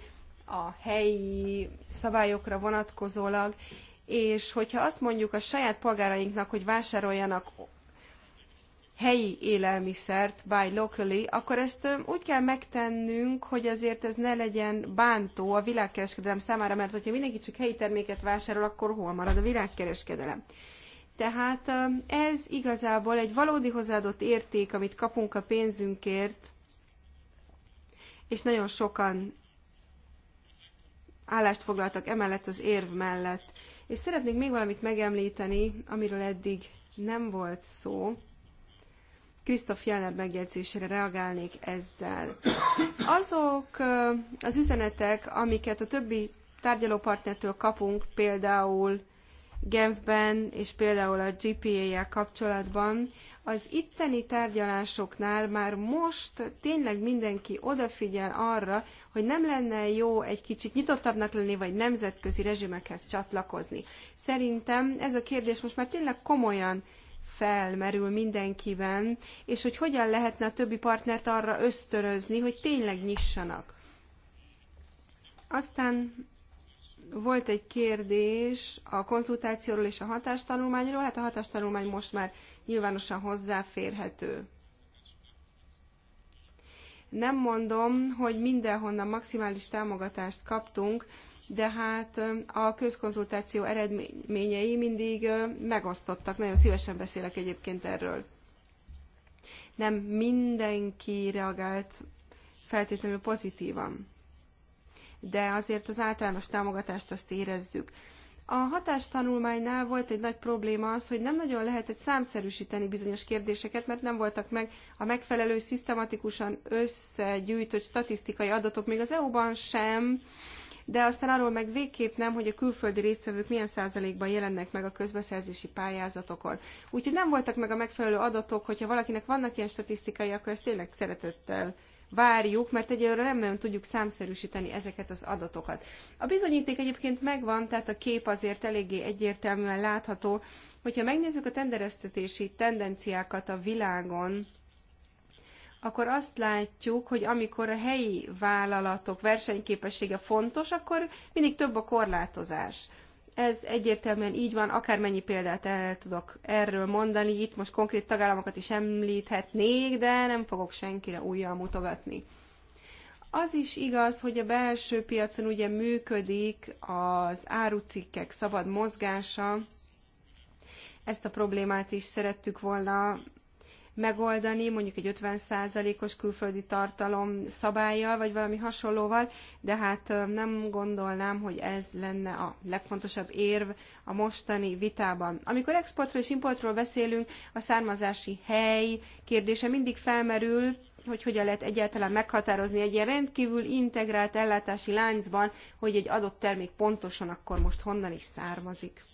a helyi szabályokra vonatkozólag, és hogyha azt mondjuk a saját polgárainknak, hogy vásároljanak helyi élelmiszert, buy locally, akkor ezt úgy kell megtennünk, hogy azért ez ne legyen bántó a világkereskedelem számára, mert hogyha mindenki csak helyi terméket vásárol, akkor hol marad a világkereskedelem? Tehát ez igazából egy valódi hozzáadott érték, amit kapunk a pénzünkért, és nagyon sokan állást foglaltak emellett az érv mellett. És szeretnék még valamit megemlíteni, amiről eddig nem volt szó. Krisztof Jelner megjegyzésére reagálnék ezzel. Azok az üzenetek, amiket a többi tárgyalópartnertől kapunk, például Genfben és például a GPA-jel kapcsolatban, az itteni tárgyalásoknál már most tényleg mindenki odafigyel arra, hogy nem lenne jó egy kicsit nyitottabbnak lenni, vagy nemzetközi rezsimekhez csatlakozni. Szerintem ez a kérdés most már tényleg komolyan felmerül mindenkiben, és hogy hogyan lehetne a többi partnert arra ösztörözni, hogy tényleg nyissanak. Aztán volt egy kérdés a konzultációról és a hatástanulmányról. Hát a hatástanulmány most már nyilvánosan hozzáférhető. Nem mondom, hogy mindenhonnan maximális támogatást kaptunk, de hát a közkonzultáció eredményei mindig megosztottak. Nagyon szívesen beszélek egyébként erről. Nem mindenki reagált feltétlenül pozitívan de azért az általános támogatást azt érezzük. A hatástanulmánynál volt egy nagy probléma az, hogy nem nagyon lehetett számszerűsíteni bizonyos kérdéseket, mert nem voltak meg a megfelelő, szisztematikusan összegyűjtött statisztikai adatok, még az EU-ban sem, de aztán arról meg végképp nem, hogy a külföldi résztvevők milyen százalékban jelennek meg a közbeszerzési pályázatokon. Úgyhogy nem voltak meg a megfelelő adatok, hogyha valakinek vannak ilyen statisztikai, akkor ezt tényleg szeretettel várjuk, mert egyelőre nem nagyon tudjuk számszerűsíteni ezeket az adatokat. A bizonyíték egyébként megvan, tehát a kép azért eléggé egyértelműen látható, hogyha megnézzük a tendereztetési tendenciákat a világon, akkor azt látjuk, hogy amikor a helyi vállalatok versenyképessége fontos, akkor mindig több a korlátozás. Ez egyértelműen így van, akármennyi példát el tudok erről mondani, itt most konkrét tagállamokat is említhetnék, de nem fogok senkire újjal mutogatni. Az is igaz, hogy a belső piacon ugye működik az árucikkek szabad mozgása, ezt a problémát is szerettük volna megoldani, mondjuk egy 50%-os külföldi tartalom szabályjal, vagy valami hasonlóval, de hát nem gondolnám, hogy ez lenne a legfontosabb érv a mostani vitában. Amikor exportról és importról beszélünk, a származási hely kérdése mindig felmerül, hogy hogyan lehet egyáltalán meghatározni egy ilyen rendkívül integrált ellátási láncban, hogy egy adott termék pontosan akkor most honnan is származik.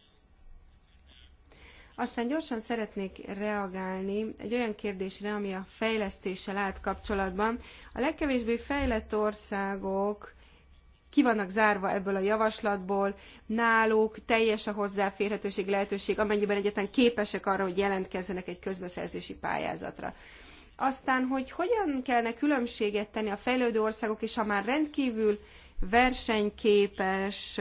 Aztán gyorsan szeretnék reagálni egy olyan kérdésre, ami a fejlesztéssel állt kapcsolatban. A legkevésbé fejlett országok ki vannak zárva ebből a javaslatból, náluk teljes a hozzáférhetőség lehetőség, amennyiben egyetlen képesek arra, hogy jelentkezzenek egy közbeszerzési pályázatra. Aztán, hogy hogyan kellene különbséget tenni a fejlődő országok és a már rendkívül versenyképes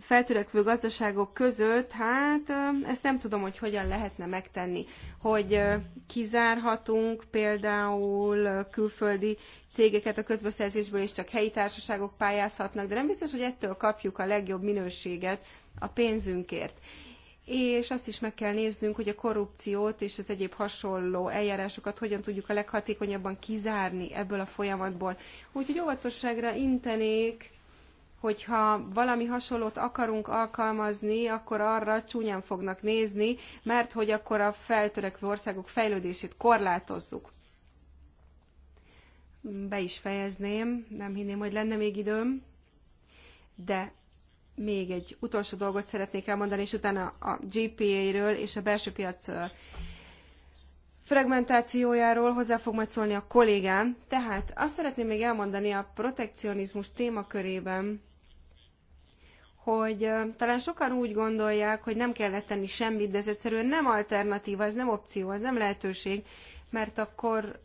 feltörekvő gazdaságok között, hát ezt nem tudom, hogy hogyan lehetne megtenni, hogy kizárhatunk például külföldi cégeket a közbeszerzésből, és csak helyi társaságok pályázhatnak, de nem biztos, hogy ettől kapjuk a legjobb minőséget a pénzünkért. És azt is meg kell néznünk, hogy a korrupciót és az egyéb hasonló eljárásokat hogyan tudjuk a leghatékonyabban kizárni ebből a folyamatból. Úgyhogy óvatosságra intenék, hogyha valami hasonlót akarunk alkalmazni, akkor arra csúnyán fognak nézni, mert hogy akkor a feltörekvő országok fejlődését korlátozzuk. Be is fejezném, nem hinném, hogy lenne még időm, de még egy utolsó dolgot szeretnék elmondani, és utána a GPA-ről és a belső piac fragmentációjáról hozzá fog majd szólni a kollégám. Tehát azt szeretném még elmondani a protekcionizmus témakörében, hogy talán sokan úgy gondolják, hogy nem kellett tenni semmit, de ez egyszerűen nem alternatíva, ez nem opció, ez nem lehetőség, mert akkor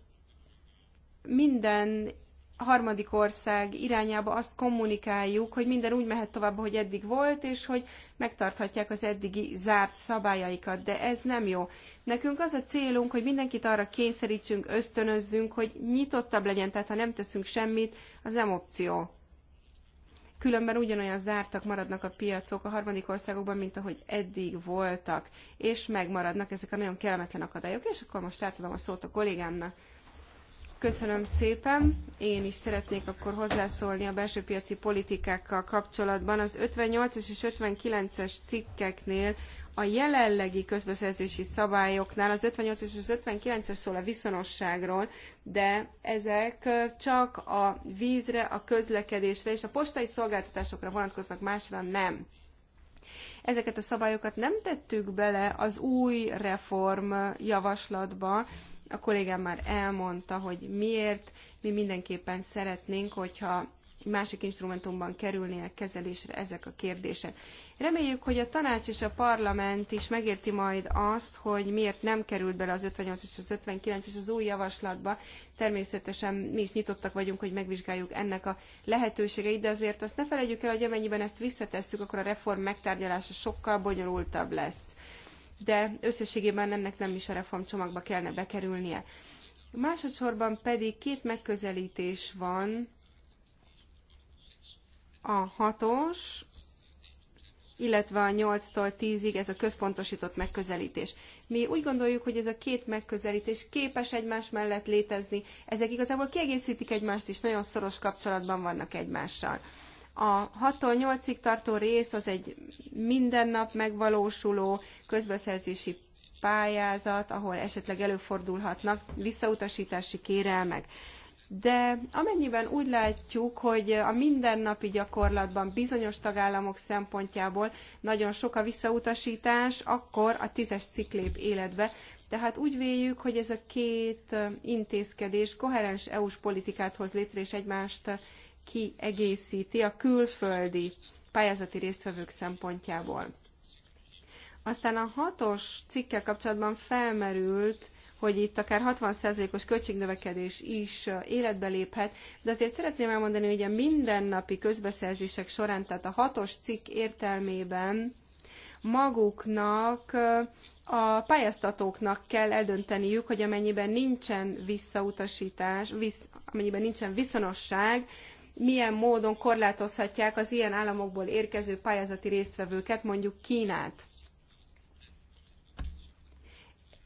minden harmadik ország irányába azt kommunikáljuk, hogy minden úgy mehet tovább, hogy eddig volt, és hogy megtarthatják az eddigi zárt szabályaikat, de ez nem jó. Nekünk az a célunk, hogy mindenkit arra kényszerítsünk, ösztönözzünk, hogy nyitottabb legyen, tehát ha nem teszünk semmit, az nem opció különben ugyanolyan zártak maradnak a piacok a harmadik országokban, mint ahogy eddig voltak, és megmaradnak ezek a nagyon kellemetlen akadályok. És akkor most átadom a szót a kollégámnak. Köszönöm szépen. Én is szeretnék akkor hozzászólni a belső piaci politikákkal kapcsolatban. Az 58-as és 59-es cikkeknél a jelenlegi közbeszerzési szabályoknál az 58 és az 59-es szól a viszonosságról, de ezek csak a vízre, a közlekedésre és a postai szolgáltatásokra vonatkoznak, másra nem. Ezeket a szabályokat nem tettük bele az új reform javaslatba, a kollégám már elmondta, hogy miért mi mindenképpen szeretnénk, hogyha egy másik instrumentumban kerülnének kezelésre ezek a kérdések. Reméljük, hogy a tanács és a parlament is megérti majd azt, hogy miért nem került bele az 58 és az 59 és az új javaslatba. Természetesen mi is nyitottak vagyunk, hogy megvizsgáljuk ennek a lehetőségeit, de azért azt ne felejtjük el, hogy amennyiben ezt visszatesszük, akkor a reform megtárgyalása sokkal bonyolultabb lesz. De összességében ennek nem is a reformcsomagba kellene bekerülnie. Másodszorban pedig két megközelítés van, a 6-os, illetve a 8-tól 10-ig ez a központosított megközelítés. Mi úgy gondoljuk, hogy ez a két megközelítés képes egymás mellett létezni, ezek igazából kiegészítik egymást is, nagyon szoros kapcsolatban vannak egymással. A 6-tól 8-ig tartó rész az egy minden nap megvalósuló közbeszerzési pályázat, ahol esetleg előfordulhatnak visszautasítási kérelmek de amennyiben úgy látjuk, hogy a mindennapi gyakorlatban bizonyos tagállamok szempontjából nagyon sok a visszautasítás, akkor a tízes cikk lép életbe. Tehát úgy véljük, hogy ez a két intézkedés koherens EU-s politikát hoz létre, és egymást kiegészíti a külföldi pályázati résztvevők szempontjából. Aztán a hatos cikkel kapcsolatban felmerült hogy itt akár 60%-os költségnövekedés is életbe léphet, de azért szeretném elmondani, hogy a mindennapi közbeszerzések során, tehát a hatos cikk értelmében maguknak a pályáztatóknak kell eldönteniük, hogy amennyiben nincsen visszautasítás, visz, amennyiben nincsen viszonosság, milyen módon korlátozhatják az ilyen államokból érkező pályázati résztvevőket, mondjuk Kínát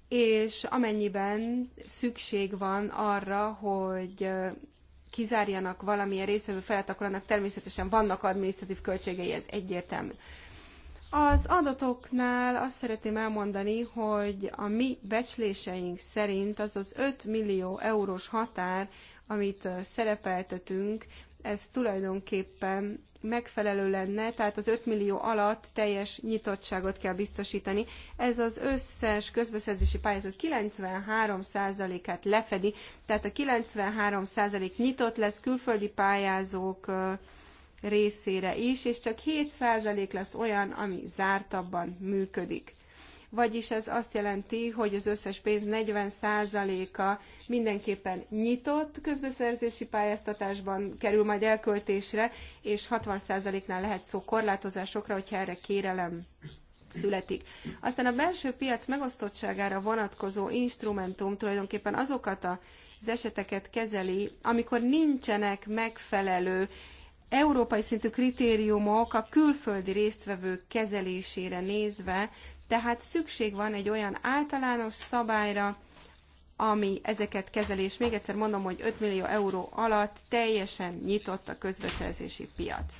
és amennyiben szükség van arra, hogy kizárjanak valamilyen részvevő felett, akkor annak természetesen vannak adminisztratív költségei, ez egyértelmű. Az adatoknál azt szeretném elmondani, hogy a mi becsléseink szerint az az 5 millió eurós határ, amit szerepeltetünk, ez tulajdonképpen megfelelő lenne, tehát az 5 millió alatt teljes nyitottságot kell biztosítani. Ez az összes közbeszerzési pályázat 93%-át lefedi, tehát a 93% nyitott lesz külföldi pályázók részére is, és csak 7% lesz olyan, ami zártabban működik vagyis ez azt jelenti, hogy az összes pénz 40%-a mindenképpen nyitott közbeszerzési pályáztatásban kerül majd elköltésre, és 60%-nál lehet szó korlátozásokra, hogyha erre kérelem születik. Aztán a belső piac megosztottságára vonatkozó instrumentum tulajdonképpen azokat az eseteket kezeli, amikor nincsenek megfelelő európai szintű kritériumok a külföldi résztvevők kezelésére nézve, tehát szükség van egy olyan általános szabályra, ami ezeket kezelés. még egyszer mondom, hogy 5 millió euró alatt teljesen nyitott a közbeszerzési piac.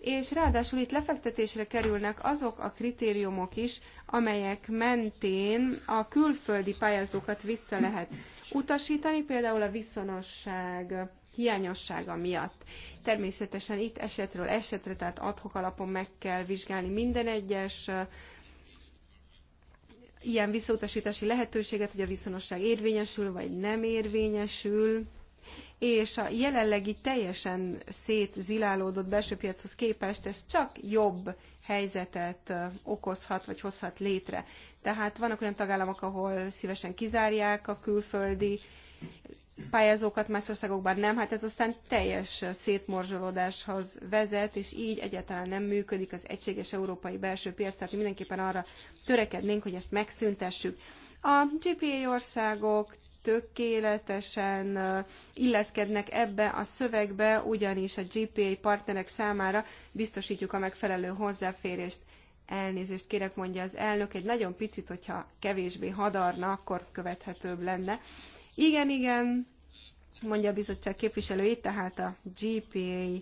És ráadásul itt lefektetésre kerülnek azok a kritériumok is, amelyek mentén a külföldi pályázókat vissza lehet utasítani, például a viszonosság hiányossága miatt. Természetesen itt esetről esetre, tehát adhok alapon meg kell vizsgálni minden egyes ilyen visszautasítási lehetőséget, hogy a viszonosság érvényesül vagy nem érvényesül, és a jelenlegi teljesen szétzilálódott belső piachoz képest ez csak jobb helyzetet okozhat, vagy hozhat létre. Tehát vannak olyan tagállamok, ahol szívesen kizárják a külföldi pályázókat más országokban nem, hát ez aztán teljes szétmorzsolódáshoz vezet, és így egyáltalán nem működik az egységes európai belső piac, tehát mindenképpen arra törekednénk, hogy ezt megszüntessük. A GPA országok tökéletesen illeszkednek ebbe a szövegbe, ugyanis a GPA partnerek számára biztosítjuk a megfelelő hozzáférést. Elnézést kérek, mondja az elnök, egy nagyon picit, hogyha kevésbé hadarna, akkor követhetőbb lenne. Igen, igen, mondja a bizottság képviselői, tehát a GPA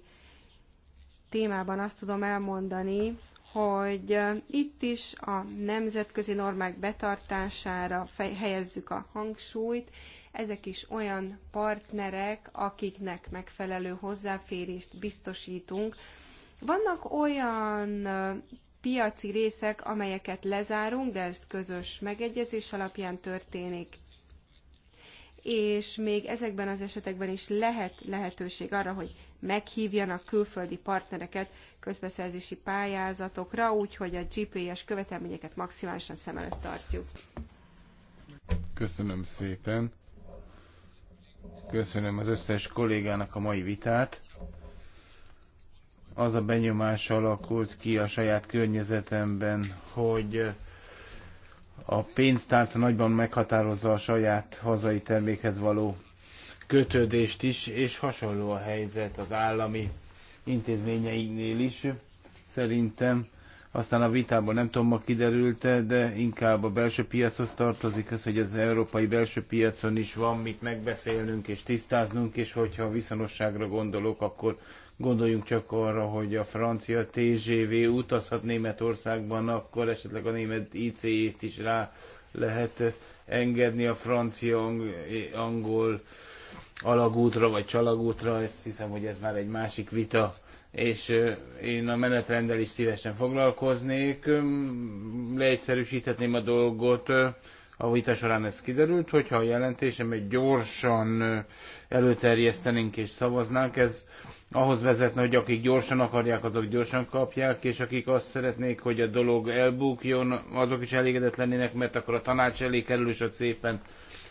témában azt tudom elmondani, hogy itt is a nemzetközi normák betartására helyezzük a hangsúlyt. Ezek is olyan partnerek, akiknek megfelelő hozzáférést biztosítunk. Vannak olyan piaci részek, amelyeket lezárunk, de ez közös megegyezés alapján történik és még ezekben az esetekben is lehet lehetőség arra, hogy meghívjanak külföldi partnereket közbeszerzési pályázatokra, úgyhogy a GPS követelményeket maximálisan szem előtt tartjuk. Köszönöm szépen. Köszönöm az összes kollégának a mai vitát. Az a benyomás alakult ki a saját környezetemben, hogy a pénztárca nagyban meghatározza a saját hazai termékhez való kötődést is, és hasonló a helyzet az állami intézményeinknél is, szerintem. Aztán a vitában nem tudom, ma kiderült de inkább a belső piachoz tartozik az, hogy az európai belső piacon is van mit megbeszélnünk és tisztáznunk, és hogyha a viszonosságra gondolok, akkor Gondoljunk csak arra, hogy a francia TGV utazhat Németországban, akkor esetleg a német IC-t is rá lehet engedni a francia-angol alagútra vagy csalagútra. Ezt hiszem, hogy ez már egy másik vita és én a menetrenddel is szívesen foglalkoznék. Leegyszerűsíthetném a dolgot, a vita során ez kiderült, hogyha a jelentésemet gyorsan előterjesztenénk és szavaznánk, ez ahhoz vezetne, hogy akik gyorsan akarják, azok gyorsan kapják, és akik azt szeretnék, hogy a dolog elbukjon, azok is elégedett lennének, mert akkor a tanács elé kerül, és ott szépen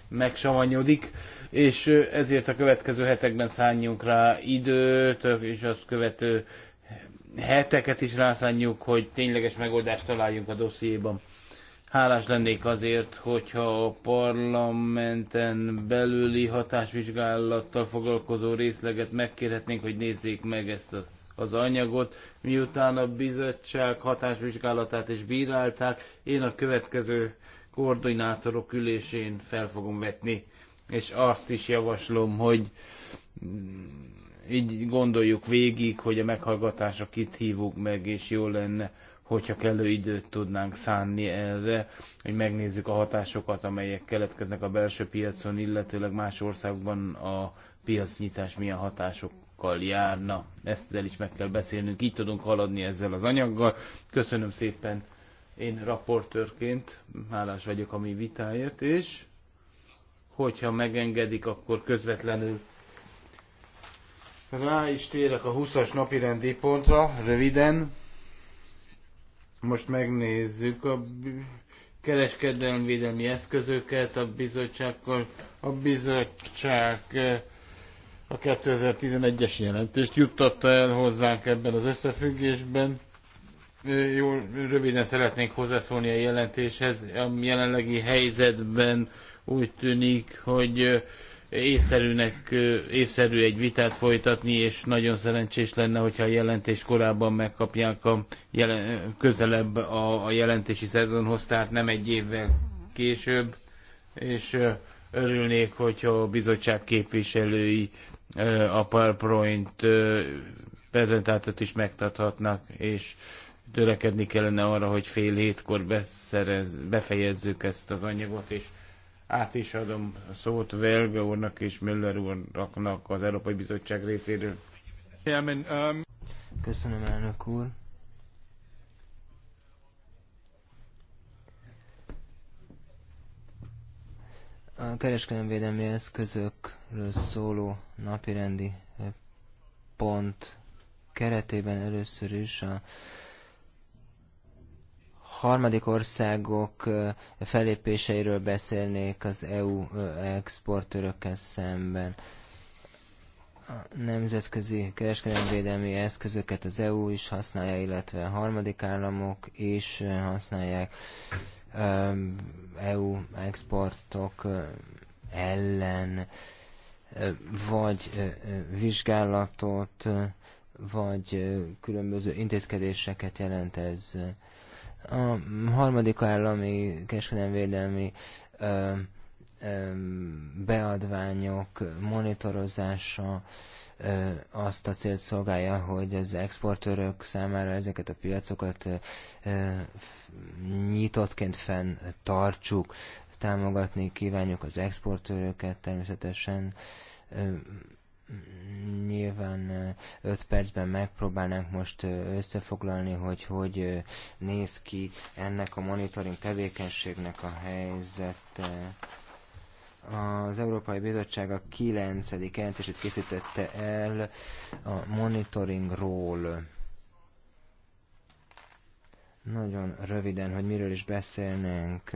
megsavanyodik, és ezért a következő hetekben szálljunk rá időt, és azt követő heteket is rászánjuk, hogy tényleges megoldást találjunk a dossziéban. Hálás lennék azért, hogyha a parlamenten belüli hatásvizsgálattal foglalkozó részleget megkérhetnénk, hogy nézzék meg ezt a az anyagot, miután a bizottság hatásvizsgálatát is bírálták, én a következő koordinátorok ülésén fel fogom vetni, és azt is javaslom, hogy így gondoljuk végig, hogy a meghallgatásra kit hívunk meg, és jó lenne hogyha kellő időt tudnánk szánni erre, hogy megnézzük a hatásokat, amelyek keletkeznek a belső piacon, illetőleg más országban a piacnyitás milyen hatásokkal járna. Ezt is meg kell beszélnünk, így tudunk haladni ezzel az anyaggal. Köszönöm szépen én raportőrként, hálás vagyok a mi vitáért, és hogyha megengedik, akkor közvetlenül rá is térek a 20-as napi rendi pontra, röviden. Most megnézzük a kereskedelmi védelmi eszközöket a bizottságkal. A bizottság eh, a 2011-es jelentést juttatta el hozzánk ebben az összefüggésben. Jól, röviden szeretnénk hozzászólni a jelentéshez. A jelenlegi helyzetben úgy tűnik, hogy észszerűnek, észszerű egy vitát folytatni, és nagyon szerencsés lenne, hogyha a jelentést korábban megkapják a jelen, közelebb a, a jelentési szezonhoz, tehát nem egy évvel később, és örülnék, hogyha a bizottság képviselői a PowerPoint prezentátot is megtarthatnak, és törekedni kellene arra, hogy fél hétkor beszerez, befejezzük ezt az anyagot, és át is adom a szót Velge úrnak és Müller úrnak az Európai Bizottság részéről. Um, Köszönöm, elnök úr. A kereskedelemvédelmi eszközökről szóló napirendi pont keretében először is a harmadik országok fellépéseiről beszélnék az EU exportőrökkel szemben. A nemzetközi kereskedelmi eszközöket az EU is használja, illetve a harmadik államok is használják. EU exportok ellen vagy vizsgálatot, vagy különböző intézkedéseket jelent ez a harmadik állami kereskedelmi ö, ö, beadványok monitorozása ö, azt a célt szolgálja, hogy az exportőrök számára ezeket a piacokat ö, nyitottként fenn tartsuk, támogatni kívánjuk az exportőröket természetesen, ö, Nyilván 5 percben megpróbálnánk most összefoglalni, hogy hogy néz ki ennek a monitoring tevékenységnek a helyzete. Az Európai Bizottság a 9. jelentését készítette el a monitoringról. Nagyon röviden, hogy miről is beszélnénk.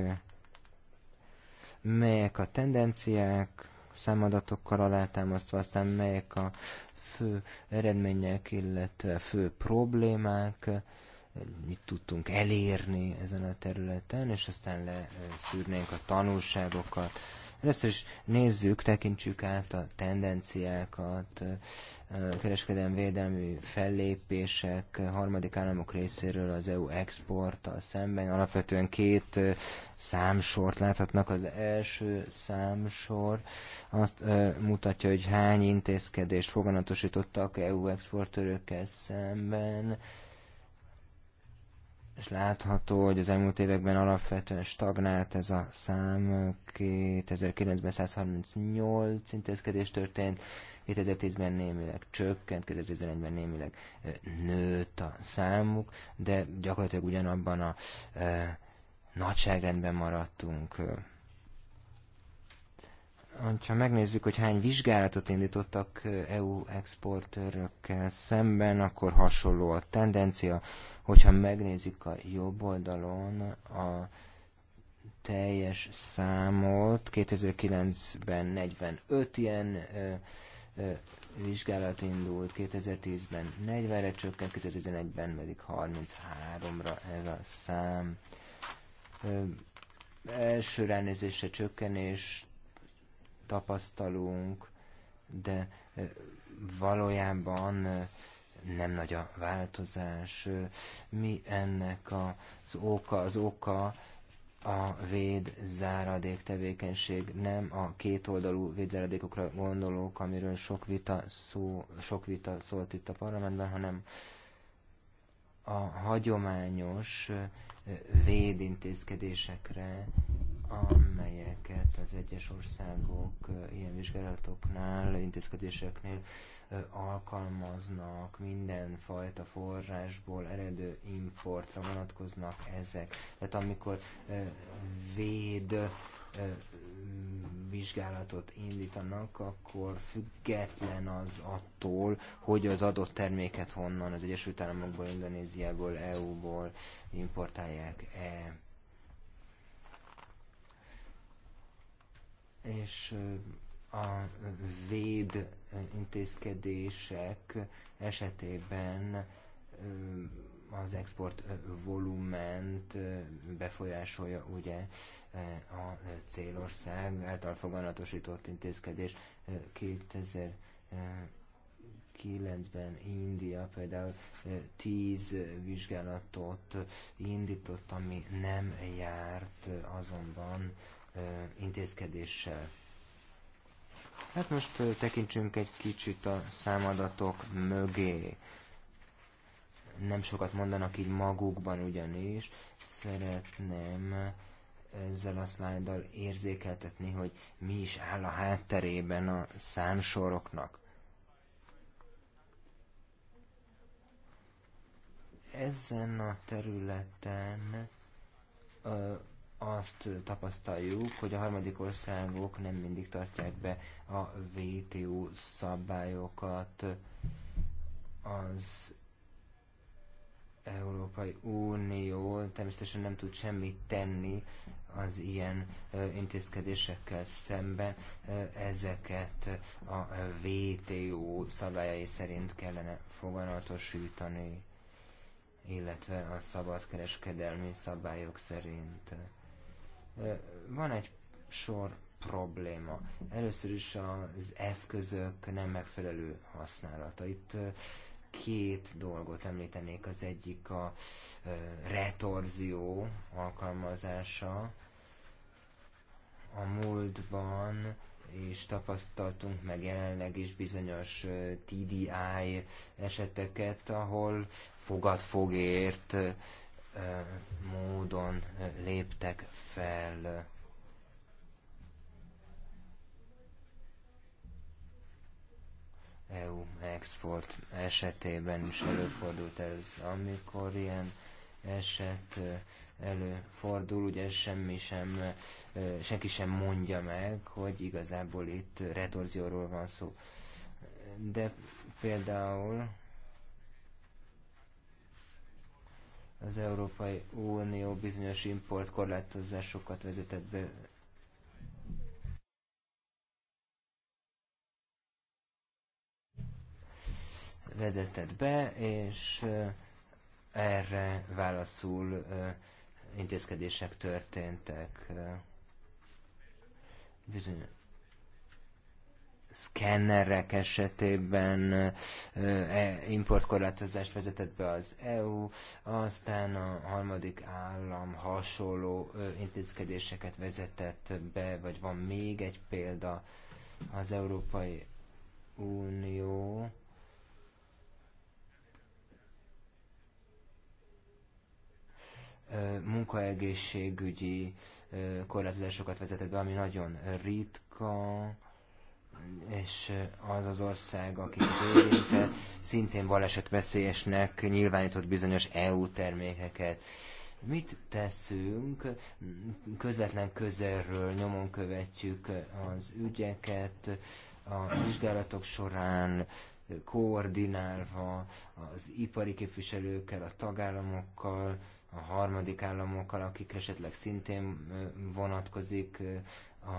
Melyek a tendenciák, számadatokkal alátámasztva, aztán melyek a fő eredmények, illetve fő problémák, mit tudtunk elérni ezen a területen, és aztán leszűrnénk a tanulságokat. Először is nézzük, tekintsük át a tendenciákat, kereskedelmi védelmi fellépések harmadik államok részéről az EU exporttal szemben. Alapvetően két számsort láthatnak. Az első számsor azt mutatja, hogy hány intézkedést foganatosítottak EU exportőrökkel szemben és látható, hogy az elmúlt években alapvetően stagnált ez a szám, 2009-ben 138 intézkedés történt, 2010-ben némileg csökkent, 2011-ben némileg nőtt a számuk, de gyakorlatilag ugyanabban a e, nagyságrendben maradtunk. Ha megnézzük, hogy hány vizsgálatot indítottak EU exportőrökkel szemben, akkor hasonló a tendencia, Hogyha megnézik a jobb oldalon a teljes számot, 2009-ben 45 ilyen ö, ö, vizsgálat indult, 2010-ben 40-re csökkent, 2011-ben pedig 33-ra ez a szám. Ö, első ránézésre csökkenés tapasztalunk, de valójában nem nagy a változás. Mi ennek az oka? Az oka a véd záradék tevékenység, nem a kétoldalú védzáradékokra gondolok, amiről sok vita, szó, sok vita szólt itt a parlamentben, hanem a hagyományos eh, védintézkedésekre amelyeket az egyes országok ilyen vizsgálatoknál, intézkedéseknél alkalmaznak, mindenfajta forrásból eredő importra vonatkoznak ezek. Tehát amikor véd vizsgálatot indítanak, akkor független az attól, hogy az adott terméket honnan, az Egyesült Államokból, Indonéziából, EU-ból importálják-e. és a véd intézkedések esetében az export volument befolyásolja ugye a célország által foganatosított intézkedés 2009-ben India például 10 vizsgálatot indított, ami nem járt azonban intézkedéssel. Hát most tekintsünk egy kicsit a számadatok mögé. Nem sokat mondanak így magukban ugyanis. Szeretném ezzel a szlájddal érzékeltetni, hogy mi is áll a hátterében a számsoroknak. Ezen a területen azt tapasztaljuk, hogy a harmadik országok nem mindig tartják be a WTO szabályokat. Az Európai Unió természetesen nem tud semmit tenni az ilyen intézkedésekkel szemben. Ezeket a WTO szabályai szerint kellene foganatosítani, illetve a szabadkereskedelmi szabályok szerint. Van egy sor probléma. Először is az eszközök nem megfelelő használata. Itt két dolgot említenék. Az egyik a retorzió alkalmazása. A múltban és tapasztaltunk meg jelenleg is bizonyos TDI eseteket, ahol fogadfogért módon léptek fel. EU export esetében is előfordult ez, amikor ilyen eset előfordul, ugye semmi sem, senki sem mondja meg, hogy igazából itt retorzióról van szó. De például az Európai Unió bizonyos importkorlátozásokat vezetett be vezetett be, és eh, erre válaszul eh, intézkedések történtek. Eh, bizonyos szkennerek esetében e, importkorlátozást vezetett be az EU, aztán a harmadik állam hasonló intézkedéseket vezetett be, vagy van még egy példa az Európai Unió. munkaegészségügyi korlátozásokat vezetett be, ami nagyon ritka, és az az ország, akik az érintett, szintén veszélyesnek nyilvánított bizonyos EU termékeket. Mit teszünk? Közvetlen közelről nyomon követjük az ügyeket, a vizsgálatok során koordinálva az ipari képviselőkkel, a tagállamokkal, a harmadik államokkal, akik esetleg szintén vonatkozik a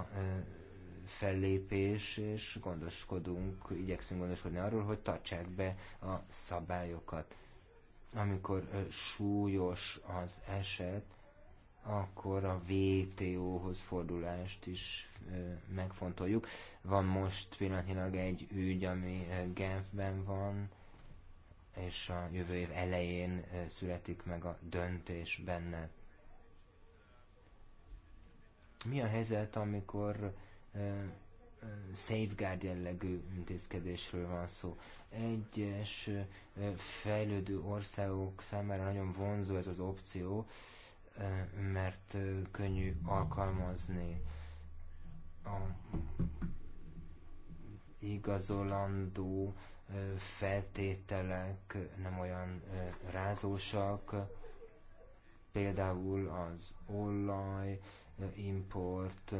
fellépés, és gondoskodunk, igyekszünk gondoskodni arról, hogy tartsák be a szabályokat. Amikor súlyos az eset, akkor a VTO-hoz fordulást is megfontoljuk. Van most pillanatilag egy ügy, ami Genfben van, és a jövő év elején születik meg a döntés benne. Mi a helyzet, amikor safeguard jellegű intézkedésről van szó. Egyes fejlődő országok számára nagyon vonzó ez az opció, mert könnyű alkalmazni a igazolandó feltételek nem olyan rázósak, például az olaj, import,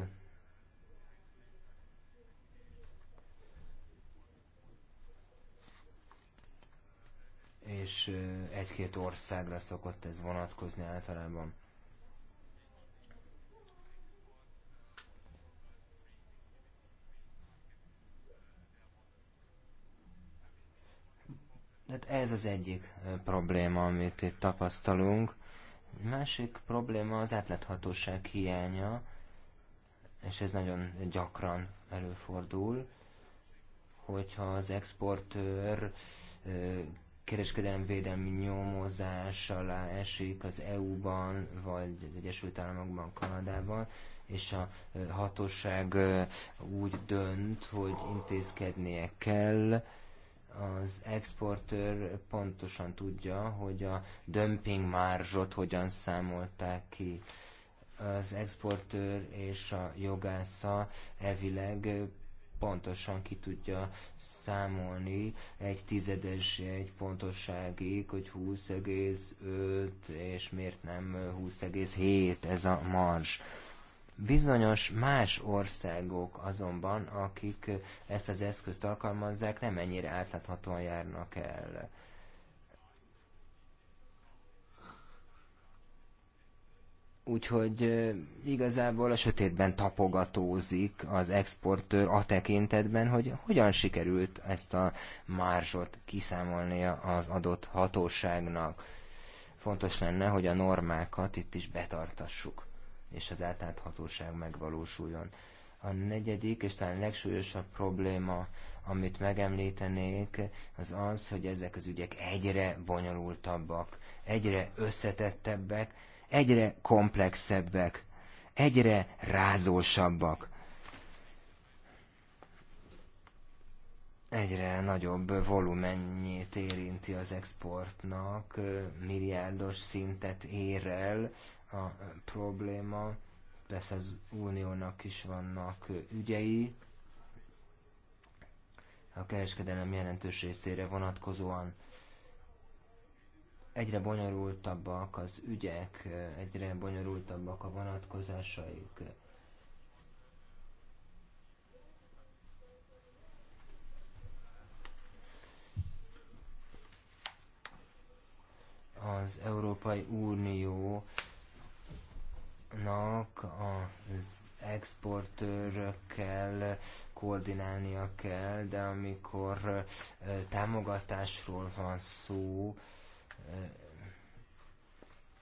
és egy-két országra szokott ez vonatkozni általában. Tehát ez az egyik probléma, amit itt tapasztalunk. Másik probléma az átláthatóság hiánya, és ez nagyon gyakran előfordul, hogyha az exportőr védelmi nyomozás alá esik az EU-ban, vagy az Egyesült Államokban, Kanadában, és a hatóság úgy dönt, hogy intézkednie kell, az exportőr pontosan tudja, hogy a dömping márzsot hogyan számolták ki. Az exportőr és a jogásza elvileg pontosan ki tudja számolni egy tizedes egy pontosságig, hogy 20,5 és miért nem 20,7 ez a marzs. Bizonyos más országok azonban, akik ezt az eszközt alkalmazzák, nem ennyire átláthatóan járnak el. Úgyhogy igazából a sötétben tapogatózik az exportőr a tekintetben, hogy hogyan sikerült ezt a márzsot kiszámolnia az adott hatóságnak. Fontos lenne, hogy a normákat itt is betartassuk, és az átláthatóság megvalósuljon. A negyedik és talán legsúlyosabb probléma, amit megemlítenék, az az, hogy ezek az ügyek egyre bonyolultabbak, egyre összetettebbek, egyre komplexebbek, egyre rázósabbak. Egyre nagyobb volumennyét érinti az exportnak, milliárdos szintet ér el a probléma. Persze az uniónak is vannak ügyei, a kereskedelem jelentős részére vonatkozóan egyre bonyolultabbak az ügyek, egyre bonyolultabbak a vonatkozásaik. Az Európai Uniónak az exportőrökkel koordinálnia kell, de amikor támogatásról van szó,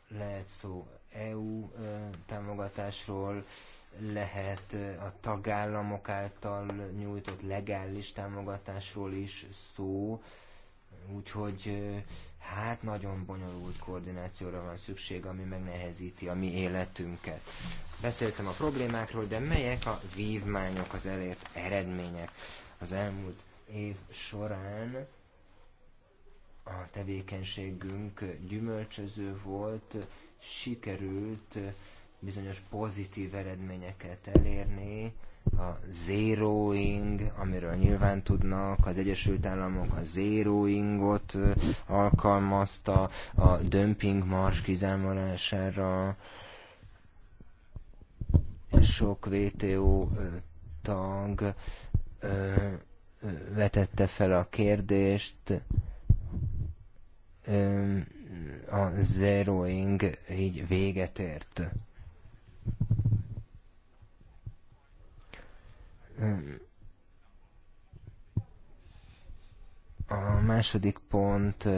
lehet szó EU támogatásról, lehet a tagállamok által nyújtott legális támogatásról is szó, úgyhogy hát nagyon bonyolult koordinációra van szükség, ami megnehezíti a mi életünket. Beszéltem a problémákról, de melyek a vívmányok, az elért eredmények az elmúlt év során? a tevékenységünk gyümölcsöző volt, sikerült bizonyos pozitív eredményeket elérni, a zeroing, amiről nyilván tudnak, az Egyesült Államok a zeroingot alkalmazta a dömping mars kizámolására, sok VTO tag vetette fel a kérdést, a zeroing így véget ért. A második pont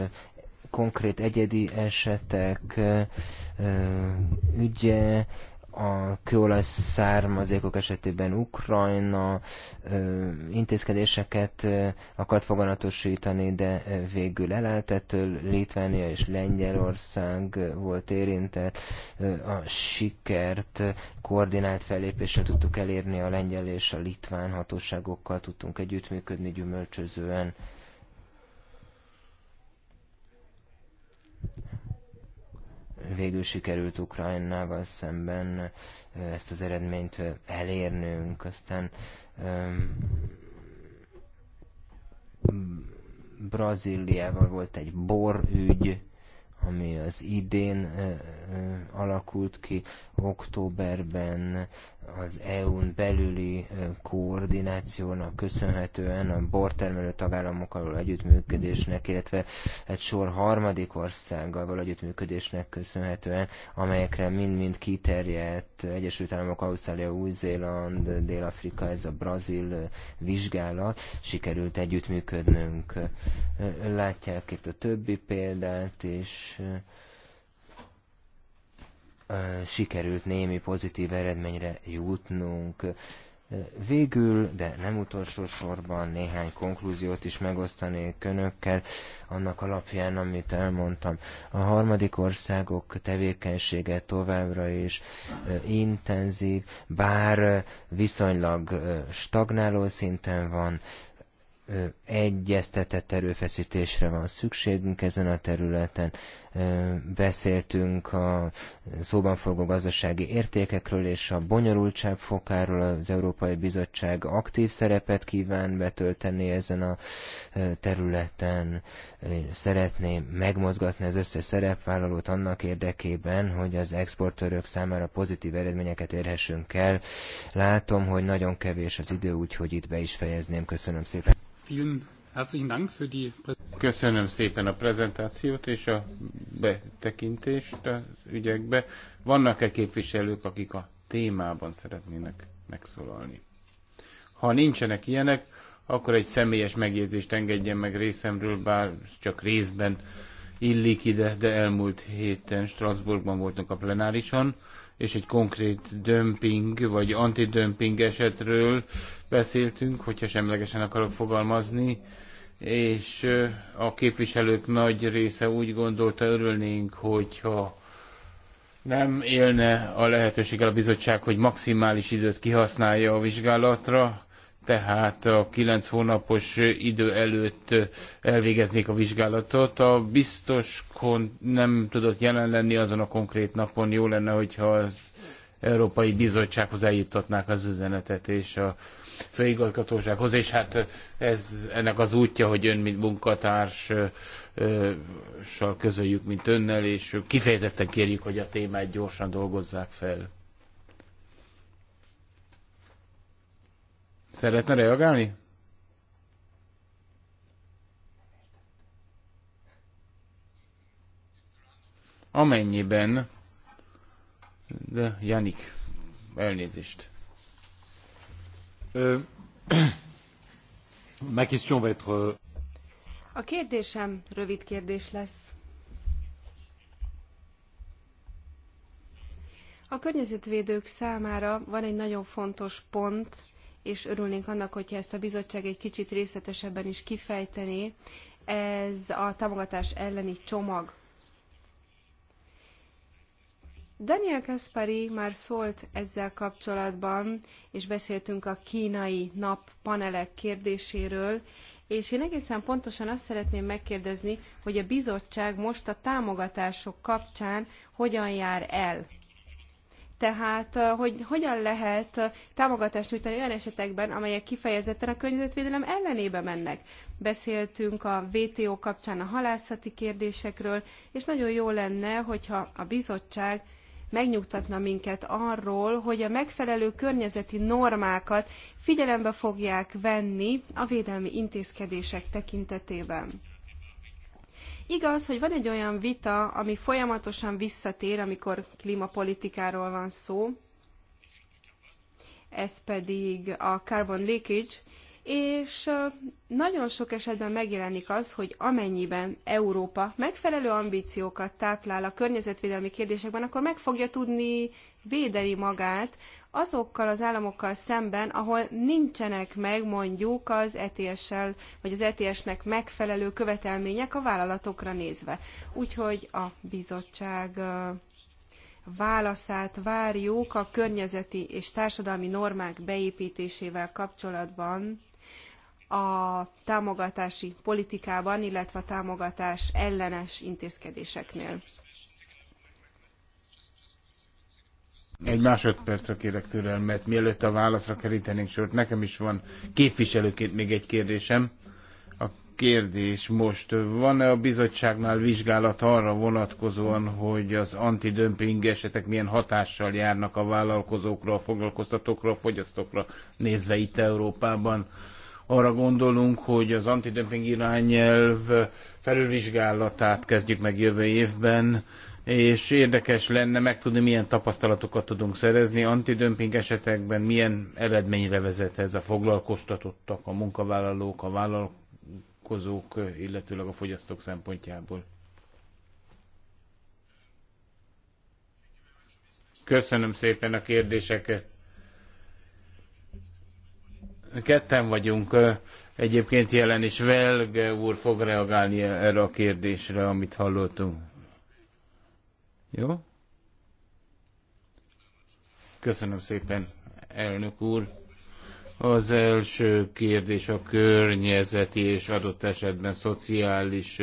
konkrét egyedi esetek ügye, a kőolaj származékok esetében Ukrajna ö, intézkedéseket ö, akart foganatosítani, de ö, végül eleltető. Litvánia és Lengyelország volt érintett. Ö, a sikert koordinált fellépéssel tudtuk elérni a lengyel és a litván hatóságokkal, tudtunk együttműködni gyümölcsözően végül sikerült Ukrajnával szemben ezt az eredményt elérnünk. Aztán Brazíliával volt egy borügy, ami az idén alakult ki októberben az EU-n belüli koordinációnak köszönhetően a bortermelő tagállamokkal való együttműködésnek, illetve egy sor harmadik országgal való együttműködésnek köszönhetően, amelyekre mind-mind kiterjedt Egyesült Államok, Ausztrália, Új-Zéland, Dél-Afrika, ez a brazil vizsgálat, sikerült együttműködnünk. Látják itt a többi példát, és sikerült némi pozitív eredményre jutnunk. Végül, de nem utolsó sorban néhány konklúziót is megosztanék önökkel annak alapján, amit elmondtam. A harmadik országok tevékenysége továbbra is intenzív, bár viszonylag stagnáló szinten van, egyeztetett erőfeszítésre van szükségünk ezen a területen, Beszéltünk a szóban forgó gazdasági értékekről és a bonyolultság fokáról. Az Európai Bizottság aktív szerepet kíván betölteni ezen a területen. Szeretné megmozgatni az összes szerepvállalót annak érdekében, hogy az exportőrök számára pozitív eredményeket érhessünk el. Látom, hogy nagyon kevés az idő, úgyhogy itt be is fejezném. Köszönöm szépen. Vielen Köszönöm szépen a prezentációt és a betekintést az ügyekbe. Vannak-e képviselők, akik a témában szeretnének megszólalni? Ha nincsenek ilyenek, akkor egy személyes megjegyzést engedjen meg részemről, bár csak részben illik ide, de elmúlt héten Strasbourgban voltunk a plenárison, és egy konkrét dömping vagy antidömping esetről beszéltünk, hogyha semlegesen akarok fogalmazni, és a képviselők nagy része úgy gondolta, örülnénk, hogyha nem élne a lehetőséggel a bizottság, hogy maximális időt kihasználja a vizsgálatra, tehát a kilenc hónapos idő előtt elvégeznék a vizsgálatot. A biztos nem tudott jelen lenni azon a konkrét napon. Jó lenne, hogyha az Európai Bizottsághoz eljuttatnák az üzenetet és a főigazgatósághoz, és hát ez ennek az útja, hogy ön, mint munkatárssal közöljük, mint önnel, és kifejezetten kérjük, hogy a témát gyorsan dolgozzák fel. Szeretne reagálni? Amennyiben, de Janik, elnézést. Euh, A kérdésem rövid kérdés lesz. A környezetvédők számára van egy nagyon fontos pont, és örülnénk annak, hogyha ezt a bizottság egy kicsit részletesebben is kifejtené. Ez a támogatás elleni csomag. Daniel Kaspari már szólt ezzel kapcsolatban, és beszéltünk a kínai nap panelek kérdéséről, és én egészen pontosan azt szeretném megkérdezni, hogy a bizottság most a támogatások kapcsán hogyan jár el. Tehát, eh, hogy hogyan lehet támogatást nyújtani olyan esetekben, amelyek kifejezetten a környezetvédelem ellenébe mennek. Beszéltünk a WTO kapcsán a halászati kérdésekről, és nagyon jó lenne, hogyha a bizottság megnyugtatna minket arról, hogy a megfelelő környezeti normákat figyelembe fogják venni a védelmi intézkedések tekintetében. Igaz, hogy van egy olyan vita, ami folyamatosan visszatér, amikor klímapolitikáról van szó, ez pedig a carbon leakage, és nagyon sok esetben megjelenik az, hogy amennyiben Európa megfelelő ambíciókat táplál a környezetvédelmi kérdésekben, akkor meg fogja tudni védeni magát azokkal az államokkal szemben, ahol nincsenek meg mondjuk az ETS-sel, vagy az ETS-nek megfelelő követelmények a vállalatokra nézve. Úgyhogy a bizottság válaszát várjuk a környezeti és társadalmi normák beépítésével kapcsolatban a támogatási politikában, illetve a támogatás ellenes intézkedéseknél. Egy másodpercre kérek türelmet, mielőtt a válaszra kerítenénk sort. Nekem is van képviselőként még egy kérdésem. A kérdés most, van-e a bizottságnál vizsgálat arra vonatkozóan, hogy az antidömping esetek milyen hatással járnak a vállalkozókra, a foglalkoztatókra, a fogyasztókra nézve itt Európában? arra gondolunk, hogy az antidömping irányelv felülvizsgálatát kezdjük meg jövő évben, és érdekes lenne megtudni, milyen tapasztalatokat tudunk szerezni antidömping esetekben, milyen eredményre vezet ez a foglalkoztatottak, a munkavállalók, a vállalkozók, illetőleg a fogyasztók szempontjából. Köszönöm szépen a kérdéseket. Ketten vagyunk. Egyébként jelen is Velge úr fog reagálni erre a kérdésre, amit hallottunk. Jó? Köszönöm szépen, elnök úr. Az első kérdés a környezeti és adott esetben szociális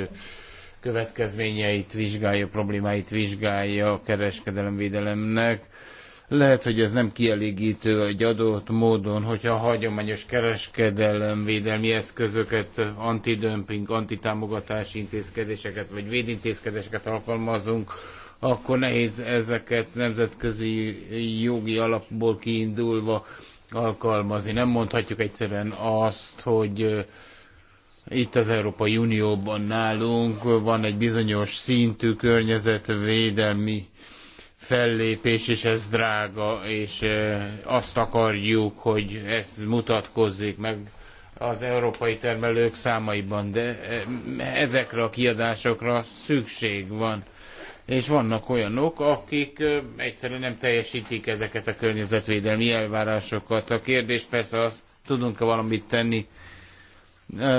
következményeit vizsgálja, problémáit vizsgálja a kereskedelemvédelemnek. Lehet, hogy ez nem kielégítő egy adott módon, hogyha a hagyományos kereskedelemvédelmi eszközöket, antidömping, antitámogatási intézkedéseket vagy védintézkedéseket alkalmazunk, akkor nehéz ezeket nemzetközi jogi alapból kiindulva alkalmazni. Nem mondhatjuk egyszerűen azt, hogy itt az Európai Unióban nálunk van egy bizonyos szintű környezetvédelmi fellépés, és ez drága, és azt akarjuk, hogy ez mutatkozzék meg az európai termelők számaiban, de ezekre a kiadásokra szükség van és vannak olyanok, akik egyszerűen nem teljesítik ezeket a környezetvédelmi elvárásokat. A kérdés persze az, tudunk-e valamit tenni,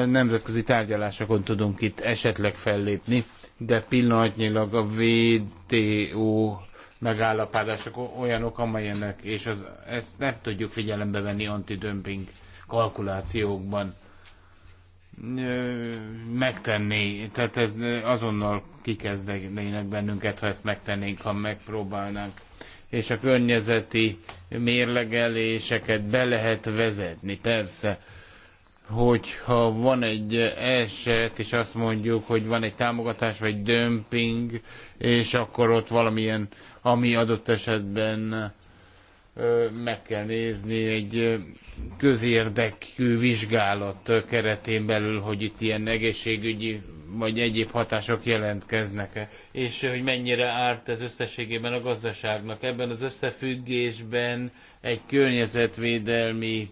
nemzetközi tárgyalásokon tudunk itt esetleg fellépni, de pillanatnyilag a VTO megállapodások olyanok, amelyenek, és az, ezt nem tudjuk figyelembe venni antidömping kalkulációkban megtenni, tehát ez azonnal kikezdenének bennünket, ha ezt megtennénk, ha megpróbálnánk. És a környezeti mérlegeléseket be lehet vezetni, persze hogyha van egy eset, és azt mondjuk, hogy van egy támogatás, vagy dömping, és akkor ott valamilyen, ami adott esetben meg kell nézni egy közérdekű vizsgálat keretén belül, hogy itt ilyen egészségügyi vagy egyéb hatások jelentkeznek-e, és hogy mennyire árt ez összességében a gazdaságnak. Ebben az összefüggésben egy környezetvédelmi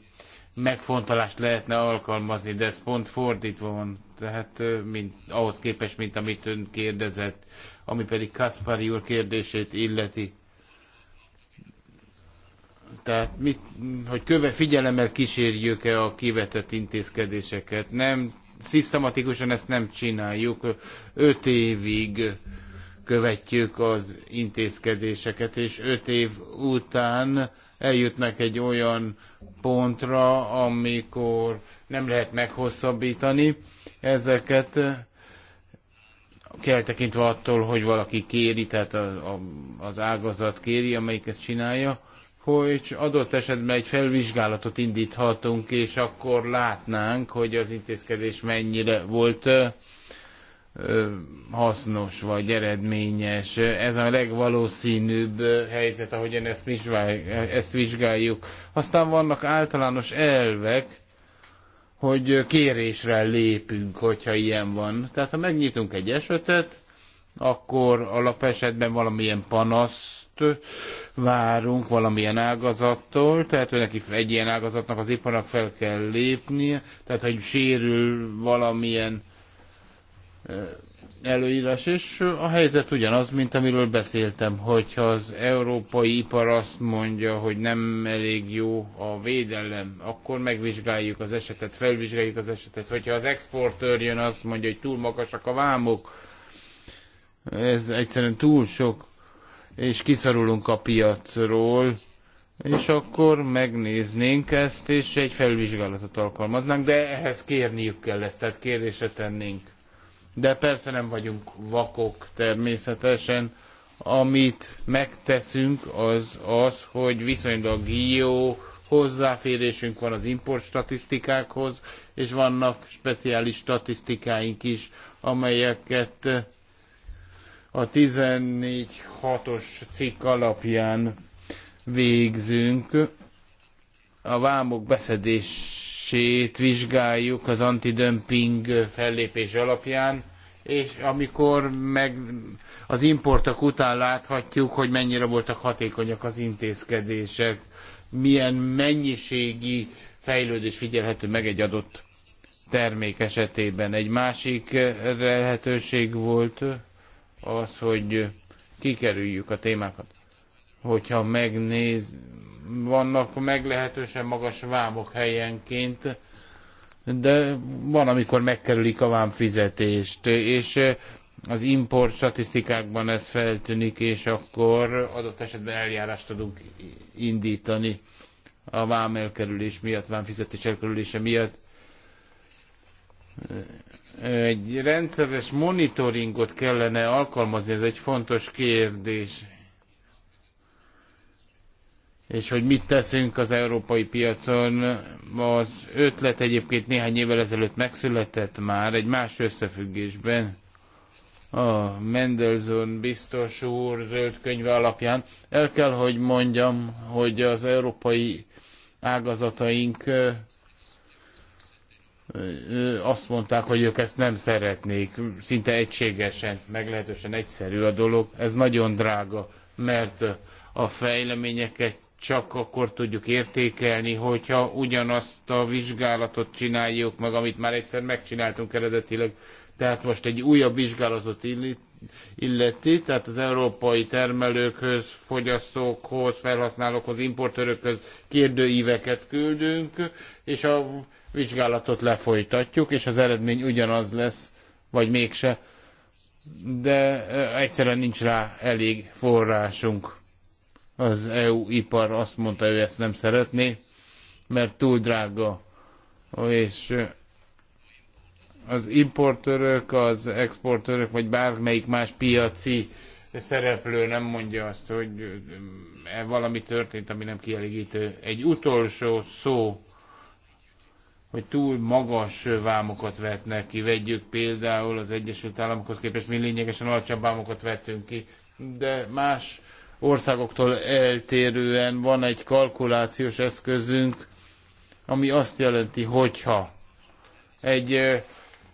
megfontolást lehetne alkalmazni, de ez pont fordítva van, tehát mint, ahhoz képest, mint amit ön kérdezett, ami pedig Kaspari úr kérdését illeti tehát mit, hogy köve, figyelemmel kísérjük-e a kivetett intézkedéseket. Nem, szisztematikusan ezt nem csináljuk. Öt évig követjük az intézkedéseket, és öt év után eljutnak egy olyan pontra, amikor nem lehet meghosszabbítani ezeket, kell tekintve attól, hogy valaki kéri, tehát a, a, az ágazat kéri, amelyik ezt csinálja, hogy adott esetben egy felvizsgálatot indíthatunk, és akkor látnánk, hogy az intézkedés mennyire volt hasznos vagy eredményes. Ez a legvalószínűbb helyzet, ahogyan ezt, ezt vizsgáljuk. Aztán vannak általános elvek, hogy kérésre lépünk, hogyha ilyen van. Tehát ha megnyitunk egy esetet, akkor alapesetben valamilyen panaszt várunk valamilyen ágazattól, tehát hogy neki egy ilyen ágazatnak az iparnak fel kell lépnie, tehát hogy sérül valamilyen előírás, és a helyzet ugyanaz, mint amiről beszéltem, hogyha az európai ipar azt mondja, hogy nem elég jó a védelem, akkor megvizsgáljuk az esetet, felvizsgáljuk az esetet. Hogyha az exportőr jön, azt mondja, hogy túl magasak a vámok, ez egyszerűen túl sok, és kiszorulunk a piacról, és akkor megnéznénk ezt, és egy felvizsgálatot alkalmaznánk, de ehhez kérniük kell ezt, tehát kérdésre tennénk. De persze nem vagyunk vakok természetesen. Amit megteszünk az az, hogy viszonylag jó hozzáférésünk van az import statisztikákhoz, és vannak speciális statisztikáink is, amelyeket a 14.6-os cikk alapján végzünk. A vámok beszedését vizsgáljuk az antidömping fellépés alapján, és amikor meg az importok után láthatjuk, hogy mennyire voltak hatékonyak az intézkedések, milyen mennyiségi fejlődés figyelhető meg egy adott termék esetében. Egy másik lehetőség volt, az, hogy kikerüljük a témákat. Hogyha megnéz, vannak meglehetősen magas vámok helyenként, de van, amikor megkerülik a vámfizetést, és az import statisztikákban ez feltűnik, és akkor adott esetben eljárást tudunk indítani a vám elkerülés miatt, vámfizetés elkerülése miatt egy rendszeres monitoringot kellene alkalmazni, ez egy fontos kérdés. És hogy mit teszünk az európai piacon, az ötlet egyébként néhány évvel ezelőtt megszületett már, egy más összefüggésben. A Mendelssohn biztos úr zöld könyve alapján el kell, hogy mondjam, hogy az európai ágazataink azt mondták, hogy ők ezt nem szeretnék, szinte egységesen, meglehetősen egyszerű a dolog. Ez nagyon drága, mert a fejleményeket csak akkor tudjuk értékelni, hogyha ugyanazt a vizsgálatot csináljuk meg, amit már egyszer megcsináltunk eredetileg. Tehát most egy újabb vizsgálatot illeti, tehát az európai termelőkhöz, fogyasztókhoz, felhasználókhoz, importőrökhöz kérdőíveket küldünk, és a vizsgálatot lefolytatjuk, és az eredmény ugyanaz lesz, vagy mégse, de egyszerűen nincs rá elég forrásunk. Az EU ipar azt mondta, ő ezt nem szeretné, mert túl drága, és az importőrök, az exportőrök, vagy bármelyik más piaci szereplő nem mondja azt, hogy e valami történt, ami nem kielégítő. Egy utolsó szó hogy túl magas vámokat vetnek ki. Vegyük például az Egyesült Államokhoz képest, mi lényegesen alacsonyabb vámokat vettünk ki, de más országoktól eltérően van egy kalkulációs eszközünk, ami azt jelenti, hogyha egy,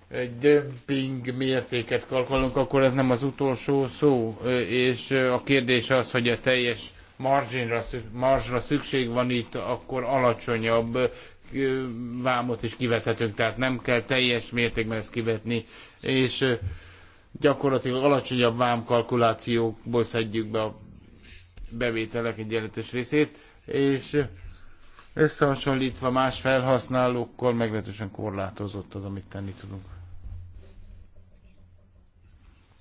egy dömping mértéket kalkulunk, akkor ez nem az utolsó szó, és a kérdés az, hogy a teljes marzsra szükség van itt, akkor alacsonyabb vámot is kivethetünk, tehát nem kell teljes mértékben ezt kivetni, és gyakorlatilag alacsonyabb vámkalkulációkból szedjük be a bevételek egy jelentős részét, és összehasonlítva más felhasználókkal meglehetősen korlátozott az, amit tenni tudunk.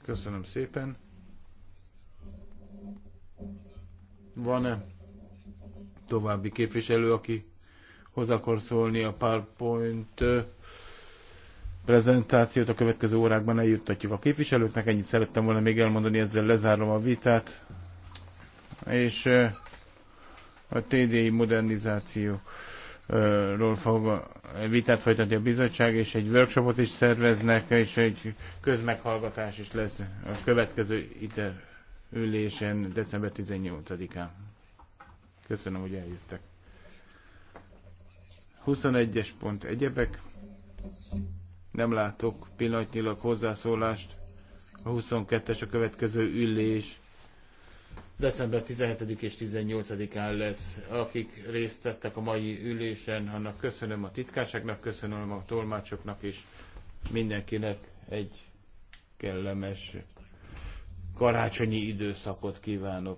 Köszönöm szépen. Van-e további képviselő, aki hozzá akar szólni a PowerPoint prezentációt a következő órákban eljuttatjuk a képviselőknek. Ennyit szerettem volna még elmondani, ezzel lezárom a vitát. És a TDI modernizáció ról fog vitát folytatni a bizottság, és egy workshopot is szerveznek, és egy közmeghallgatás is lesz a következő iter ülésen december 18-án. Köszönöm, hogy eljöttek. 21-es pont egyebek. Nem látok pillanatnyilag hozzászólást. A 22-es a következő ülés. December 17 és 18-án lesz. Akik részt vettek a mai ülésen, annak köszönöm a titkárságnak, köszönöm a tolmácsoknak is. Mindenkinek egy kellemes karácsonyi időszakot kívánok.